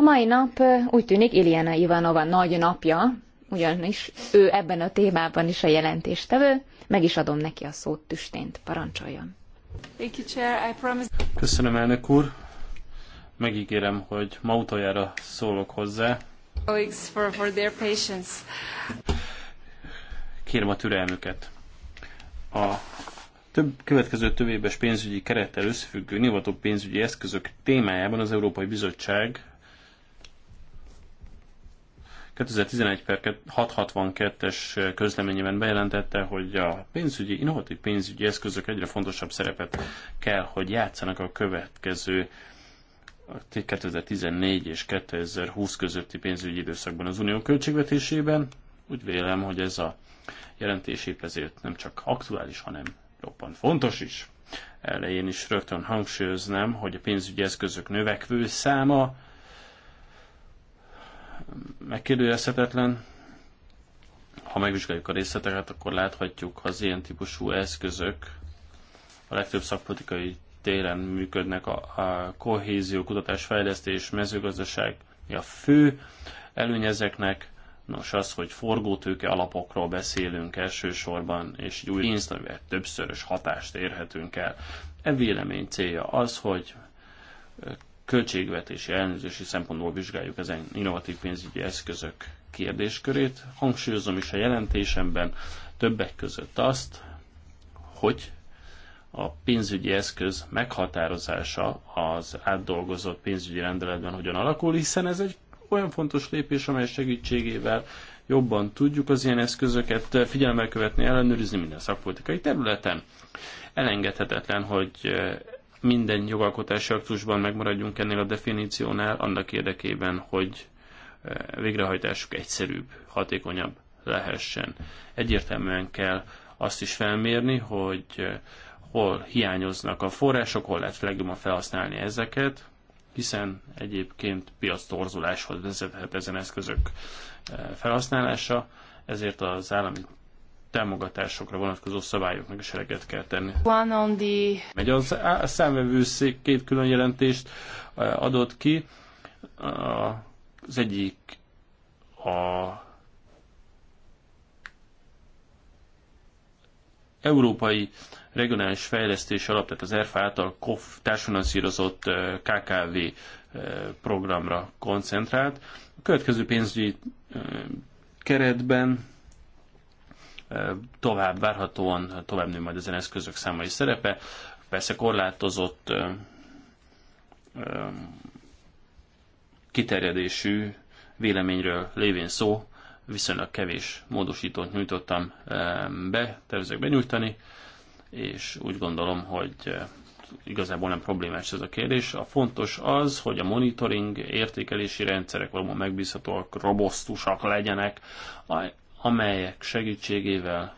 A mai nap úgy tűnik Iliana Ivanova nagy napja, ugyanis ő ebben a témában is a jelentéstevő. Meg is adom neki a szót tüstént, parancsoljon. Köszönöm, elnök úr. Megígérem, hogy ma utoljára szólok hozzá. Kérem a türelmüket. A több következő több pénzügyi kerettel összefüggő nyilvató pénzügyi eszközök témájában az Európai Bizottság 2011 per 662-es közleményében bejelentette, hogy a pénzügyi, innovatív pénzügyi eszközök egyre fontosabb szerepet kell, hogy játszanak a következő 2014 és 2020 közötti pénzügyi időszakban az unió költségvetésében. Úgy vélem, hogy ez a jelentés épp ezért nem csak aktuális, hanem jobban fontos is. Elején is rögtön hangsúlyoznám, hogy a pénzügyi eszközök növekvő száma megkérdőjelezhetetlen. Ha megvizsgáljuk a részleteket, akkor láthatjuk, ha az ilyen típusú eszközök a legtöbb szakpolitikai téren működnek, a, a kohézió, kutatás, fejlesztés, mezőgazdaság, a fő előny ezeknek, nos az, hogy forgótőke alapokról beszélünk elsősorban, és egy új pénzt, amivel többszörös hatást érhetünk el. E vélemény célja az, hogy költségvetési ellenőrzési szempontból vizsgáljuk ezen innovatív pénzügyi eszközök kérdéskörét. Hangsúlyozom is a jelentésemben többek között azt, hogy a pénzügyi eszköz meghatározása az átdolgozott pénzügyi rendeletben hogyan alakul, hiszen ez egy olyan fontos lépés, amely segítségével jobban tudjuk az ilyen eszközöket figyelemmel követni, ellenőrizni minden szakpolitikai területen. Elengedhetetlen, hogy minden jogalkotási aktusban megmaradjunk ennél a definíciónál, annak érdekében, hogy eh, végrehajtásuk egyszerűbb, hatékonyabb lehessen. Egyértelműen kell azt is felmérni, hogy eh, hol hiányoznak a források, hol lehet legjobban felhasználni ezeket, hiszen egyébként piac torzuláshoz vezethet ezen eszközök eh, felhasználása, ezért az állami támogatásokra vonatkozó szabályoknak is eleget kell tenni. One on the... Egy az, a számvevőszék két külön jelentést adott ki. Az egyik a európai regionális fejlesztés alap, tehát az ERFA által KOF társfinanszírozott KKV programra koncentrált. A következő pénzügyi keretben tovább várhatóan tovább nő majd ezen eszközök számai szerepe. Persze korlátozott kiterjedésű véleményről lévén szó, viszonylag kevés módosítót nyújtottam be, tervezek benyújtani, és úgy gondolom, hogy igazából nem problémás ez a kérdés. A fontos az, hogy a monitoring értékelési rendszerek valóban megbízhatóak, robosztusak legyenek, amelyek segítségével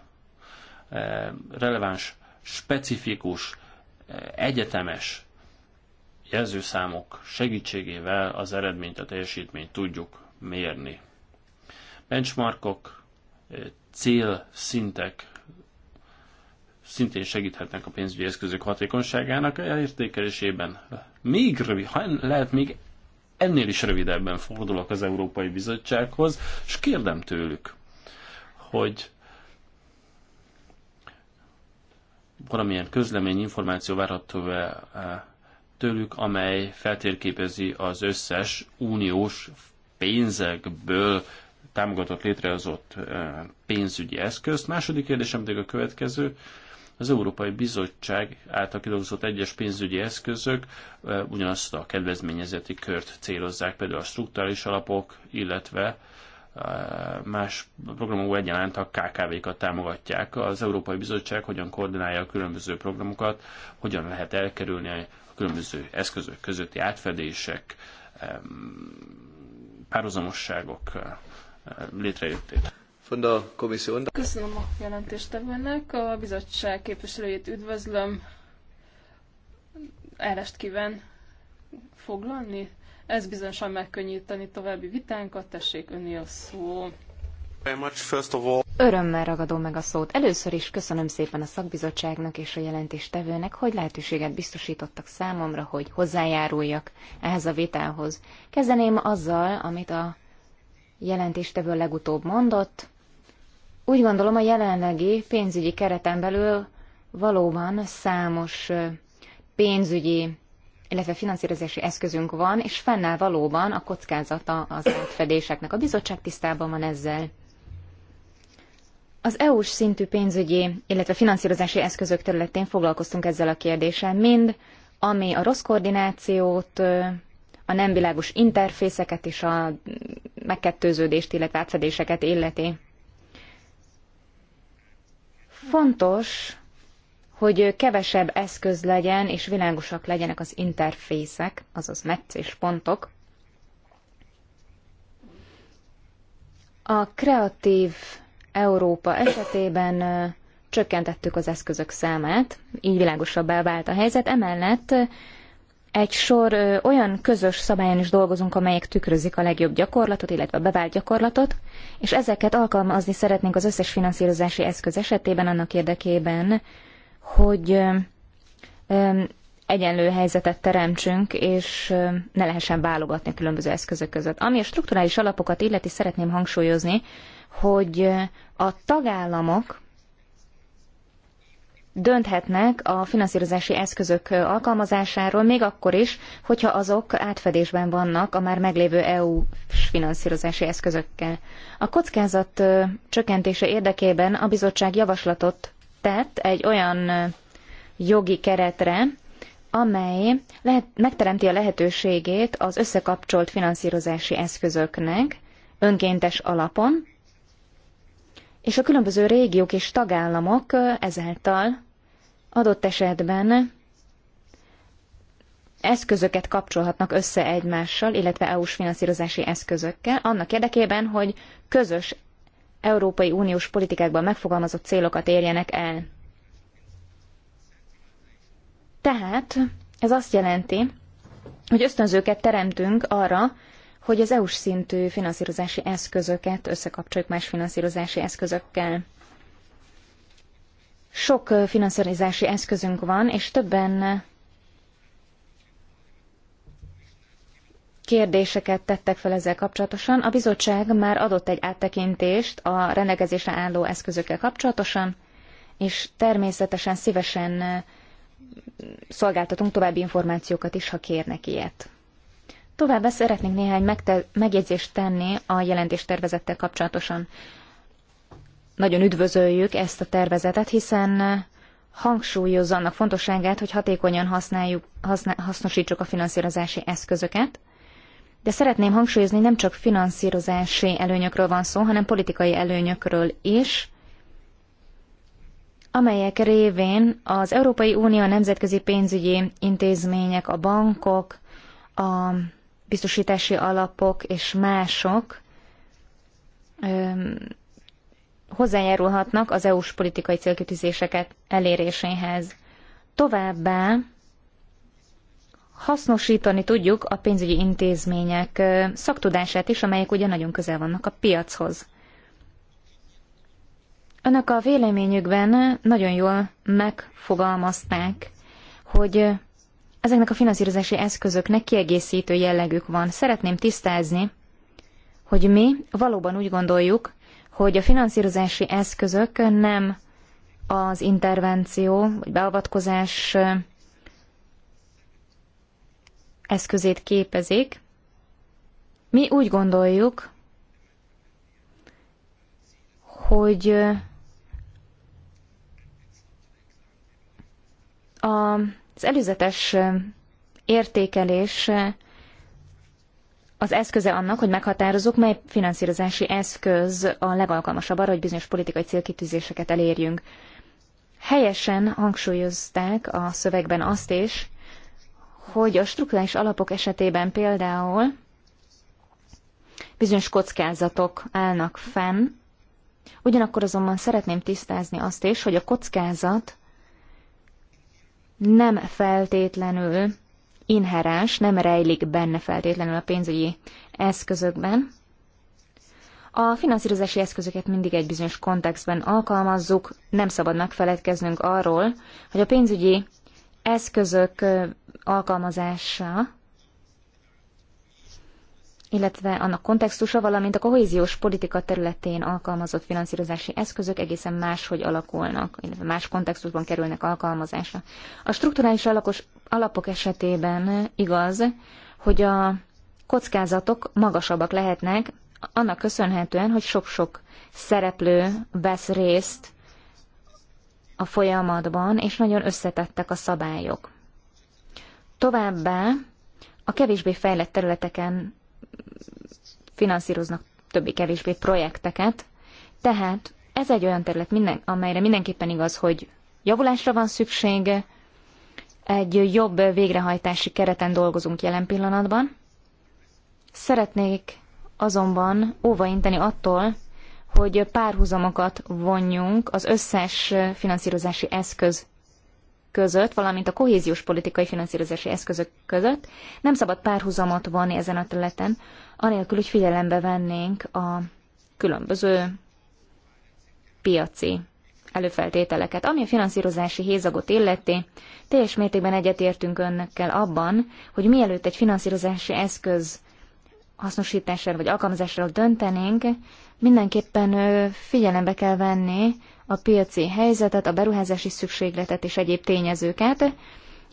eh, releváns, specifikus, eh, egyetemes jelzőszámok segítségével az eredményt, a teljesítményt tudjuk mérni. Benchmarkok, eh, célszintek szintén segíthetnek a pénzügyi eszközök hatékonyságának értékelésében. Még rövid, ha lehet még ennél is rövidebben fordulok az Európai Bizottsághoz, és kérdem tőlük, hogy valamilyen közlemény információ várható eh, tőlük, amely feltérképezi az összes uniós pénzekből támogatott, létrehozott eh, pénzügyi eszközt. Második kérdésem pedig a következő. Az Európai Bizottság által kidolgozott egyes pénzügyi eszközök eh, ugyanazt a kedvezményezeti kört célozzák, például a struktúrális alapok, illetve más programok egyaránt a KKV-kat támogatják. Az Európai Bizottság hogyan koordinálja a különböző programokat, hogyan lehet elkerülni a különböző eszközök közötti átfedések, párhuzamosságok eh, létrejöttét. Köszönöm a jelentéstevőnek, a bizottság képviselőjét üdvözlöm. Erest kíván foglalni? Ez bizonyosan megkönnyíteni további vitánkat, tessék önni a szó. Örömmel ragadom meg a szót. Először is köszönöm szépen a szakbizottságnak és a jelentéstevőnek, hogy lehetőséget biztosítottak számomra, hogy hozzájáruljak ehhez a vitához. Kezdeném azzal, amit a jelentéstevő legutóbb mondott. Úgy gondolom, a jelenlegi pénzügyi kereten belül valóban számos pénzügyi illetve finanszírozási eszközünk van, és fennáll valóban a kockázata az átfedéseknek. A bizottság tisztában van ezzel. Az EU-s szintű pénzügyi, illetve finanszírozási eszközök területén foglalkoztunk ezzel a kérdéssel, mind ami a rossz koordinációt, a nem világos interfészeket és a megkettőződést, illetve átfedéseket illeti. Fontos hogy kevesebb eszköz legyen, és világosak legyenek az interfészek, azaz pontok. A kreatív Európa esetében csökkentettük az eszközök számát, így világosabbá vált a helyzet. Emellett egy sor olyan közös szabályon is dolgozunk, amelyek tükrözik a legjobb gyakorlatot, illetve a bevált gyakorlatot, és ezeket alkalmazni szeretnénk az összes finanszírozási eszköz esetében annak érdekében, hogy egyenlő helyzetet teremtsünk, és ne lehessen válogatni a különböző eszközök között. Ami a strukturális alapokat illeti, szeretném hangsúlyozni, hogy a tagállamok dönthetnek a finanszírozási eszközök alkalmazásáról, még akkor is, hogyha azok átfedésben vannak a már meglévő EU-s finanszírozási eszközökkel. A kockázat csökkentése érdekében a bizottság javaslatot tett egy olyan jogi keretre, amely lehet, megteremti a lehetőségét az összekapcsolt finanszírozási eszközöknek önkéntes alapon, és a különböző régiók és tagállamok ezáltal adott esetben eszközöket kapcsolhatnak össze egymással, illetve EU-s finanszírozási eszközökkel, annak érdekében, hogy közös Európai Uniós politikákban megfogalmazott célokat érjenek el. Tehát ez azt jelenti, hogy ösztönzőket teremtünk arra, hogy az EU-s szintű finanszírozási eszközöket összekapcsoljuk más finanszírozási eszközökkel. Sok finanszírozási eszközünk van, és többen kérdéseket tettek fel ezzel kapcsolatosan. A bizottság már adott egy áttekintést a rendelkezésre álló eszközökkel kapcsolatosan, és természetesen szívesen szolgáltatunk további információkat is, ha kérnek ilyet. Továbbá szeretnénk néhány megte- megjegyzést tenni a jelentéstervezettel kapcsolatosan. Nagyon üdvözöljük ezt a tervezetet, hiszen hangsúlyozza annak fontosságát, hogy hatékonyan használjuk, haszna, hasznosítsuk a finanszírozási eszközöket, de szeretném hangsúlyozni, nem csak finanszírozási előnyökről van szó, hanem politikai előnyökről is, amelyek révén az Európai Unió a nemzetközi pénzügyi intézmények, a bankok, a biztosítási alapok és mások öm, hozzájárulhatnak az EU-s politikai célkitűzéseket eléréséhez. Továbbá hasznosítani tudjuk a pénzügyi intézmények szaktudását is, amelyek ugye nagyon közel vannak a piachoz. Önök a véleményükben nagyon jól megfogalmazták, hogy ezeknek a finanszírozási eszközöknek kiegészítő jellegük van. Szeretném tisztázni, hogy mi valóban úgy gondoljuk, hogy a finanszírozási eszközök nem az intervenció vagy beavatkozás eszközét képezik. Mi úgy gondoljuk, hogy az előzetes értékelés az eszköze annak, hogy meghatározzuk, mely finanszírozási eszköz a legalkalmasabb arra, hogy bizonyos politikai célkitűzéseket elérjünk. Helyesen hangsúlyozták a szövegben azt is, hogy a struktúrális alapok esetében például bizonyos kockázatok állnak fenn, ugyanakkor azonban szeretném tisztázni azt is, hogy a kockázat nem feltétlenül inherens, nem rejlik benne feltétlenül a pénzügyi eszközökben. A finanszírozási eszközöket mindig egy bizonyos kontextben alkalmazzuk, nem szabad megfeledkeznünk arról, hogy a pénzügyi eszközök alkalmazása, illetve annak kontextusa, valamint a kohéziós politika területén alkalmazott finanszírozási eszközök egészen máshogy alakulnak, illetve más kontextusban kerülnek alkalmazásra. A strukturális alakos, alapok esetében igaz, hogy a kockázatok magasabbak lehetnek, annak köszönhetően, hogy sok-sok szereplő vesz részt a folyamatban, és nagyon összetettek a szabályok. Továbbá a kevésbé fejlett területeken finanszíroznak többi-kevésbé projekteket, tehát ez egy olyan terület, minden, amelyre mindenképpen igaz, hogy javulásra van szüksége, egy jobb végrehajtási kereten dolgozunk jelen pillanatban. Szeretnék azonban óvainteni attól, hogy párhuzamokat vonjunk az összes finanszírozási eszköz között, valamint a kohéziós politikai finanszírozási eszközök között. Nem szabad párhuzamot vonni ezen a területen, anélkül, hogy figyelembe vennénk a különböző piaci előfeltételeket. Ami a finanszírozási hézagot illeti, teljes mértékben egyetértünk önökkel abban, hogy mielőtt egy finanszírozási eszköz hasznosítására vagy alkalmazására döntenénk, mindenképpen figyelembe kell venni a piaci helyzetet, a beruházási szükségletet és egyéb tényezőket.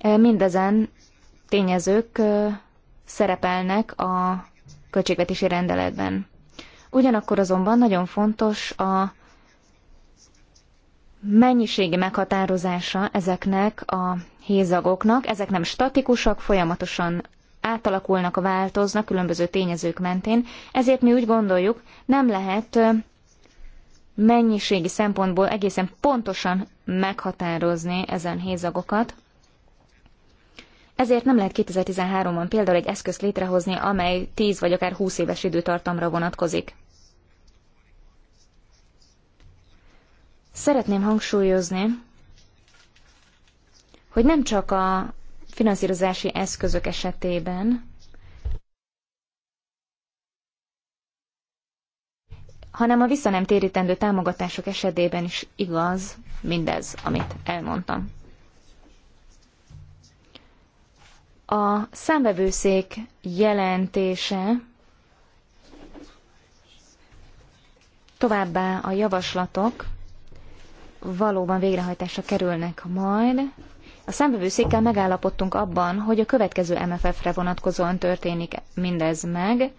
Mindezen tényezők szerepelnek a költségvetési rendeletben. Ugyanakkor azonban nagyon fontos a mennyiségi meghatározása ezeknek a hézagoknak. Ezek nem statikusak, folyamatosan átalakulnak, változnak különböző tényezők mentén, ezért mi úgy gondoljuk, nem lehet mennyiségi szempontból egészen pontosan meghatározni ezen hézagokat, ezért nem lehet 2013-ban például egy eszközt létrehozni, amely 10 vagy akár 20 éves időtartamra vonatkozik. Szeretném hangsúlyozni, hogy nem csak a finanszírozási eszközök esetében, hanem a vissza nem térítendő támogatások esetében is igaz mindez, amit elmondtam. A számbevőszék jelentése továbbá a javaslatok valóban végrehajtásra kerülnek majd, a számbevőszékkel megállapodtunk abban, hogy a következő MFF-re vonatkozóan történik mindez meg.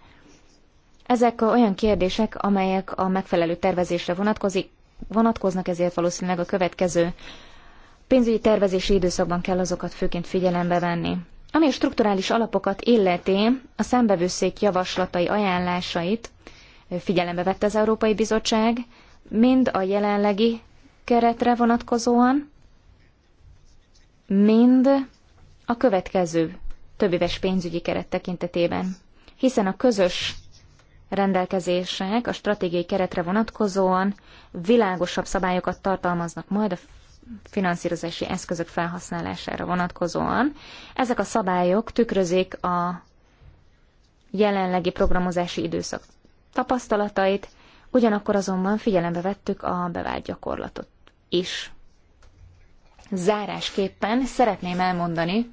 Ezek olyan kérdések, amelyek a megfelelő tervezésre vonatkozik, vonatkoznak, ezért valószínűleg a következő pénzügyi tervezési időszakban kell azokat főként figyelembe venni. Ami a strukturális alapokat illeti, a szembevőszék javaslatai ajánlásait figyelembe vette az Európai Bizottság, mind a jelenlegi keretre vonatkozóan, mind a következő többéves pénzügyi keret tekintetében, hiszen a közös rendelkezések a stratégiai keretre vonatkozóan világosabb szabályokat tartalmaznak majd a finanszírozási eszközök felhasználására vonatkozóan. Ezek a szabályok tükrözik a jelenlegi programozási időszak tapasztalatait, ugyanakkor azonban figyelembe vettük a bevált gyakorlatot is. Zárásképpen szeretném elmondani,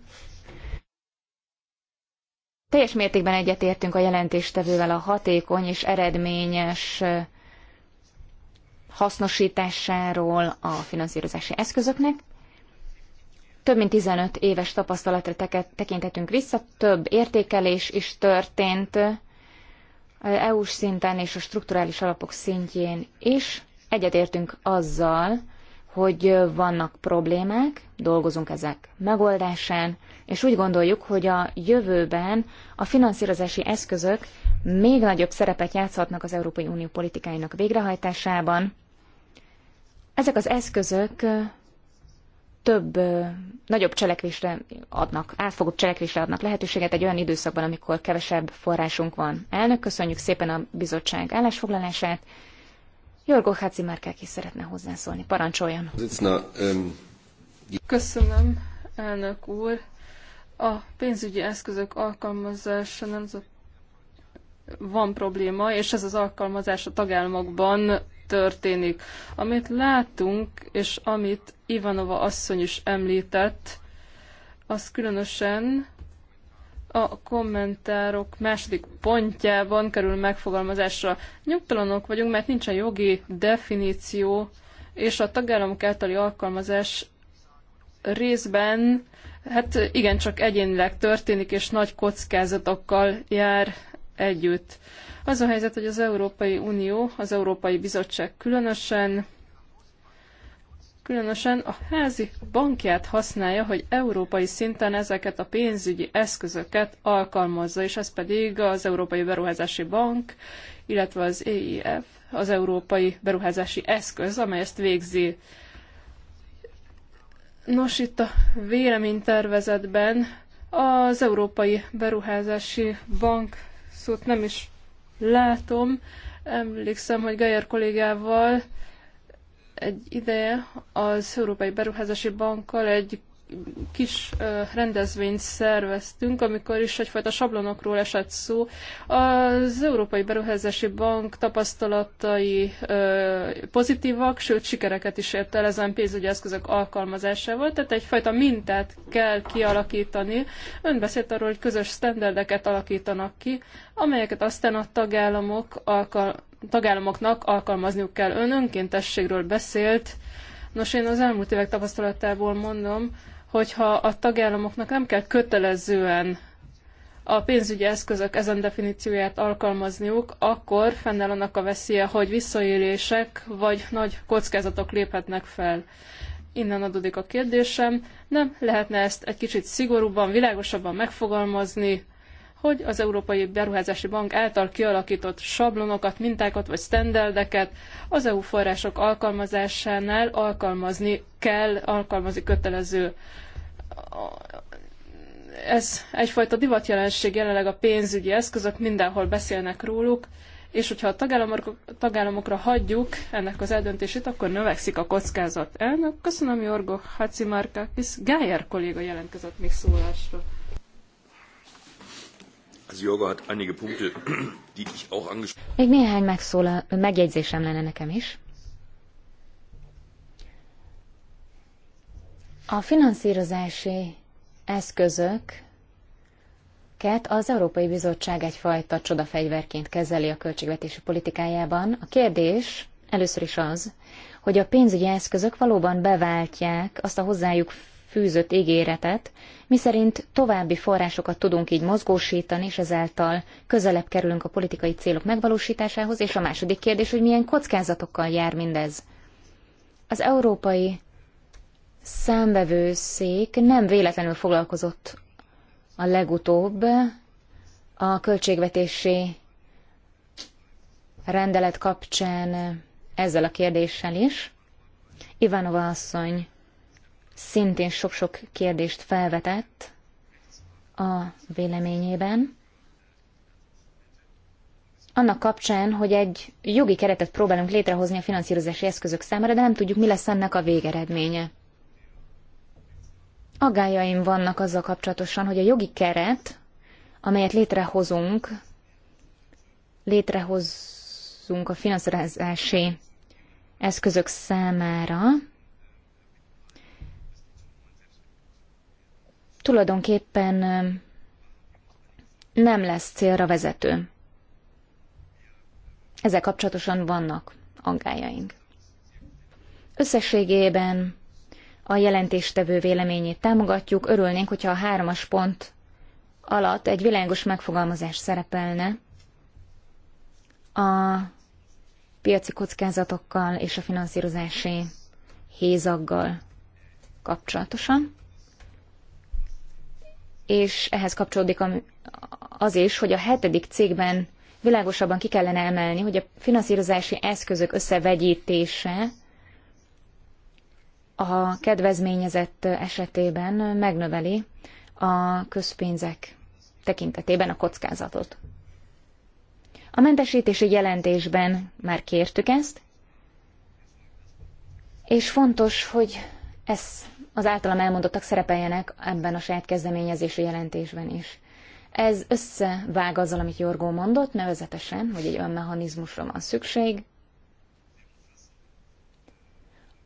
teljes mértékben egyetértünk a jelentéstevővel a hatékony és eredményes hasznosításáról a finanszírozási eszközöknek. Több mint 15 éves tapasztalatra tekintetünk vissza, több értékelés is történt EU-s szinten és a strukturális alapok szintjén is. Egyetértünk azzal, hogy vannak problémák, dolgozunk ezek megoldásán, és úgy gondoljuk, hogy a jövőben a finanszírozási eszközök még nagyobb szerepet játszhatnak az Európai Unió politikáinak végrehajtásában. Ezek az eszközök több, nagyobb cselekvésre adnak, átfogóbb cselekvésre adnak lehetőséget egy olyan időszakban, amikor kevesebb forrásunk van. Elnök, köszönjük szépen a bizottság állásfoglalását, Jorgó Háci szeretne hozzászólni. Parancsoljon! Köszönöm, elnök úr! A pénzügyi eszközök alkalmazása nem van probléma, és ez az alkalmazás a tagállamokban történik. Amit látunk, és amit Ivanova asszony is említett, az különösen a kommentárok második pontjában kerül megfogalmazásra. Nyugtalanok vagyunk, mert nincsen jogi definíció, és a tagállamok általi alkalmazás részben, hát igen, csak egyénileg történik, és nagy kockázatokkal jár együtt. Az a helyzet, hogy az Európai Unió, az Európai Bizottság különösen különösen a házi bankját használja, hogy európai szinten ezeket a pénzügyi eszközöket alkalmazza, és ez pedig az Európai Beruházási Bank, illetve az EIF, az Európai Beruházási Eszköz, amely ezt végzi. Nos, itt a véleménytervezetben az Európai Beruházási Bank szót nem is látom. Emlékszem, hogy Geyer kollégával egy ideje az Európai Beruházási Bankkal egy kis rendezvényt szerveztünk, amikor is egyfajta sablonokról esett szó. Az Európai Beruházási Bank tapasztalatai pozitívak, sőt sikereket is ért el ezen pénzügyi eszközök alkalmazásával, tehát egyfajta mintát kell kialakítani. Ön beszélt arról, hogy közös sztenderdeket alakítanak ki, amelyeket aztán a tagállamok alkal- tagállamoknak alkalmazniuk kell. Ön önkéntességről beszélt, Nos, én az elmúlt évek tapasztalatából mondom, hogyha a tagállamoknak nem kell kötelezően a pénzügyi eszközök ezen definícióját alkalmazniuk, akkor fennáll annak a veszélye, hogy visszaélések vagy nagy kockázatok léphetnek fel. Innen adódik a kérdésem, nem lehetne ezt egy kicsit szigorúbban, világosabban megfogalmazni, hogy az Európai Beruházási Bank által kialakított sablonokat, mintákat vagy standardeket az EU források alkalmazásánál alkalmazni kell, alkalmazni kötelező. Ez egyfajta divatjelenség jelenleg a pénzügyi eszközök, mindenhol beszélnek róluk, és hogyha a tagállamok, tagállamokra hagyjuk ennek az eldöntését, akkor növekszik a kockázat. Elnök, köszönöm Jorgo Hacimarkakis, Gájer kolléga jelentkezett még szólásra. Még néhány megjegyzésem lenne nekem is. A finanszírozási eszközök az Európai Bizottság egyfajta csodafegyverként kezeli a költségvetési politikájában. A kérdés először is az, hogy a pénzügyi eszközök valóban beváltják azt a hozzájuk fűzött ígéretet, miszerint további forrásokat tudunk így mozgósítani, és ezáltal közelebb kerülünk a politikai célok megvalósításához, és a második kérdés, hogy milyen kockázatokkal jár mindez. Az európai számvevőszék nem véletlenül foglalkozott a legutóbb a költségvetési rendelet kapcsán ezzel a kérdéssel is. Ivanova asszony szintén sok-sok kérdést felvetett a véleményében. Annak kapcsán, hogy egy jogi keretet próbálunk létrehozni a finanszírozási eszközök számára, de nem tudjuk, mi lesz ennek a végeredménye. Aggájaim vannak azzal kapcsolatosan, hogy a jogi keret, amelyet létrehozunk, létrehozunk a finanszírozási eszközök számára, tulajdonképpen nem lesz célra vezető. Ezzel kapcsolatosan vannak aggájaink. Összességében a jelentéstevő véleményét támogatjuk, örülnénk, hogyha a hármas pont alatt egy világos megfogalmazás szerepelne a piaci kockázatokkal és a finanszírozási hézaggal kapcsolatosan és ehhez kapcsolódik az is, hogy a hetedik cégben világosabban ki kellene emelni, hogy a finanszírozási eszközök összevegyítése a kedvezményezett esetében megnöveli a közpénzek tekintetében a kockázatot. A mentesítési jelentésben már kértük ezt, és fontos, hogy ez az általam elmondottak szerepeljenek ebben a saját kezdeményezési jelentésben is. Ez összevág azzal, amit Jorgó mondott, nevezetesen, hogy egy olyan mechanizmusra van szükség,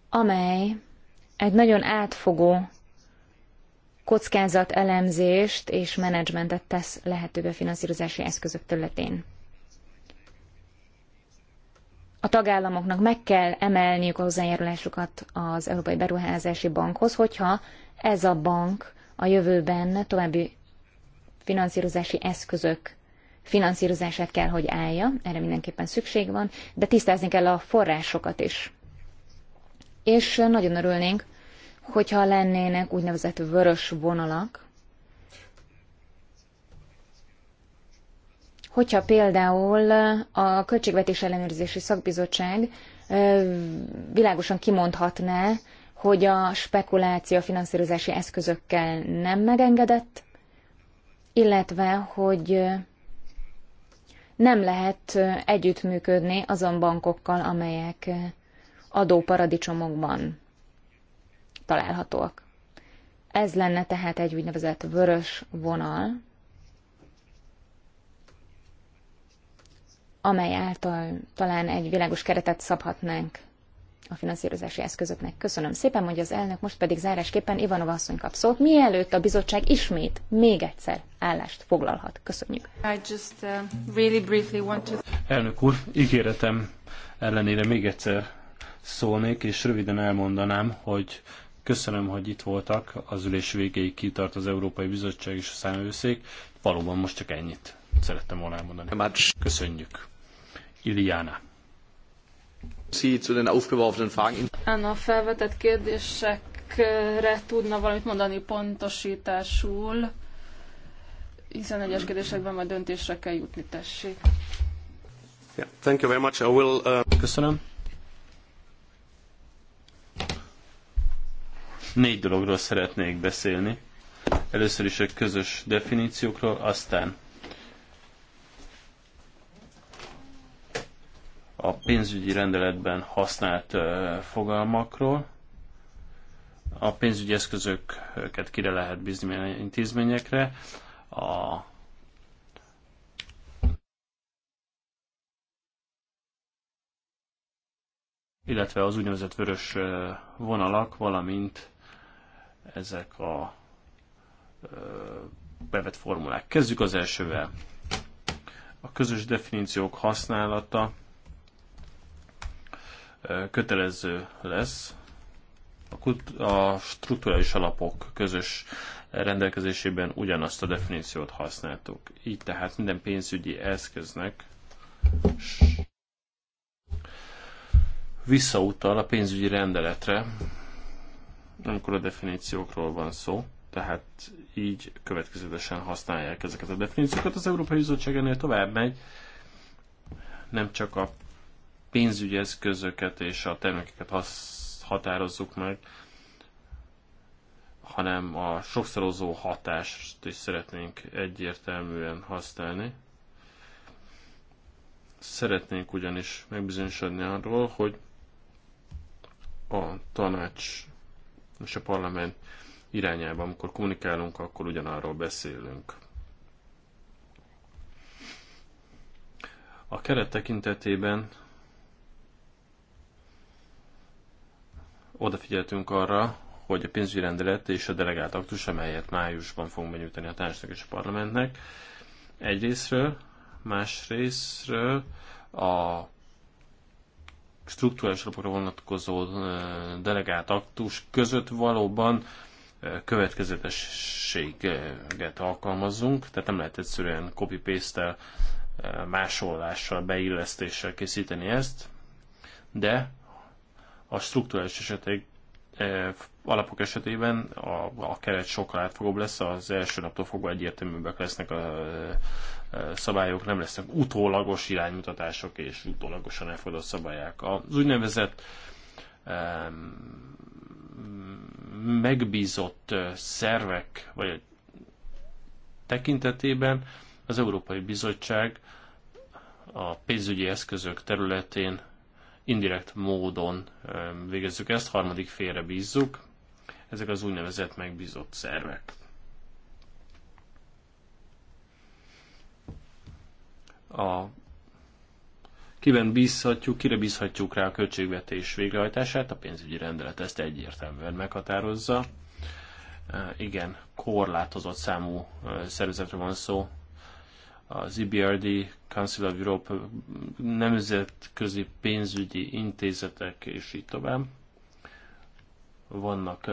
amely egy nagyon átfogó kockázat elemzést és menedzsmentet tesz lehetővé finanszírozási eszközök területén a tagállamoknak meg kell emelniük a hozzájárulásukat az Európai Beruházási Bankhoz, hogyha ez a bank a jövőben további finanszírozási eszközök finanszírozását kell, hogy állja, erre mindenképpen szükség van, de tisztázni kell a forrásokat is. És nagyon örülnénk, hogyha lennének úgynevezett vörös vonalak, hogyha például a Költségvetés Ellenőrzési Szakbizottság világosan kimondhatná, hogy a spekuláció a finanszírozási eszközökkel nem megengedett, illetve hogy nem lehet együttműködni azon bankokkal, amelyek adóparadicsomokban találhatóak. Ez lenne tehát egy úgynevezett vörös vonal, amely által talán egy világos keretet szabhatnánk a finanszírozási eszközöknek. Köszönöm szépen, hogy az elnök, most pedig zárásképpen Ivanova asszony kap szót, mielőtt a bizottság ismét még egyszer állást foglalhat. Köszönjük. I just, uh, really briefly want to... Elnök úr, ígéretem ellenére még egyszer szólnék, és röviden elmondanám, hogy köszönöm, hogy itt voltak, az ülés végéig kitart az Európai Bizottság és a számőszék, valóban most csak ennyit szerettem volna elmondani. Köszönjük. Iliana. Anna felvetett kérdésekre tudna valamit mondani pontosításul, hiszen egyes kérdésekben majd döntésre kell jutni, tessék. Yeah, thank you very much. I will, uh... Köszönöm. Négy dologról szeretnék beszélni. Először is a közös definíciókról, aztán a pénzügyi rendeletben használt fogalmakról. A pénzügyi eszközöket kire lehet bízni intézményekre. A illetve az úgynevezett vörös vonalak, valamint ezek a bevett formulák. Kezdjük az elsővel. A közös definíciók használata kötelező lesz a, a strukturális alapok közös rendelkezésében ugyanazt a definíciót használtuk. Így tehát minden pénzügyi eszköznek visszautal a pénzügyi rendeletre, amikor a definíciókról van szó, tehát így következetesen használják ezeket a definíciókat. Az Európai Bizottság ennél tovább megy, nem csak a pénzügyi eszközöket és a termékeket határozzuk meg, hanem a sokszorozó hatást is szeretnénk egyértelműen használni. Szeretnénk ugyanis megbizonyosodni arról, hogy a tanács és a parlament irányában, amikor kommunikálunk, akkor ugyanarról beszélünk. A keret tekintetében odafigyeltünk arra, hogy a pénzügyi rendelet és a delegált aktus, amelyet májusban fogunk benyújtani a tanácsnak és a parlamentnek, egyrésztről, másrésztről a struktúrás alapokra vonatkozó delegált aktus között valóban következetességet alkalmazzunk, tehát nem lehet egyszerűen copy paste másolással, beillesztéssel készíteni ezt, de a struktúrális esetek e, alapok esetében a, a keret sokkal átfogóbb lesz, az első naptól fogva egyértelműbbek lesznek a, e, szabályok, nem lesznek utólagos iránymutatások és utólagosan elfogadott szabályok. Az úgynevezett e, megbízott szervek vagy tekintetében az Európai Bizottság a pénzügyi eszközök területén indirekt módon végezzük ezt, harmadik félre bízzuk, ezek az úgynevezett megbízott szervek. A kiben bízhatjuk, kire bízhatjuk rá a költségvetés végrehajtását, a pénzügyi rendelet ezt egyértelműen meghatározza. Igen, korlátozott számú szervezetre van szó, az EBRD Council of Europe nemzetközi pénzügyi intézetek, és így tovább. Vannak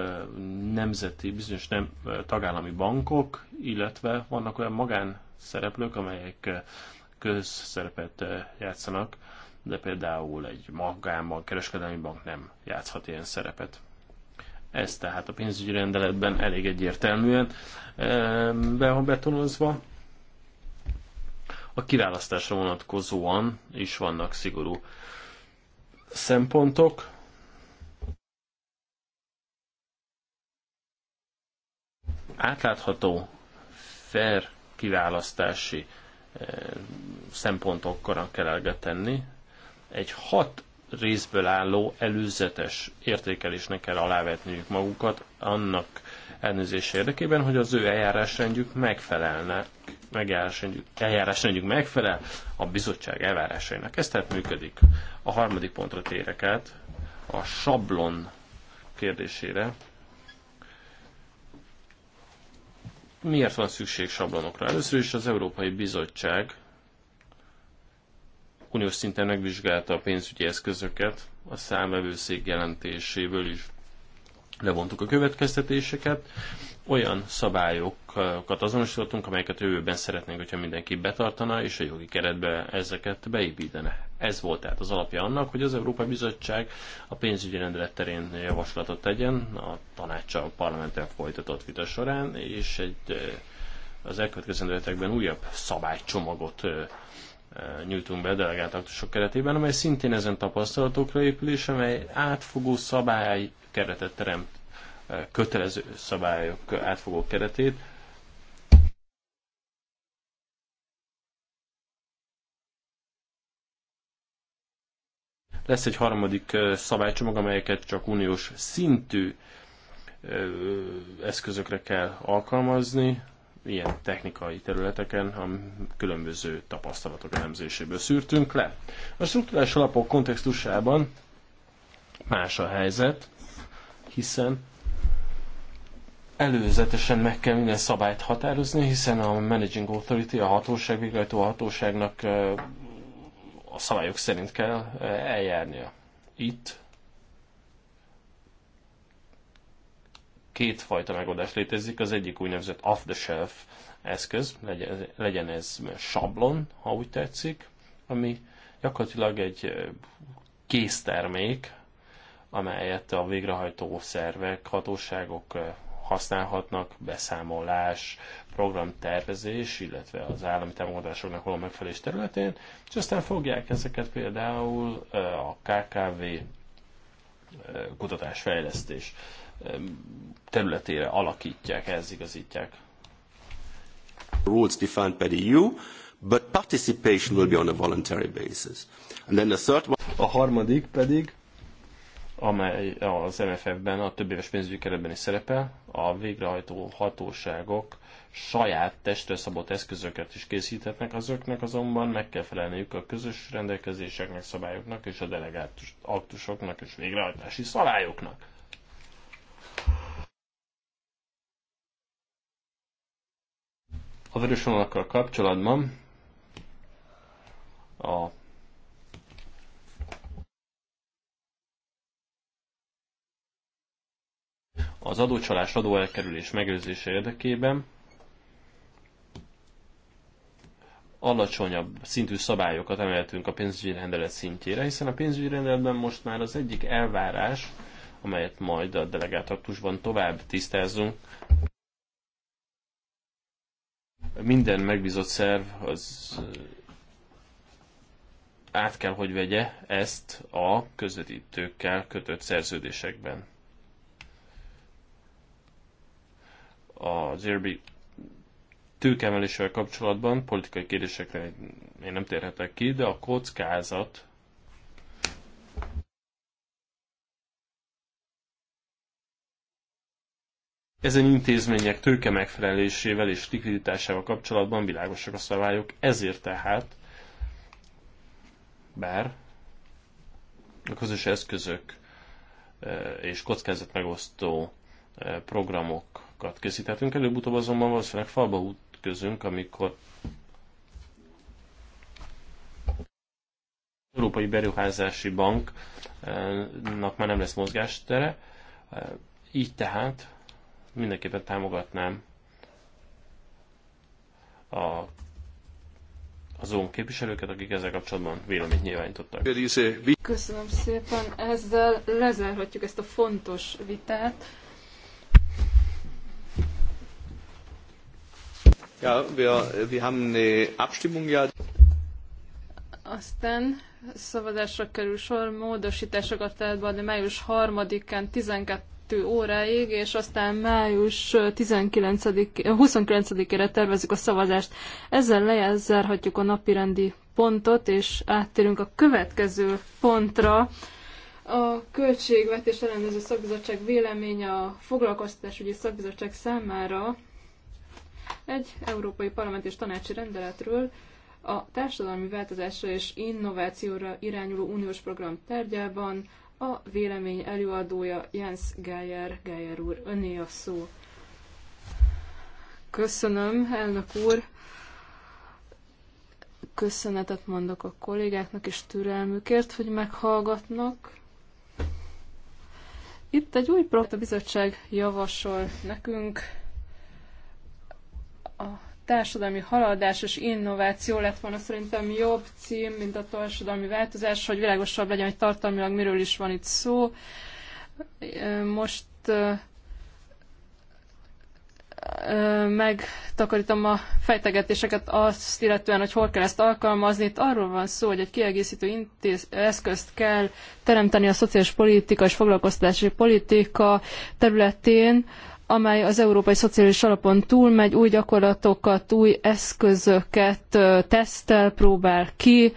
nemzeti, bizonyos nem, tagállami bankok, illetve vannak olyan magánszereplők, amelyek közszerepet játszanak, de például egy magánban, kereskedelmi bank nem játszhat ilyen szerepet. Ez tehát a pénzügyi rendeletben elég egyértelműen betonozva a kiválasztásra vonatkozóan is vannak szigorú szempontok. Átlátható, fair kiválasztási eh, szempontokkal kell elgetenni. Egy hat részből álló előzetes értékelésnek kell alávetniük magukat annak elnőzés érdekében, hogy az ő eljárásrendjük megfelelnek rendjük megfelel a bizottság elvárásainak. Ez tehát működik. A harmadik pontra térek át, a sablon kérdésére. Miért van szükség sablonokra? Először is az Európai Bizottság uniós szinten megvizsgálta a pénzügyi eszközöket, a számvevőszék jelentéséből is levontuk a következtetéseket olyan szabályokat azonosítottunk, amelyeket jövőben szeretnénk, hogyha mindenki betartana, és a jogi keretbe ezeket beépítene. Ez volt tehát az alapja annak, hogy az Európai Bizottság a pénzügyi rendelet terén javaslatot tegyen a tanácsa a parlamenttel folytatott vita során, és egy az elkövetkező hetekben újabb szabálycsomagot nyújtunk be delegált aktusok keretében, amely szintén ezen tapasztalatokra épül, és amely átfogó szabály keretet teremt kötelező szabályok átfogó keretét. Lesz egy harmadik szabálycsomag, amelyeket csak uniós szintű eszközökre kell alkalmazni, ilyen technikai területeken a különböző tapasztalatok elemzéséből szűrtünk le. A struktúrás alapok kontextusában más a helyzet, hiszen előzetesen meg kell minden szabályt határozni, hiszen a Managing Authority, a hatóság, végrehajtó hatóságnak a szabályok szerint kell eljárnia. Itt kétfajta megoldás létezik, az egyik úgynevezett off-the-shelf eszköz, legyen, ez sablon, ha úgy tetszik, ami gyakorlatilag egy késztermék, amelyet a végrehajtó szervek, hatóságok használhatnak, beszámolás, programtervezés, illetve az állami támogatásoknak való megfelelés területén, és aztán fogják ezeket például a KKV kutatásfejlesztés területére alakítják, ez igazítják. Rules defined by the EU, but participation will be on a voluntary basis. And then the third one... A harmadik pedig amely az MFF-ben, a több éves pénzügyi keretben is szerepel, a végrehajtó hatóságok saját testre szabott eszközöket is készíthetnek, azoknak azonban meg kell felelniük a közös rendelkezéseknek, szabályoknak és a delegált aktusoknak és végrehajtási szabályoknak. A vörös kapcsolatban a az adócsalás adóelkerülés megőrzése érdekében alacsonyabb szintű szabályokat emeltünk a pénzügyi rendelet szintjére, hiszen a pénzügyi rendeletben most már az egyik elvárás, amelyet majd a delegátaktusban tovább tisztázunk, minden megbízott szerv az át kell, hogy vegye ezt a közvetítőkkel kötött szerződésekben. az Airbnb tőkemeléssel kapcsolatban politikai kérdésekre én nem térhetek ki, de a kockázat Ezen intézmények tőke megfelelésével és likviditásával kapcsolatban világosak a szabályok, ezért tehát, bár a közös eszközök eh, és kockázatmegosztó eh, programok falakat készíthetünk, előbb-utóbb azonban valószínűleg falba útközünk, amikor Európai Beruházási Banknak már nem lesz mozgástere, így tehát mindenképpen támogatnám a azon képviselőket, akik ezzel kapcsolatban véleményt nyilvánítottak. Köszönöm szépen, ezzel lezárhatjuk ezt a fontos vitát. Ja, wir, wir haben eine Abstimmung ja. Aztán szavazásra kerül sor, módosításokat elbadni május 3-án 12 óráig, és aztán május 19 29-ére tervezzük a szavazást. Ezzel lejárhatjuk a napirendi pontot, és áttérünk a következő pontra. A Költségvetés Ellenőrző Szakbizottság véleménye a Foglalkoztatásügyi Szakbizottság számára egy európai parlamenti és tanácsi rendeletről a társadalmi változásra és innovációra irányuló uniós program tárgyában a vélemény előadója Jens Geyer. Geyer úr, öné a szó. Köszönöm, elnök úr. Köszönetet mondok a kollégáknak és türelmükért, hogy meghallgatnak. Itt egy új projekt a bizottság javasol nekünk a társadalmi haladás és innováció lett volna szerintem jobb cím, mint a társadalmi változás, hogy világosabb legyen, hogy tartalmilag miről is van itt szó. Most megtakarítom a fejtegetéseket azt illetően, hogy hol kell ezt alkalmazni. Itt arról van szó, hogy egy kiegészítő intéz, eszközt kell teremteni a szociális politika és foglalkoztatási politika területén, amely az Európai Szociális Alapon túlmegy, új gyakorlatokat, új eszközöket tesztel, próbál ki,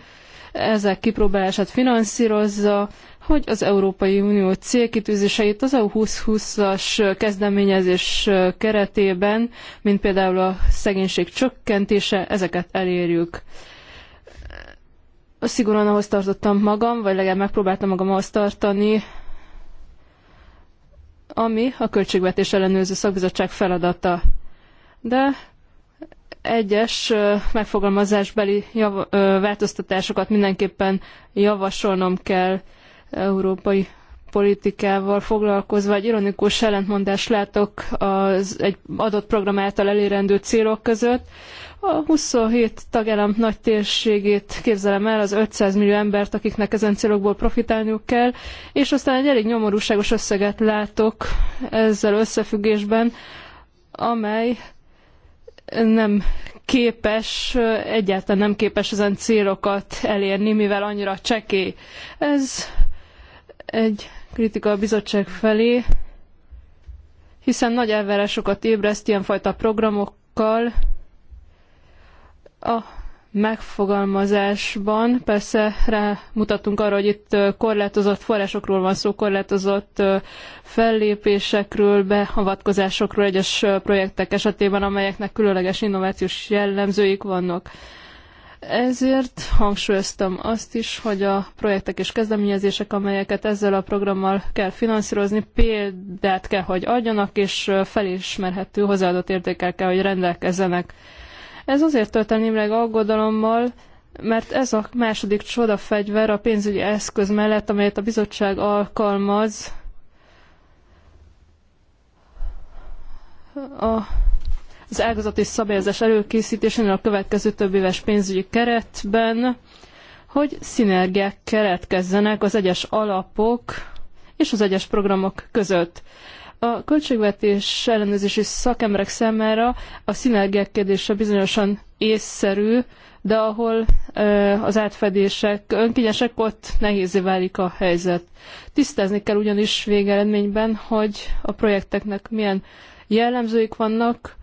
ezek kipróbálását finanszírozza, hogy az Európai Unió célkitűzéseit az EU 2020-as kezdeményezés keretében, mint például a szegénység csökkentése, ezeket elérjük. Szigorúan ahhoz tartottam magam, vagy legalább megpróbáltam magam ahhoz tartani, ami a Költségvetés Ellenőrző Szakbizottság feladata. De egyes megfogalmazásbeli jav- változtatásokat mindenképpen javasolnom kell európai politikával foglalkozva. Egy ironikus ellentmondást látok az egy adott program által elérendő célok között, a 27 tagállam nagy térségét képzelem el, az 500 millió embert, akiknek ezen célokból profitálniuk kell, és aztán egy elég nyomorúságos összeget látok ezzel összefüggésben, amely nem képes, egyáltalán nem képes ezen célokat elérni, mivel annyira csekély. Ez egy kritika a bizottság felé, hiszen nagy elvárásokat ébreszt ilyenfajta programokkal, a megfogalmazásban persze rámutattunk arra, hogy itt korlátozott forrásokról van szó, korlátozott fellépésekről, beavatkozásokról egyes projektek esetében, amelyeknek különleges innovációs jellemzőik vannak. Ezért hangsúlyoztam azt is, hogy a projektek és kezdeményezések, amelyeket ezzel a programmal kell finanszírozni, példát kell, hogy adjanak, és felismerhető hozzáadott értékkel kell, hogy rendelkezzenek. Ez azért tölt el némileg aggodalommal, mert ez a második csodafegyver a pénzügyi eszköz mellett, amelyet a bizottság alkalmaz a az ágazati szabályozás előkészítésénél a következő több éves pénzügyi keretben, hogy szinergiák keretkezzenek az egyes alapok és az egyes programok között. A költségvetés ellenőrzési szakemberek számára a szinergiák kérdése bizonyosan észszerű, de ahol az átfedések önkényesek, ott nehézé válik a helyzet. Tisztázni kell ugyanis végeredményben, hogy a projekteknek milyen jellemzőik vannak,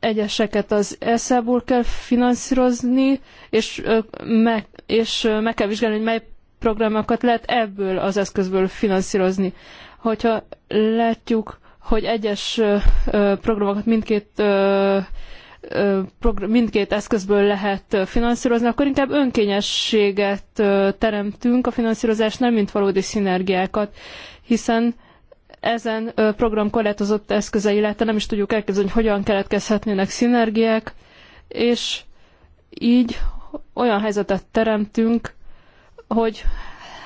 egyeseket az ESZ-ból kell finanszírozni, és meg, és meg kell vizsgálni, hogy mely programokat lehet ebből az eszközből finanszírozni. Hogyha látjuk, hogy egyes programokat mindkét mindkét eszközből lehet finanszírozni, akkor inkább önkényességet teremtünk a finanszírozásnál, mint valódi szinergiákat, hiszen ezen program korlátozott eszközei illetve nem is tudjuk elképzelni, hogy hogyan keletkezhetnének szinergiák, és így olyan helyzetet teremtünk, hogy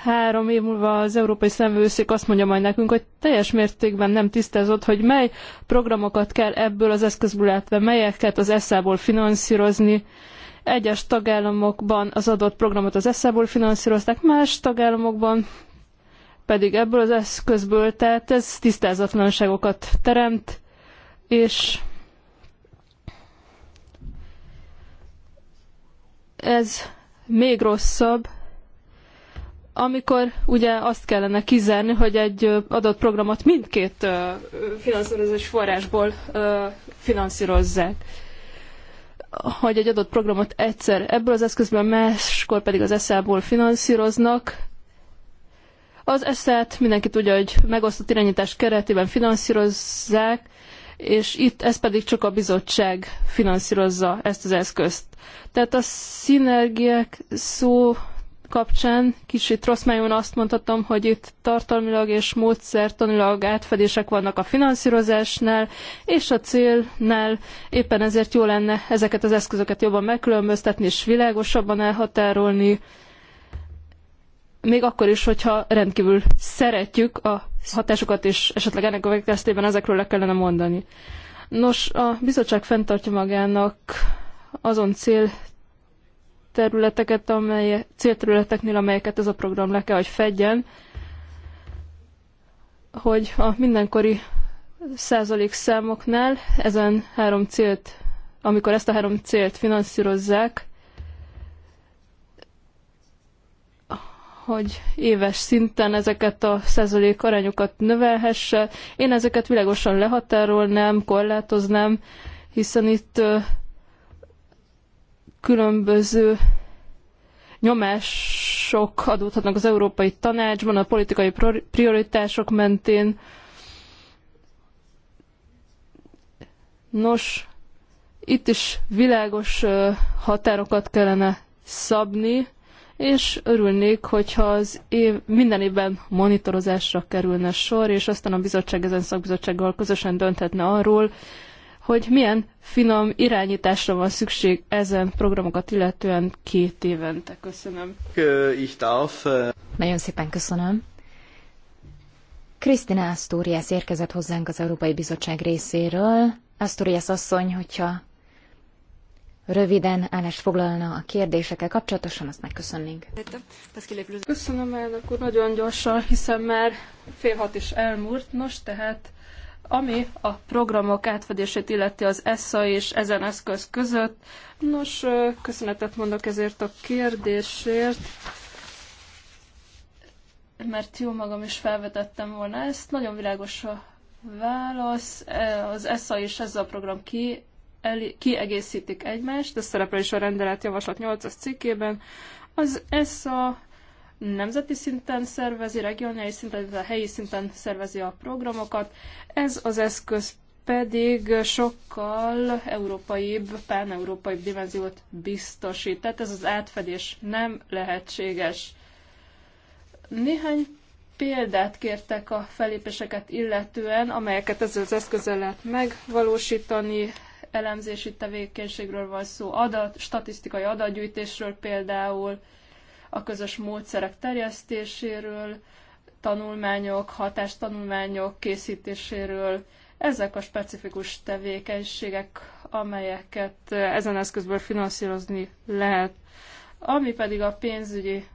három év múlva az Európai Szemvőszék azt mondja majd nekünk, hogy teljes mértékben nem tisztázott, hogy mely programokat kell ebből az eszközből, illetve melyeket az ESZA-ból finanszírozni. Egyes tagállamokban az adott programot az ESZA-ból finanszírozták, más tagállamokban pedig ebből az eszközből, tehát ez tisztázatlanságokat teremt, és ez még rosszabb, amikor ugye azt kellene kizárni, hogy egy adott programot mindkét finanszírozási forrásból finanszírozzák hogy egy adott programot egyszer ebből az eszközből, máskor pedig az SZ-ból finanszíroznak. Az eszet mindenki tudja, hogy megosztott irányítás keretében finanszírozzák, és itt ez pedig csak a bizottság finanszírozza ezt az eszközt. Tehát a szinergiák szó kapcsán kicsit rossz májon azt mondhatom, hogy itt tartalmilag és módszertanilag átfedések vannak a finanszírozásnál és a célnál. Éppen ezért jó lenne ezeket az eszközöket jobban megkülönböztetni és világosabban elhatárolni. Még akkor is, hogyha rendkívül szeretjük a hatásokat, és esetleg ennek következtében ezekről le kellene mondani. Nos, a bizottság fenntartja magának azon cél területeket, amely, célterületeknél, amelyeket ez a program le kell, hogy fedjen, hogy a mindenkori százalék számoknál ezen három célt, amikor ezt a három célt finanszírozzák, hogy éves szinten ezeket a százalék arányokat növelhesse. Én ezeket világosan lehatárolnám, korlátoznám, hiszen itt különböző nyomások adódhatnak az Európai Tanácsban, a politikai prioritások mentén. Nos, itt is világos határokat kellene szabni, és örülnék, hogyha az év, minden évben monitorozásra kerülne sor, és aztán a bizottság ezen szakbizottsággal közösen dönthetne arról, hogy milyen finom irányításra van szükség ezen programokat illetően két évente. Köszönöm. Ich darf. Nagyon szépen köszönöm. Krisztina Asturias érkezett hozzánk az Európai Bizottság részéről. Asturias asszony, hogyha röviden állást foglalna a kérdésekkel kapcsolatosan, azt megköszönnénk. Köszönöm elnök úr, nagyon gyorsan, hiszen már fél hat is elmúlt. Nos, tehát ami a programok átfedését illeti az ESSA és ezen eszköz között, nos, köszönetet mondok ezért a kérdésért, mert jó magam is felvetettem volna ezt. Nagyon világos a válasz. E, az ESSA és ez a program ki kiegészítik egymást, ez szerepel is a rendelet javaslat 8-as cikkében. Az ESSA nemzeti szinten szervezi, regionális szinten, a helyi szinten szervezi a programokat. Ez az eszköz pedig sokkal európaibb, pán-európaibb dimenziót biztosít. Tehát ez az átfedés nem lehetséges. Néhány példát kértek a felépéseket illetően, amelyeket ezzel az eszközzel lehet megvalósítani. Elemzési tevékenységről van szó, adat, statisztikai adatgyűjtésről például, a közös módszerek terjesztéséről, tanulmányok, hatástanulmányok készítéséről. Ezek a specifikus tevékenységek, amelyeket ezen eszközből finanszírozni lehet. Ami pedig a pénzügyi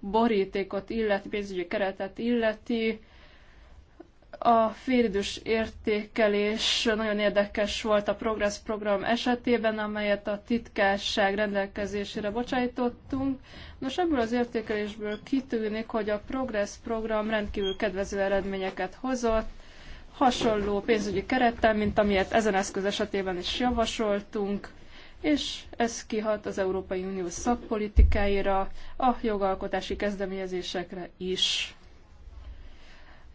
borítékot illeti, pénzügyi keretet illeti, a félidős értékelés nagyon érdekes volt a Progress program esetében, amelyet a titkásság rendelkezésére bocsájtottunk. Nos, ebből az értékelésből kitűnik, hogy a Progress program rendkívül kedvező eredményeket hozott, hasonló pénzügyi kerettel, mint amilyet ezen eszköz esetében is javasoltunk, és ez kihat az Európai Unió szakpolitikáira, a jogalkotási kezdeményezésekre is.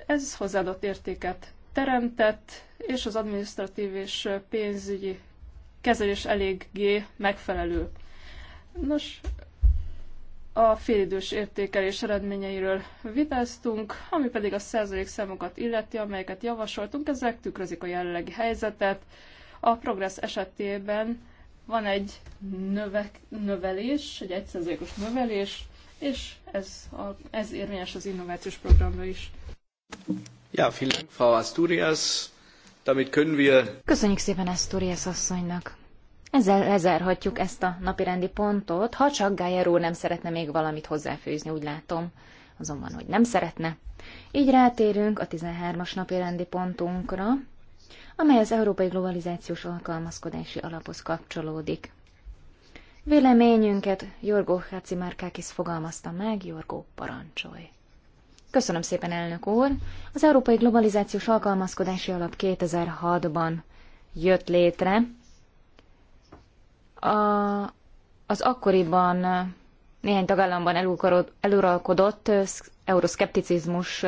Ez hozzáadott értéket teremtett, és az administratív és pénzügyi kezelés eléggé megfelelő. Nos, a félidős értékelés eredményeiről vitáztunk, ami pedig a százalék számokat illeti, amelyeket javasoltunk, ezek tükrözik a jelenlegi helyzetet. A progress esetében van egy növek, növelés, egy egyszerzékos os növelés, és ez, a, ez érvényes az innovációs programra is. Ja, vielen Dank, Frau Asturias. Damit können wir... Köszönjük szépen Asturias asszonynak. Ezzel lezárhatjuk ezt a napirendi pontot, ha csak Gájer úr nem szeretne még valamit hozzáfőzni, úgy látom. Azonban, hogy nem szeretne. Így rátérünk a 13-as napirendi pontunkra, amely az Európai Globalizációs Alkalmazkodási Alaphoz kapcsolódik. Véleményünket Jorgó Hácimárkákis fogalmazta meg, Jorgó parancsolj! Köszönöm szépen, elnök úr! Az Európai Globalizációs Alkalmazkodási Alap 2006-ban jött létre. A, az akkoriban néhány tagállamban eluralkodott euroszkepticizmus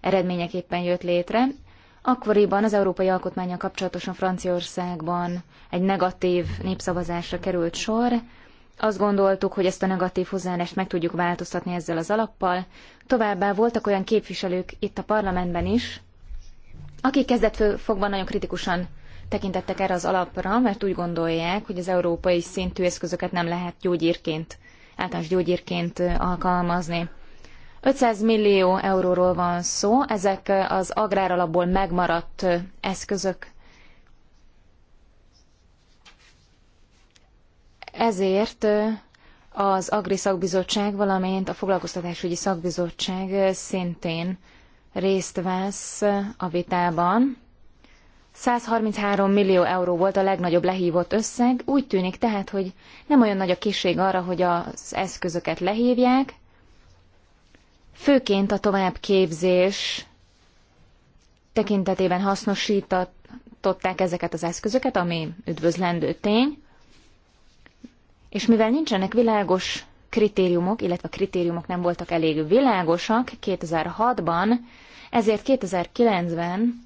eredményeképpen jött létre. Akkoriban az európai alkotmánya kapcsolatosan Franciaországban egy negatív népszavazásra került sor, azt gondoltuk, hogy ezt a negatív hozzáállást meg tudjuk változtatni ezzel az alappal. Továbbá voltak olyan képviselők itt a parlamentben is, akik kezdett fogva nagyon kritikusan tekintettek erre az alapra, mert úgy gondolják, hogy az európai szintű eszközöket nem lehet gyógyírként, általános gyógyírként alkalmazni. 500 millió euróról van szó, ezek az agráralapból megmaradt eszközök Ezért az Agri Szakbizottság, valamint a Foglalkoztatásügyi Szakbizottság szintén részt vesz a vitában. 133 millió euró volt a legnagyobb lehívott összeg, úgy tűnik tehát, hogy nem olyan nagy a készség arra, hogy az eszközöket lehívják, főként a továbbképzés tekintetében hasznosították ezeket az eszközöket, ami üdvözlendő tény, és mivel nincsenek világos kritériumok, illetve a kritériumok nem voltak elég világosak 2006-ban, ezért 2009-ben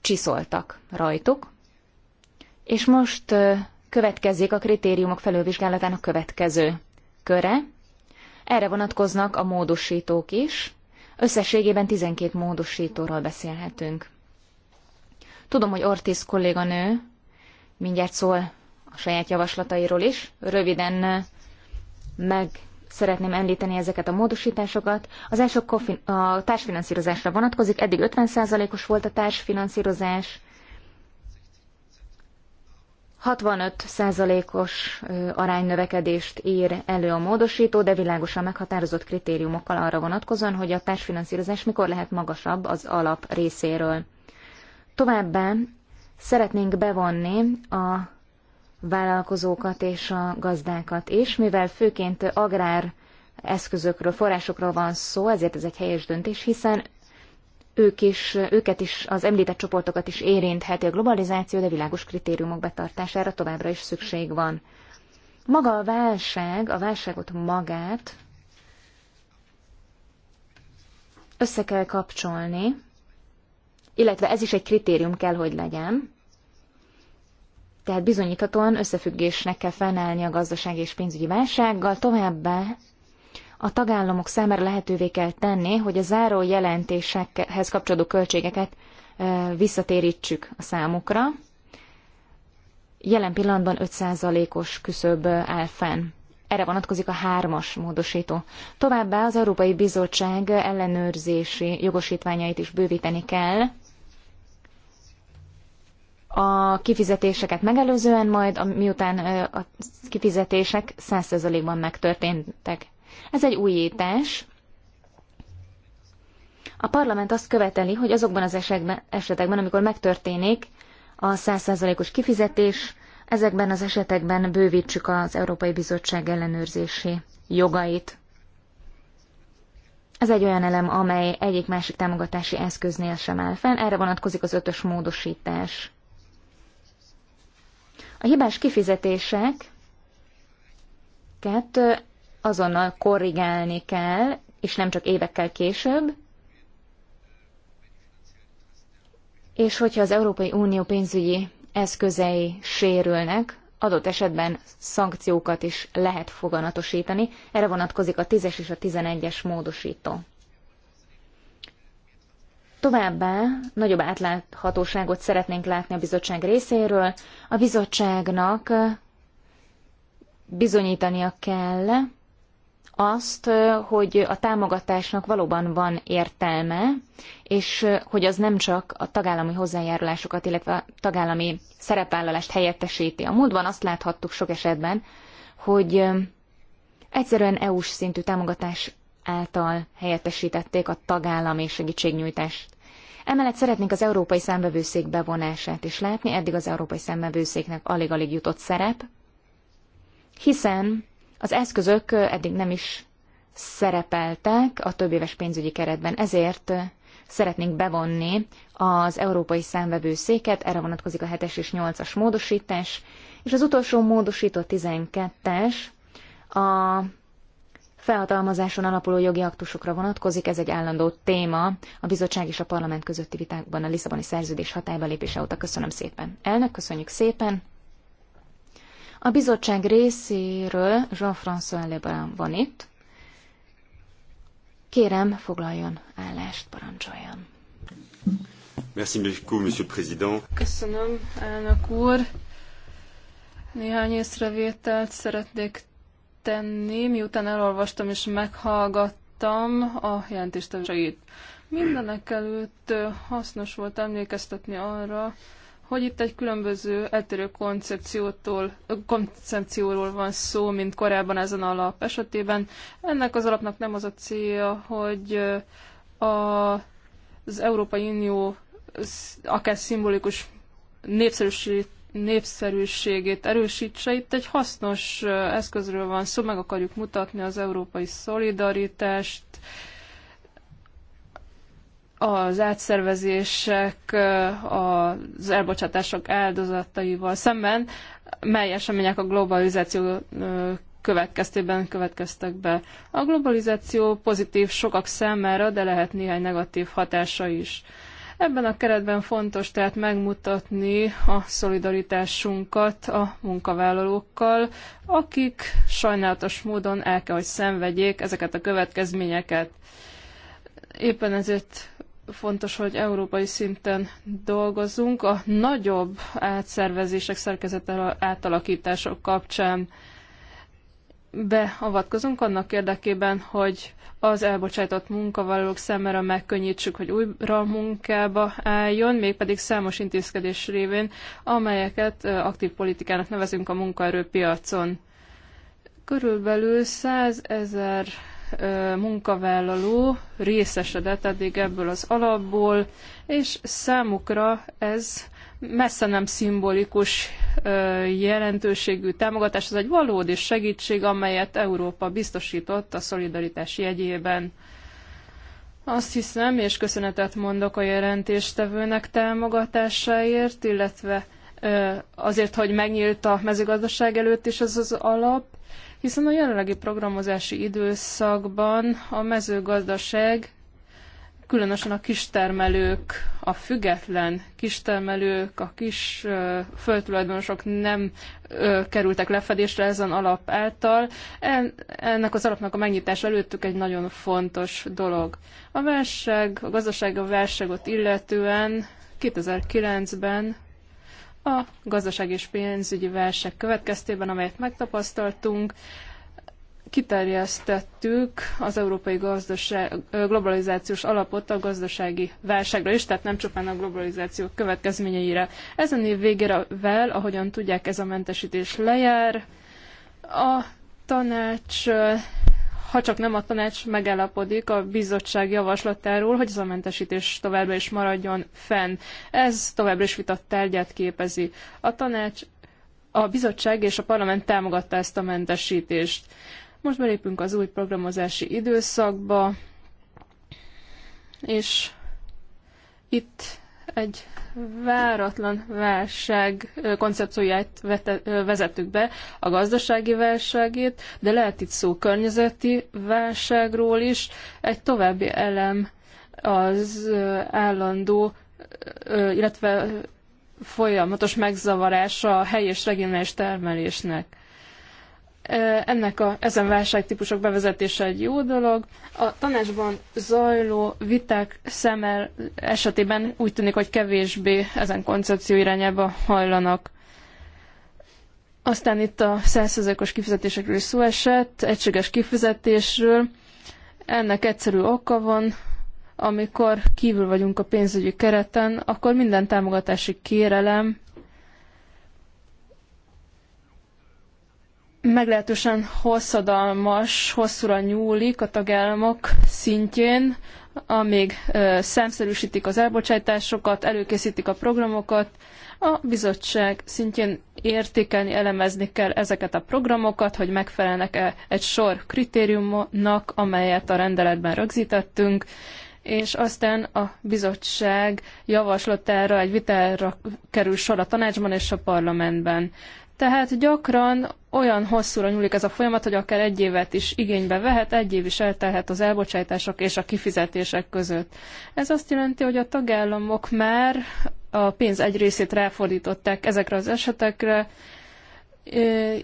csiszoltak rajtuk, és most következik a kritériumok felülvizsgálatának következő köre. Erre vonatkoznak a módosítók is. Összességében 12 módosítóról beszélhetünk. Tudom, hogy Ortiz kolléganő mindjárt szól a saját javaslatairól is. Röviden eh, meg szeretném említeni ezeket a módosításokat. Az első a társfinanszírozásra vonatkozik, eddig 50%-os volt a társfinanszírozás, 65%-os eh, aránynövekedést ír elő a módosító, de világosan meghatározott kritériumokkal arra vonatkozóan, hogy a társfinanszírozás mikor lehet magasabb az alap részéről. Továbbá szeretnénk bevonni a vállalkozókat és a gazdákat is, mivel főként agrár eszközökről, forrásokról van szó, ezért ez egy helyes döntés, hiszen ők is, őket is, az említett csoportokat is érintheti a globalizáció, de világos kritériumok betartására továbbra is szükség van. Maga a válság, a válságot magát össze kell kapcsolni, illetve ez is egy kritérium kell, hogy legyen, tehát bizonyíthatóan összefüggésnek kell fennállni a gazdasági és pénzügyi válsággal, továbbá a tagállamok számára lehetővé kell tenni, hogy a záró jelentésekhez kapcsolódó költségeket visszatérítsük a számukra. Jelen pillanatban 5%-os küszöb áll fenn. Erre vonatkozik a hármas módosító. Továbbá az Európai Bizottság ellenőrzési jogosítványait is bővíteni kell, a kifizetéseket megelőzően, majd miután a kifizetések 100%-ban megtörténtek. Ez egy újítás. A parlament azt követeli, hogy azokban az esetekben, esetekben amikor megtörténik a 100%-os kifizetés, ezekben az esetekben bővítsük az Európai Bizottság ellenőrzési jogait. Ez egy olyan elem, amely egyik másik támogatási eszköznél sem áll fenn, erre vonatkozik az ötös módosítás. A hibás kifizetéseket azonnal korrigálni kell, és nem csak évekkel később, és hogyha az Európai Unió pénzügyi eszközei sérülnek, adott esetben szankciókat is lehet foganatosítani, erre vonatkozik a 10-es és a 11-es módosító. Továbbá nagyobb átláthatóságot szeretnénk látni a bizottság részéről. A bizottságnak bizonyítania kell azt, hogy a támogatásnak valóban van értelme, és hogy az nem csak a tagállami hozzájárulásokat, illetve a tagállami szerepvállalást helyettesíti. A múltban azt láthattuk sok esetben, hogy egyszerűen EU-s szintű támogatás által helyettesítették a tagállami segítségnyújtást. Emellett szeretnénk az Európai Számbevőszék bevonását is látni, eddig az Európai Számbevőszéknek alig-alig jutott szerep, hiszen az eszközök eddig nem is szerepeltek a többéves pénzügyi keretben, ezért szeretnénk bevonni az Európai Számvevőszéket, erre vonatkozik a 7-es és 8-as módosítás, és az utolsó módosító 12-es a felhatalmazáson alapuló jogi aktusokra vonatkozik, ez egy állandó téma a bizottság és a parlament közötti vitákban a Lisszaboni szerződés hatályba lépése óta. Köszönöm szépen. Elnök, köszönjük szépen. A bizottság részéről Jean-François Lebrun van itt. Kérem, foglaljon állást, parancsoljon. Merci beaucoup, Monsieur le Président. Köszönöm, elnök úr. Néhány észrevételt szeretnék tenni, miután elolvastam és meghallgattam a jelentéstevőseit. Mindenek előtt hasznos volt emlékeztetni arra, hogy itt egy különböző eltérő koncepciótól, koncepcióról van szó, mint korábban ezen alap esetében. Ennek az alapnak nem az a célja, hogy a, az Európai Unió akár szimbolikus népszerűsít népszerűségét erősítse. Itt egy hasznos eszközről van szó, meg akarjuk mutatni az európai szolidaritást, az átszervezések, az elbocsátások áldozataival szemben, mely események a globalizáció következtében következtek be. A globalizáció pozitív sokak számára, de lehet néhány negatív hatása is. Ebben a keretben fontos tehát megmutatni a szolidaritásunkat a munkavállalókkal, akik sajnálatos módon el kell, hogy szenvedjék ezeket a következményeket. Éppen ezért fontos, hogy európai szinten dolgozunk a nagyobb átszervezések, szerkezet átalakítások kapcsán beavatkozunk annak érdekében, hogy az elbocsátott munkavállalók számára megkönnyítsük, hogy újra munkába álljon, mégpedig számos intézkedés révén, amelyeket aktív politikának nevezünk a munkaerőpiacon. Körülbelül 100 ezer munkavállaló részesedett eddig ebből az alapból, és számukra ez messze nem szimbolikus jelentőségű támogatás, ez egy valódi segítség, amelyet Európa biztosított a szolidaritás jegyében. Azt hiszem, és köszönetet mondok a jelentéstevőnek támogatásáért, illetve azért, hogy megnyílt a mezőgazdaság előtt is ez az alap, hiszen a jelenlegi programozási időszakban a mezőgazdaság, különösen a kistermelők, a független kistermelők, a kis ö, földtulajdonosok nem ö, kerültek lefedésre ezen alap által. En, ennek az alapnak a megnyitása előttük egy nagyon fontos dolog. A válság, a gazdasági válságot illetően 2009-ben a gazdaság és pénzügyi válság következtében, amelyet megtapasztaltunk, kiterjesztettük az európai gazdaság, globalizációs alapot a gazdasági válságra is, tehát nem csupán a globalizáció következményeire. Ezen év végére vel, ahogyan tudják, ez a mentesítés lejár. A tanács ha csak nem a tanács megállapodik a bizottság javaslatáról, hogy ez a mentesítés továbbra is maradjon fenn. Ez továbbra is vitat tárgyát képezi. A tanács, a bizottság és a parlament támogatta ezt a mentesítést. Most belépünk az új programozási időszakba, és itt egy váratlan válság koncepcióját vezettük be, a gazdasági válságét, de lehet itt szó környezeti válságról is. Egy további elem az állandó, illetve folyamatos megzavarása a helyi és regionális termelésnek. Ennek a, ezen válságtípusok bevezetése egy jó dolog. A tanácsban zajló viták szemmel esetében úgy tűnik, hogy kevésbé ezen koncepció irányába hajlanak. Aztán itt a 100%-os kifizetésekről is szó esett, egységes kifizetésről. Ennek egyszerű oka van, amikor kívül vagyunk a pénzügyi kereten, akkor minden támogatási kérelem meglehetősen hosszadalmas, hosszúra nyúlik a tagállamok szintjén, amíg ö, szemszerűsítik az elbocsátásokat, előkészítik a programokat, a bizottság szintjén értékelni, elemezni kell ezeket a programokat, hogy megfelelnek-e egy sor kritériumnak, amelyet a rendeletben rögzítettünk, és aztán a bizottság javaslatára egy vitára kerül sor a tanácsban és a parlamentben. Tehát gyakran olyan hosszúra nyúlik ez a folyamat, hogy akár egy évet is igénybe vehet, egy év is eltelhet az elbocsátások és a kifizetések között. Ez azt jelenti, hogy a tagállamok már a pénz egy részét ráfordították ezekre az esetekre,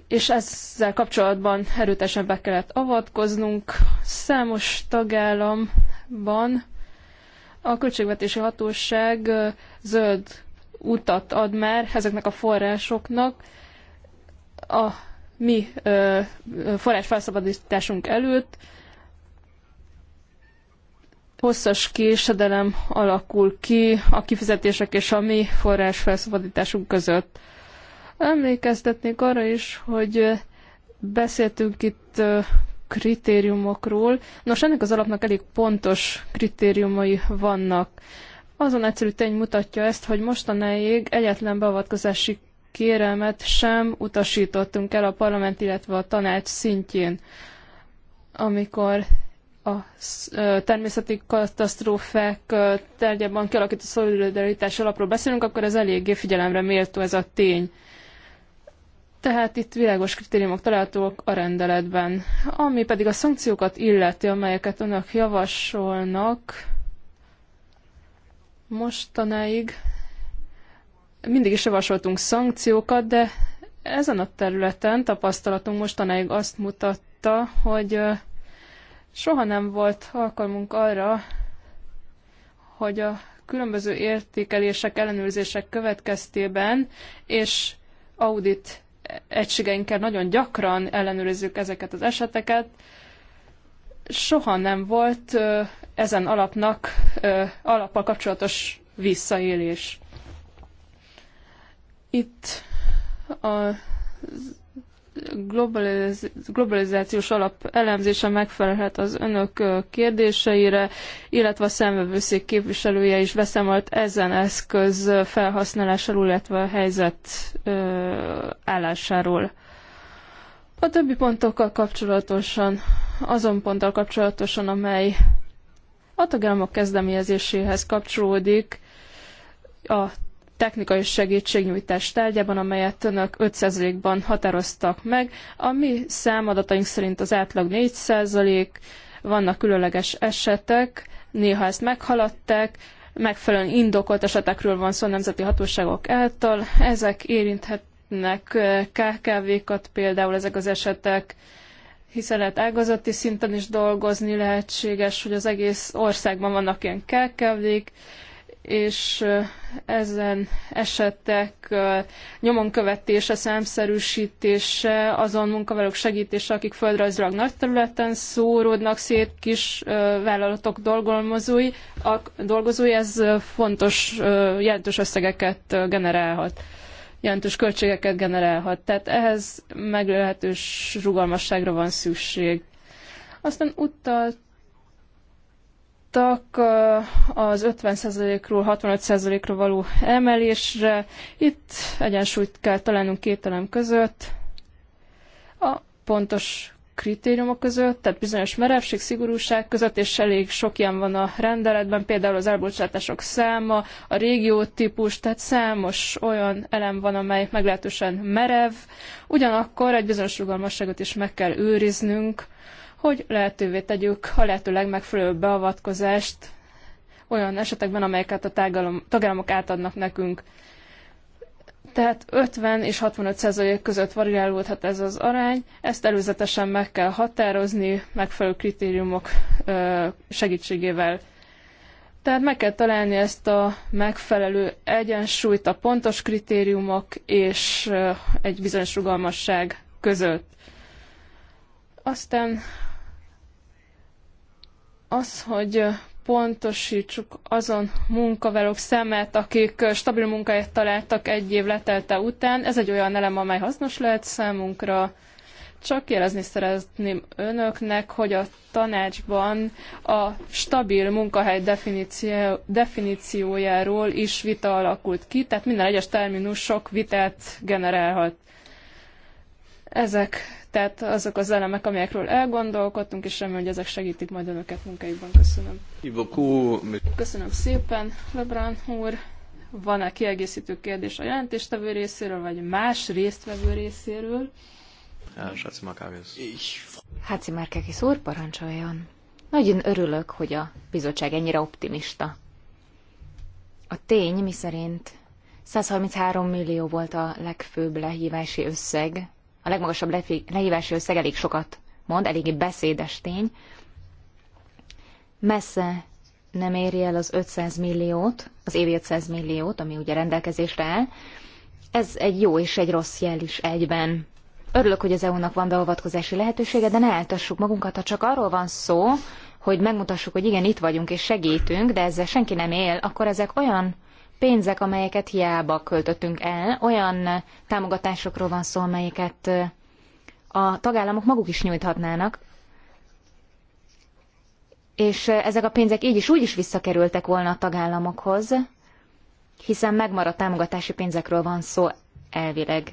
és ezzel kapcsolatban erőtesen be kellett avatkoznunk. Számos tagállamban a Költségvetési Hatóság zöld utat ad már ezeknek a forrásoknak, a mi ö, forrás felszabadításunk előtt hosszas késedelem alakul ki a kifizetések és a mi forrás felszabadításunk között. Emlékeztetnék arra is, hogy beszéltünk itt kritériumokról. Nos, ennek az alapnak elég pontos kritériumai vannak. Azon egyszerű tény mutatja ezt, hogy mostanáig egyetlen beavatkozási kérelmet sem utasítottunk el a parlament, illetve a tanács szintjén, amikor a természeti katasztrófák tárgyában kialakított szolidaritás alapról beszélünk, akkor ez eléggé figyelemre méltó ez a tény. Tehát itt világos kritériumok találhatók a rendeletben. Ami pedig a szankciókat illeti, amelyeket önök javasolnak, mostanáig mindig is javasoltunk szankciókat, de ezen a területen tapasztalatunk mostanáig azt mutatta, hogy soha nem volt alkalmunk arra, hogy a különböző értékelések, ellenőrzések következtében és audit egységeinkkel nagyon gyakran ellenőrizzük ezeket az eseteket. Soha nem volt ezen alapnak alappal kapcsolatos visszaélés. Itt a globaliz globalizációs alap elemzése megfelelhet az önök kérdéseire, illetve a szemvevőszék képviselője is beszámolt ezen eszköz felhasználásáról, illetve a helyzet ö, állásáról. A többi pontokkal kapcsolatosan, azon ponttal kapcsolatosan, amely a tagállamok kezdeményezéséhez kapcsolódik, a technikai segítségnyújtás tárgyában, amelyet önök 5%-ban határoztak meg. A mi számadataink szerint az átlag 4%, vannak különleges esetek, néha ezt meghaladták, megfelelően indokolt esetekről van szó nemzeti hatóságok által, ezek érinthetnek KKV-kat például ezek az esetek, hiszen lehet ágazati szinten is dolgozni lehetséges, hogy az egész országban vannak ilyen KKV-k, és ezen esetek nyomon követése, számszerűsítése, azon munkavállalók segítése, akik földrajzilag nagy területen szóródnak szét, kis vállalatok dolgozói, a dolgozói, ez fontos, jelentős összegeket generálhat jelentős költségeket generálhat. Tehát ehhez meglehetős rugalmasságra van szükség. Aztán utalt utaltak az 50%-ról 65%-ra való emelésre. Itt egyensúlyt kell találnunk két elem között, a pontos kritériumok között, tehát bizonyos merevség, szigorúság között, és elég sok ilyen van a rendeletben, például az elbocsátások száma, a régiótípus, tehát számos olyan elem van, amely meglehetősen merev, ugyanakkor egy bizonyos rugalmasságot is meg kell őriznünk, hogy lehetővé tegyük a lehető legmegfelelőbb beavatkozást olyan esetekben, amelyeket a tagállamok átadnak nekünk. Tehát 50 és 65 százalék között variálódhat ez az arány, ezt előzetesen meg kell határozni megfelelő kritériumok segítségével. Tehát meg kell találni ezt a megfelelő egyensúlyt a pontos kritériumok és egy bizonyos rugalmasság között. Aztán az, hogy pontosítsuk azon munkavállalók számát, akik stabil munkáját találtak egy év letelte után. Ez egy olyan elem, amely hasznos lehet számunkra. Csak jelezni szeretném önöknek, hogy a tanácsban a stabil munkahely definíció, definíciójáról is vita alakult ki, tehát minden egyes terminus sok vitát generálhat. Ezek tehát azok az elemek, amelyekről elgondolkodtunk, és remélem, hogy ezek segítik majd önöket munkájukban. Köszönöm. Köszönöm szépen, Lebrán úr. Van-e kiegészítő kérdés a jelentéstevő részéről, vagy más résztvevő részéről? Háci Márkekis úr, parancsoljon. Nagyon örülök, hogy a bizottság ennyire optimista. A tény, miszerint 133 millió volt a legfőbb lehívási összeg a legmagasabb lehívási összeg elég sokat mond, eléggé beszédes tény. Messze nem éri el az 500 milliót, az évi 500 milliót, ami ugye rendelkezésre áll. Ez egy jó és egy rossz jel is egyben. Örülök, hogy az EU-nak van beavatkozási lehetősége, de ne eltassuk magunkat, ha csak arról van szó, hogy megmutassuk, hogy igen, itt vagyunk és segítünk, de ezzel senki nem él, akkor ezek olyan pénzek, amelyeket hiába költöttünk el, olyan támogatásokról van szó, amelyeket a tagállamok maguk is nyújthatnának, és ezek a pénzek így is úgy is visszakerültek volna a tagállamokhoz, hiszen megmaradt támogatási pénzekről van szó elvileg.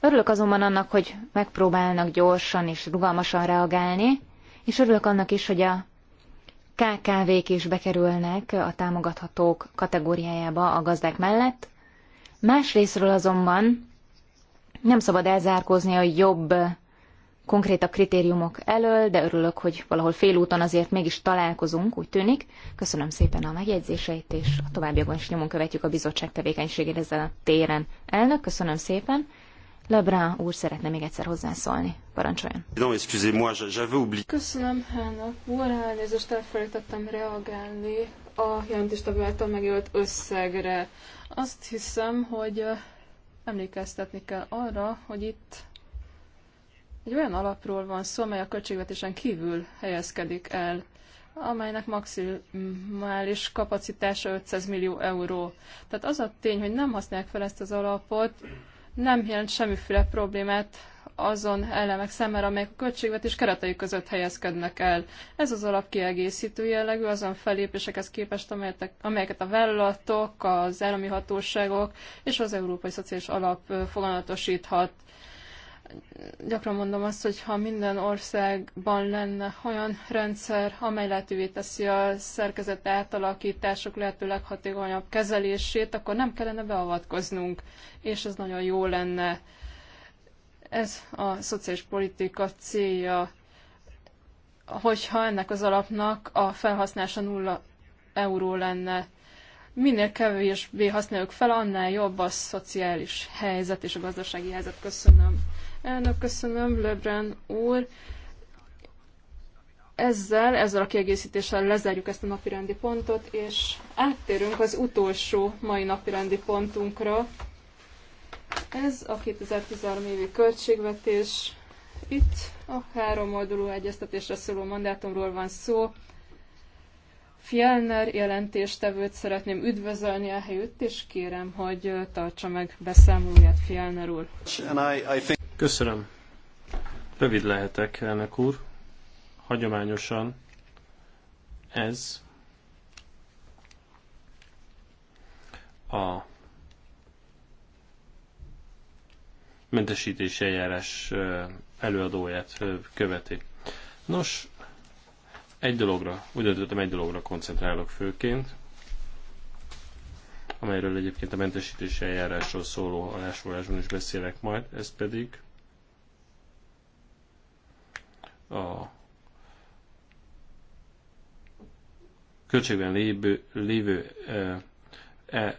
Örülök azonban annak, hogy megpróbálnak gyorsan és rugalmasan reagálni, és örülök annak is, hogy a KKV-k is bekerülnek a támogathatók kategóriájába a gazdák mellett. Másrésztről azonban nem szabad elzárkózni a jobb konkrét a kritériumok elől, de örülök, hogy valahol félúton azért mégis találkozunk, úgy tűnik. Köszönöm szépen a megjegyzéseit, és a továbbiakban is nyomon követjük a bizottság tevékenységét ezzel a téren. Elnök, köszönöm szépen. Lebrun úr szeretne még egyszer hozzászólni. Parancsoljon. Köszönöm, Hának úr, elnézést elfelejtettem reagálni a jelentéstevő által megjelölt összegre. Azt hiszem, hogy emlékeztetni kell arra, hogy itt egy olyan alapról van szó, amely a költségvetésen kívül helyezkedik el amelynek maximális kapacitása 500 millió euró. Tehát az a tény, hogy nem használják fel ezt az alapot, nem jelent semmiféle problémát azon elemek számára, amelyek a költségvetés keretei között helyezkednek el. Ez az alap kiegészítő jellegű azon felépésekhez képest, amelyeket a vállalatok, az állami hatóságok és az Európai Szociális Alap foganatosíthat gyakran mondom azt, hogy ha minden országban lenne olyan rendszer, amely lehetővé teszi a szerkezet átalakítások lehető leghatékonyabb kezelését, akkor nem kellene beavatkoznunk, és ez nagyon jó lenne. Ez a szociális politika célja, hogyha ennek az alapnak a felhasználása nulla euró lenne minél kevésbé használjuk fel, annál jobb a szociális helyzet és a gazdasági helyzet. Köszönöm. Elnök, köszönöm, úr. Ezzel, ezzel a kiegészítéssel lezárjuk ezt a napirendi pontot, és áttérünk az utolsó mai napirendi pontunkra. Ez a 2013 évi költségvetés. Itt a három oldalú egyeztetésre szóló mandátumról van szó. Fjellner jelentéstevőt szeretném üdvözölni a helyütt, és kérem, hogy tartsa meg beszámolóját Fjellner úr. Köszönöm. Rövid lehetek, elnök úr. Hagyományosan ez a mentesítési eljárás előadóját követi. Nos, egy dologra, úgy döntöttem, egy dologra koncentrálok főként, amelyről egyébként a mentesítési eljárásról szóló alásolásban is beszélek majd, ez pedig a költségben lévő, lévő e, e,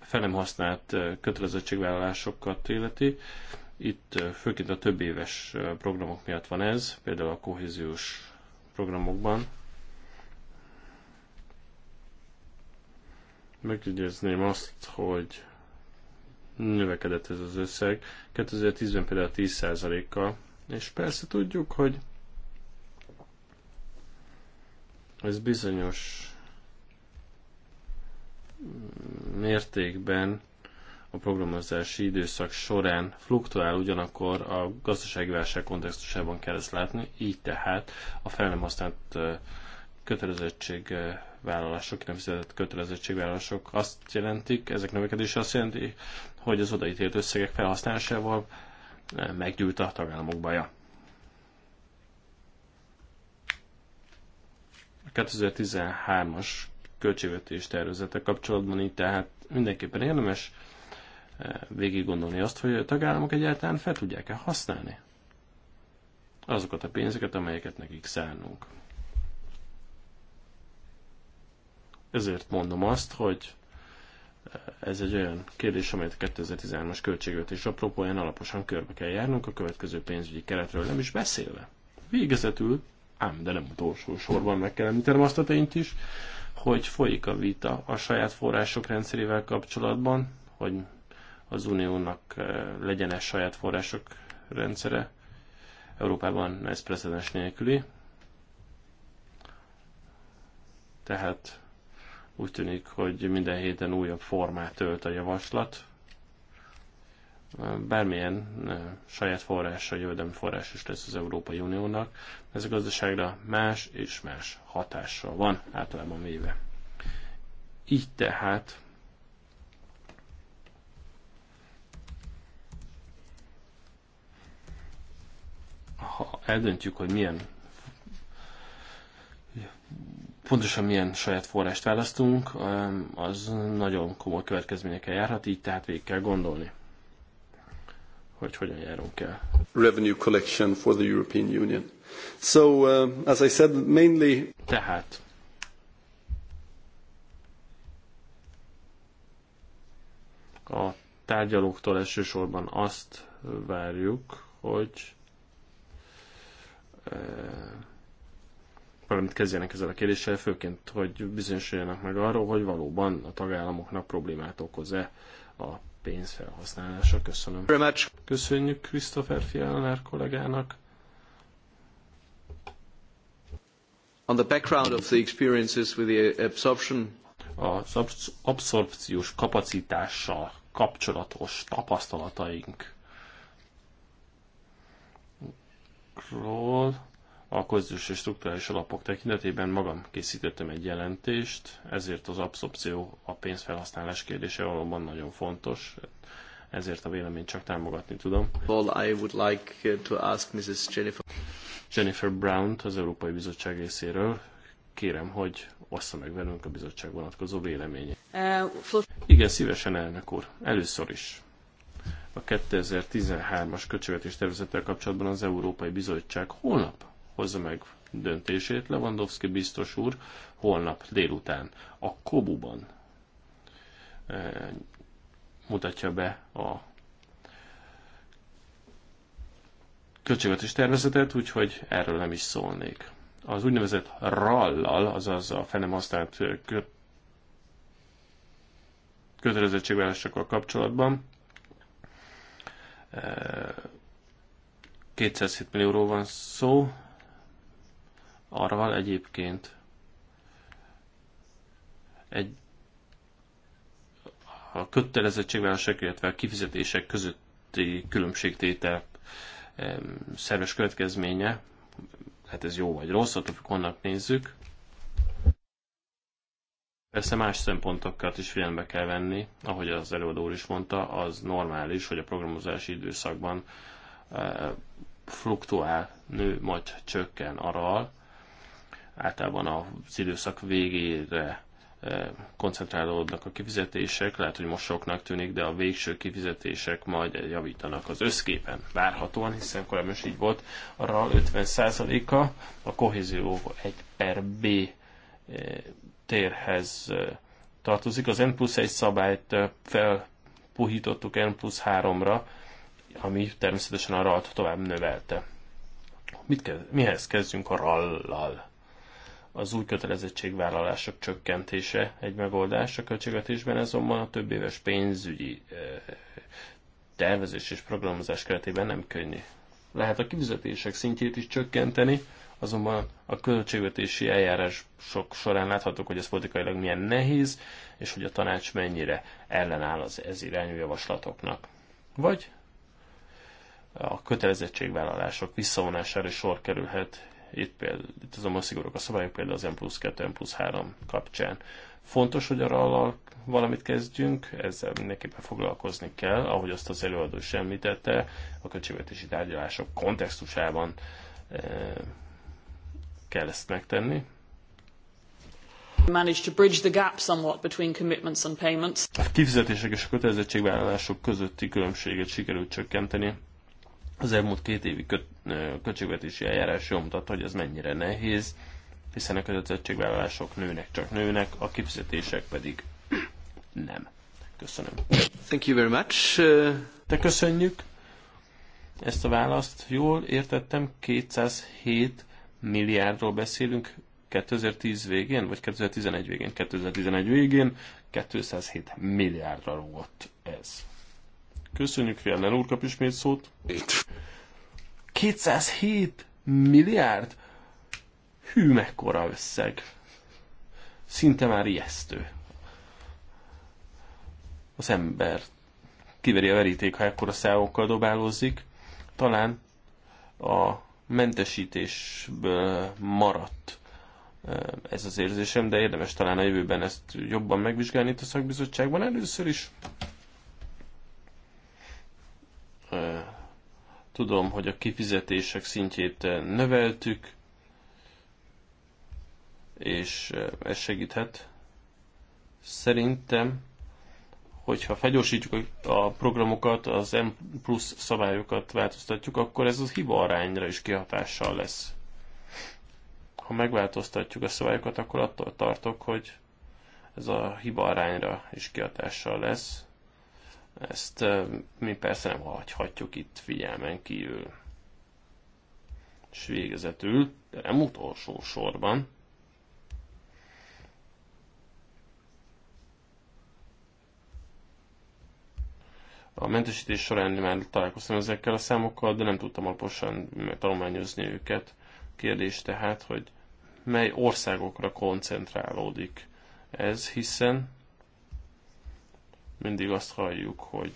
fel nem használt kötelezettségvállalásokat illeti. Itt főként a több éves programok miatt van ez, például a kohéziós programokban, megjegyezném azt, hogy növekedett ez az összeg. 2010-ben például 10%-kal, és persze tudjuk, hogy ez bizonyos mértékben a programozási időszak során fluktuál, ugyanakkor a gazdasági válság kontextusában kell ezt látni, így tehát a fel nem használt kötelezettségvállalások, eh, kinevezett kötelezettségvállalások azt jelentik, ezek növekedése azt jelenti, hogy az odaítélt összegek felhasználásával eh, meggyűlt a tagállamok baja. A 2013-as költségvetés tervezete kapcsolatban így tehát mindenképpen érdemes eh, végig gondolni azt, hogy a tagállamok egyáltalán fel tudják-e használni azokat a pénzeket, amelyeket nekik szállnunk. Ezért mondom azt, hogy eh, ez egy olyan kérdés, amelyet a 2013-as költségvetés apropóján alaposan körbe kell járnunk a következő pénzügyi keretről nem is beszélve. Végezetül, ám de nem utolsó sorban meg kell említenem azt a tényt is, hogy folyik a vita a saját források rendszerével kapcsolatban, hogy az uniónak eh, legyen-e saját források rendszere. Európában ez precedens nélküli. Tehát úgy tűnik, hogy minden héten újabb formát ölt a javaslat. Bármilyen saját forrása, forrás is lesz az Európai Uniónak, ez a gazdaságra más és más hatással van általában véve. Így tehát ha eldöntjük, hogy milyen Pontosan milyen saját forrást választunk, az nagyon komoly következményekkel járhat, így tehát végig kell gondolni, hogy hogyan járunk el. Revenue collection for the European Union. So, uh, as I said, mainly... Tehát, a tárgyalóktól elsősorban azt várjuk, hogy uh, valamit kezdjenek ezzel a kérdéssel, főként, hogy bizonyosuljanak meg arról, hogy valóban a tagállamoknak problémát okoz-e a pénz felhasználása. Köszönöm. Köszönjük Christopher Fjellner kollégának. On the background of the experiences with the absorption az abszorpciós kapacitással kapcsolatos tapasztalataink. Ról a közös és strukturális alapok tekintetében magam készítettem egy jelentést, ezért az abszorpció, a pénzfelhasználás kérdése valóban nagyon fontos, ezért a véleményt csak támogatni tudom. Well, I would like uh, to ask Mrs. Jennifer. Jennifer brown az Európai Bizottság részéről kérem, hogy ossza meg velünk a bizottság vonatkozó véleményét. Uh, for... Igen, szívesen elnök úr. Először is a 2013-as költségvetés tervezettel kapcsolatban az Európai Bizottság holnap hozza meg döntését Lewandowski biztos úr holnap délután a Kobuban eh, mutatja be a költségvetés tervezetet, úgyhogy erről nem is szólnék. Az úgynevezett rallal, azaz a fenem használt eh, kö- a kapcsolatban 207 eh, millióról van szó, arra van egyébként egy a kötelezettségvel, a a kifizetések közötti különbségtétel szerves következménye, hát ez jó vagy rossz, attól függ, nézzük. Persze más szempontokat is figyelembe kell venni, ahogy az előadó is mondta, az normális, hogy a programozási időszakban fluktuál, nő, majd csökken a RAL, általában az időszak végére eh, koncentrálódnak a kifizetések, lehet, hogy most soknak tűnik, de a végső kifizetések majd javítanak az összképen várhatóan, hiszen korábban is így volt, arra 50%-a a kohézió 1 per B eh, térhez eh, tartozik. Az N plusz 1 szabályt felpuhítottuk N plusz 3-ra, ami természetesen a RAL-t tovább növelte. Mit kezd, mihez kezdjünk a Rallal? az új kötelezettségvállalások csökkentése egy megoldás a költségvetésben, azonban a több éves pénzügyi eh, tervezés és programozás keretében nem könnyű. Lehet a kifizetések szintjét is csökkenteni, azonban a költségvetési eljárás sok során láthatók, hogy ez politikailag milyen nehéz, és hogy a tanács mennyire ellenáll az ez irányú javaslatoknak. Vagy a kötelezettségvállalások visszavonására sor kerülhet itt, például, itt azonban szigorúk a szabályok, például az M plusz 2, M plusz 3 kapcsán. Fontos, hogy arra valamit kezdjünk, ezzel mindenképpen foglalkozni kell, ahogy azt az előadó is említette, a költségvetési tárgyalások kontextusában e, kell ezt megtenni. Managed to bridge the gap somewhat between commitments and payments. A kifizetések és a kötelezettségvállalások közötti különbséget sikerült csökkenteni az elmúlt két évi köt, költségvetési eljárás jól mutat, hogy ez mennyire nehéz, hiszen a kötelezettségvállalások nőnek csak nőnek, a kifizetések pedig nem. Köszönöm. Thank you very much. Te köszönjük ezt a választ. Jól értettem, 207 milliárdról beszélünk 2010 végén, vagy 2011 végén, 2011 végén 207 milliárdra rúgott ez. Köszönjük, Fjellner úr kap ismét szót. Itt 207 milliárd? Hű, mekkora összeg. Szinte már ijesztő. Az ember kiveri a veríték, ha ekkora szávokkal dobálózik. Talán a mentesítésből maradt ez az érzésem, de érdemes talán a jövőben ezt jobban megvizsgálni itt a szakbizottságban. Először is Tudom, hogy a kifizetések szintjét eh, növeltük, és eh, ez segíthet. Szerintem, hogyha fegyorsítjuk a programokat, az M plusz szabályokat változtatjuk, akkor ez az hiba arányra is kihatással lesz. Ha megváltoztatjuk a szabályokat, akkor attól tartok, hogy ez a hiba arányra is kihatással lesz. Ezt mi persze nem hagyhatjuk itt figyelmen kívül. És végezetül, de nem utolsó sorban, a mentesítés során már találkoztam ezekkel a számokkal, de nem tudtam alaposan tanulmányozni őket. Kérdés tehát, hogy mely országokra koncentrálódik ez, hiszen mindig azt halljuk, hogy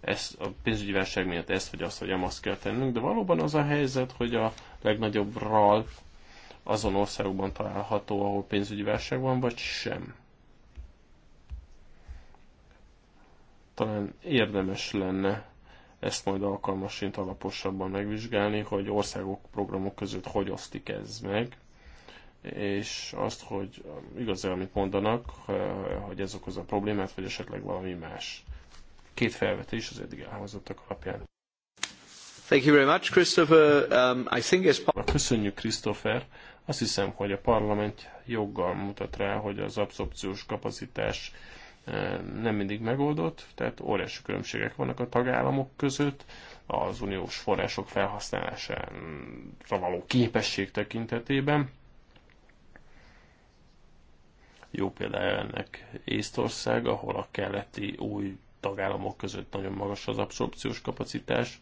ez a pénzügyi válság miatt ezt vagy azt vagy azt kell tennünk, de valóban az a helyzet, hogy a legnagyobb RAL azon országokban található, ahol pénzügyi válság van, vagy sem. Talán érdemes lenne ezt majd alkalmasint alaposabban megvizsgálni, hogy országok, programok között hogy osztik ez meg, és azt, hogy igaz-e, amit mondanak, eh, hogy ez okozza a problémát, vagy esetleg valami más. Két felvetés az eddig elhangzottak alapján. Thank you very much, Christopher. Um, I think it's... Köszönjük, Christopher. Azt hiszem, hogy a parlament joggal mutat rá, hogy az abszorpciós kapacitás eh, nem mindig megoldott, tehát óriási különbségek vannak a tagállamok között, az uniós források felhasználására való képesség tekintetében jó példa ennek Észtország, ahol a keleti új tagállamok között nagyon magas az abszorpciós kapacitás,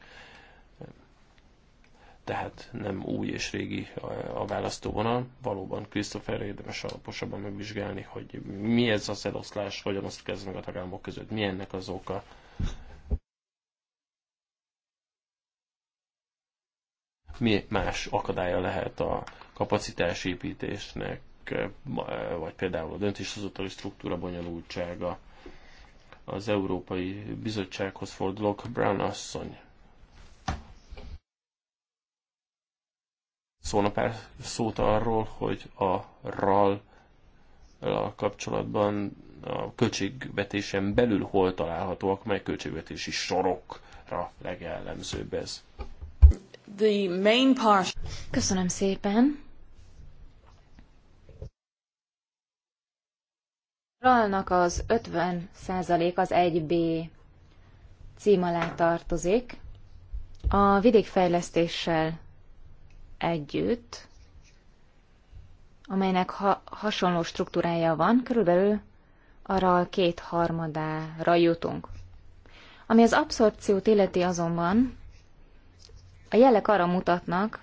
tehát nem új és régi a választóvonal. Valóban Christopher érdemes alaposabban megvizsgálni, hogy mi ez az eloszlás, hogyan azt meg a tagállamok között, mi ennek az oka. Mi más akadálya lehet a kapacitásépítésnek, vagy például a döntéshozatali struktúra bonyolultsága. Az Európai Bizottsághoz fordulok, Brown asszony. Szólna pár szót arról, hogy a RAL a kapcsolatban a költségvetésen belül hol találhatóak, mely költségvetési sorokra legjellemzőbb ez. The main part. Köszönöm szépen. Ralnak az 50% az 1B cím alá tartozik. A vidékfejlesztéssel együtt, amelynek ha hasonló struktúrája van, körülbelül arra a kétharmadára jutunk. Ami az abszorpciót illeti azonban, a jelek arra mutatnak,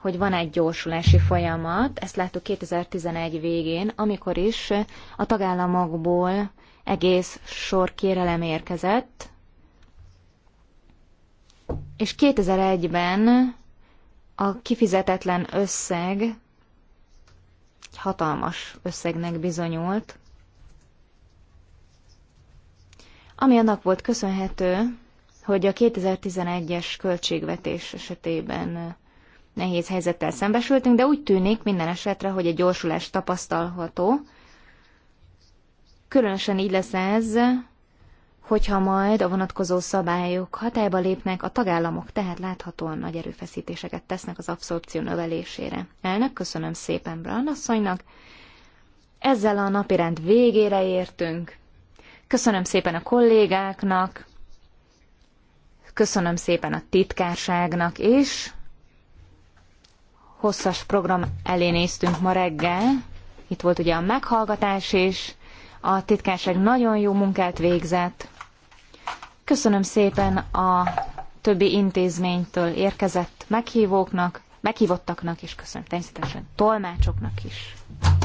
hogy van egy gyorsulási folyamat, ezt láttuk 2011 végén, amikor is a tagállamokból egész sor kérelem érkezett, és 2001-ben a kifizetetlen összeg egy hatalmas összegnek bizonyult, ami annak volt köszönhető, hogy a 2011-es költségvetés esetében nehéz helyzettel szembesültünk, de úgy tűnik minden esetre, hogy egy gyorsulás tapasztalható. Különösen így lesz ez, hogyha majd a vonatkozó szabályok hatályba lépnek, a tagállamok tehát láthatóan nagy erőfeszítéseket tesznek az abszorpció növelésére. Elnök, köszönöm szépen Branasszonynak. Ezzel a napirend végére értünk. Köszönöm szépen a kollégáknak, köszönöm szépen a titkárságnak is, hosszas program elé néztünk ma reggel. Itt volt ugye a meghallgatás is, a titkárság nagyon jó munkát végzett. Köszönöm szépen a többi intézménytől érkezett meghívóknak, meghívottaknak, és köszönöm természetesen tolmácsoknak is.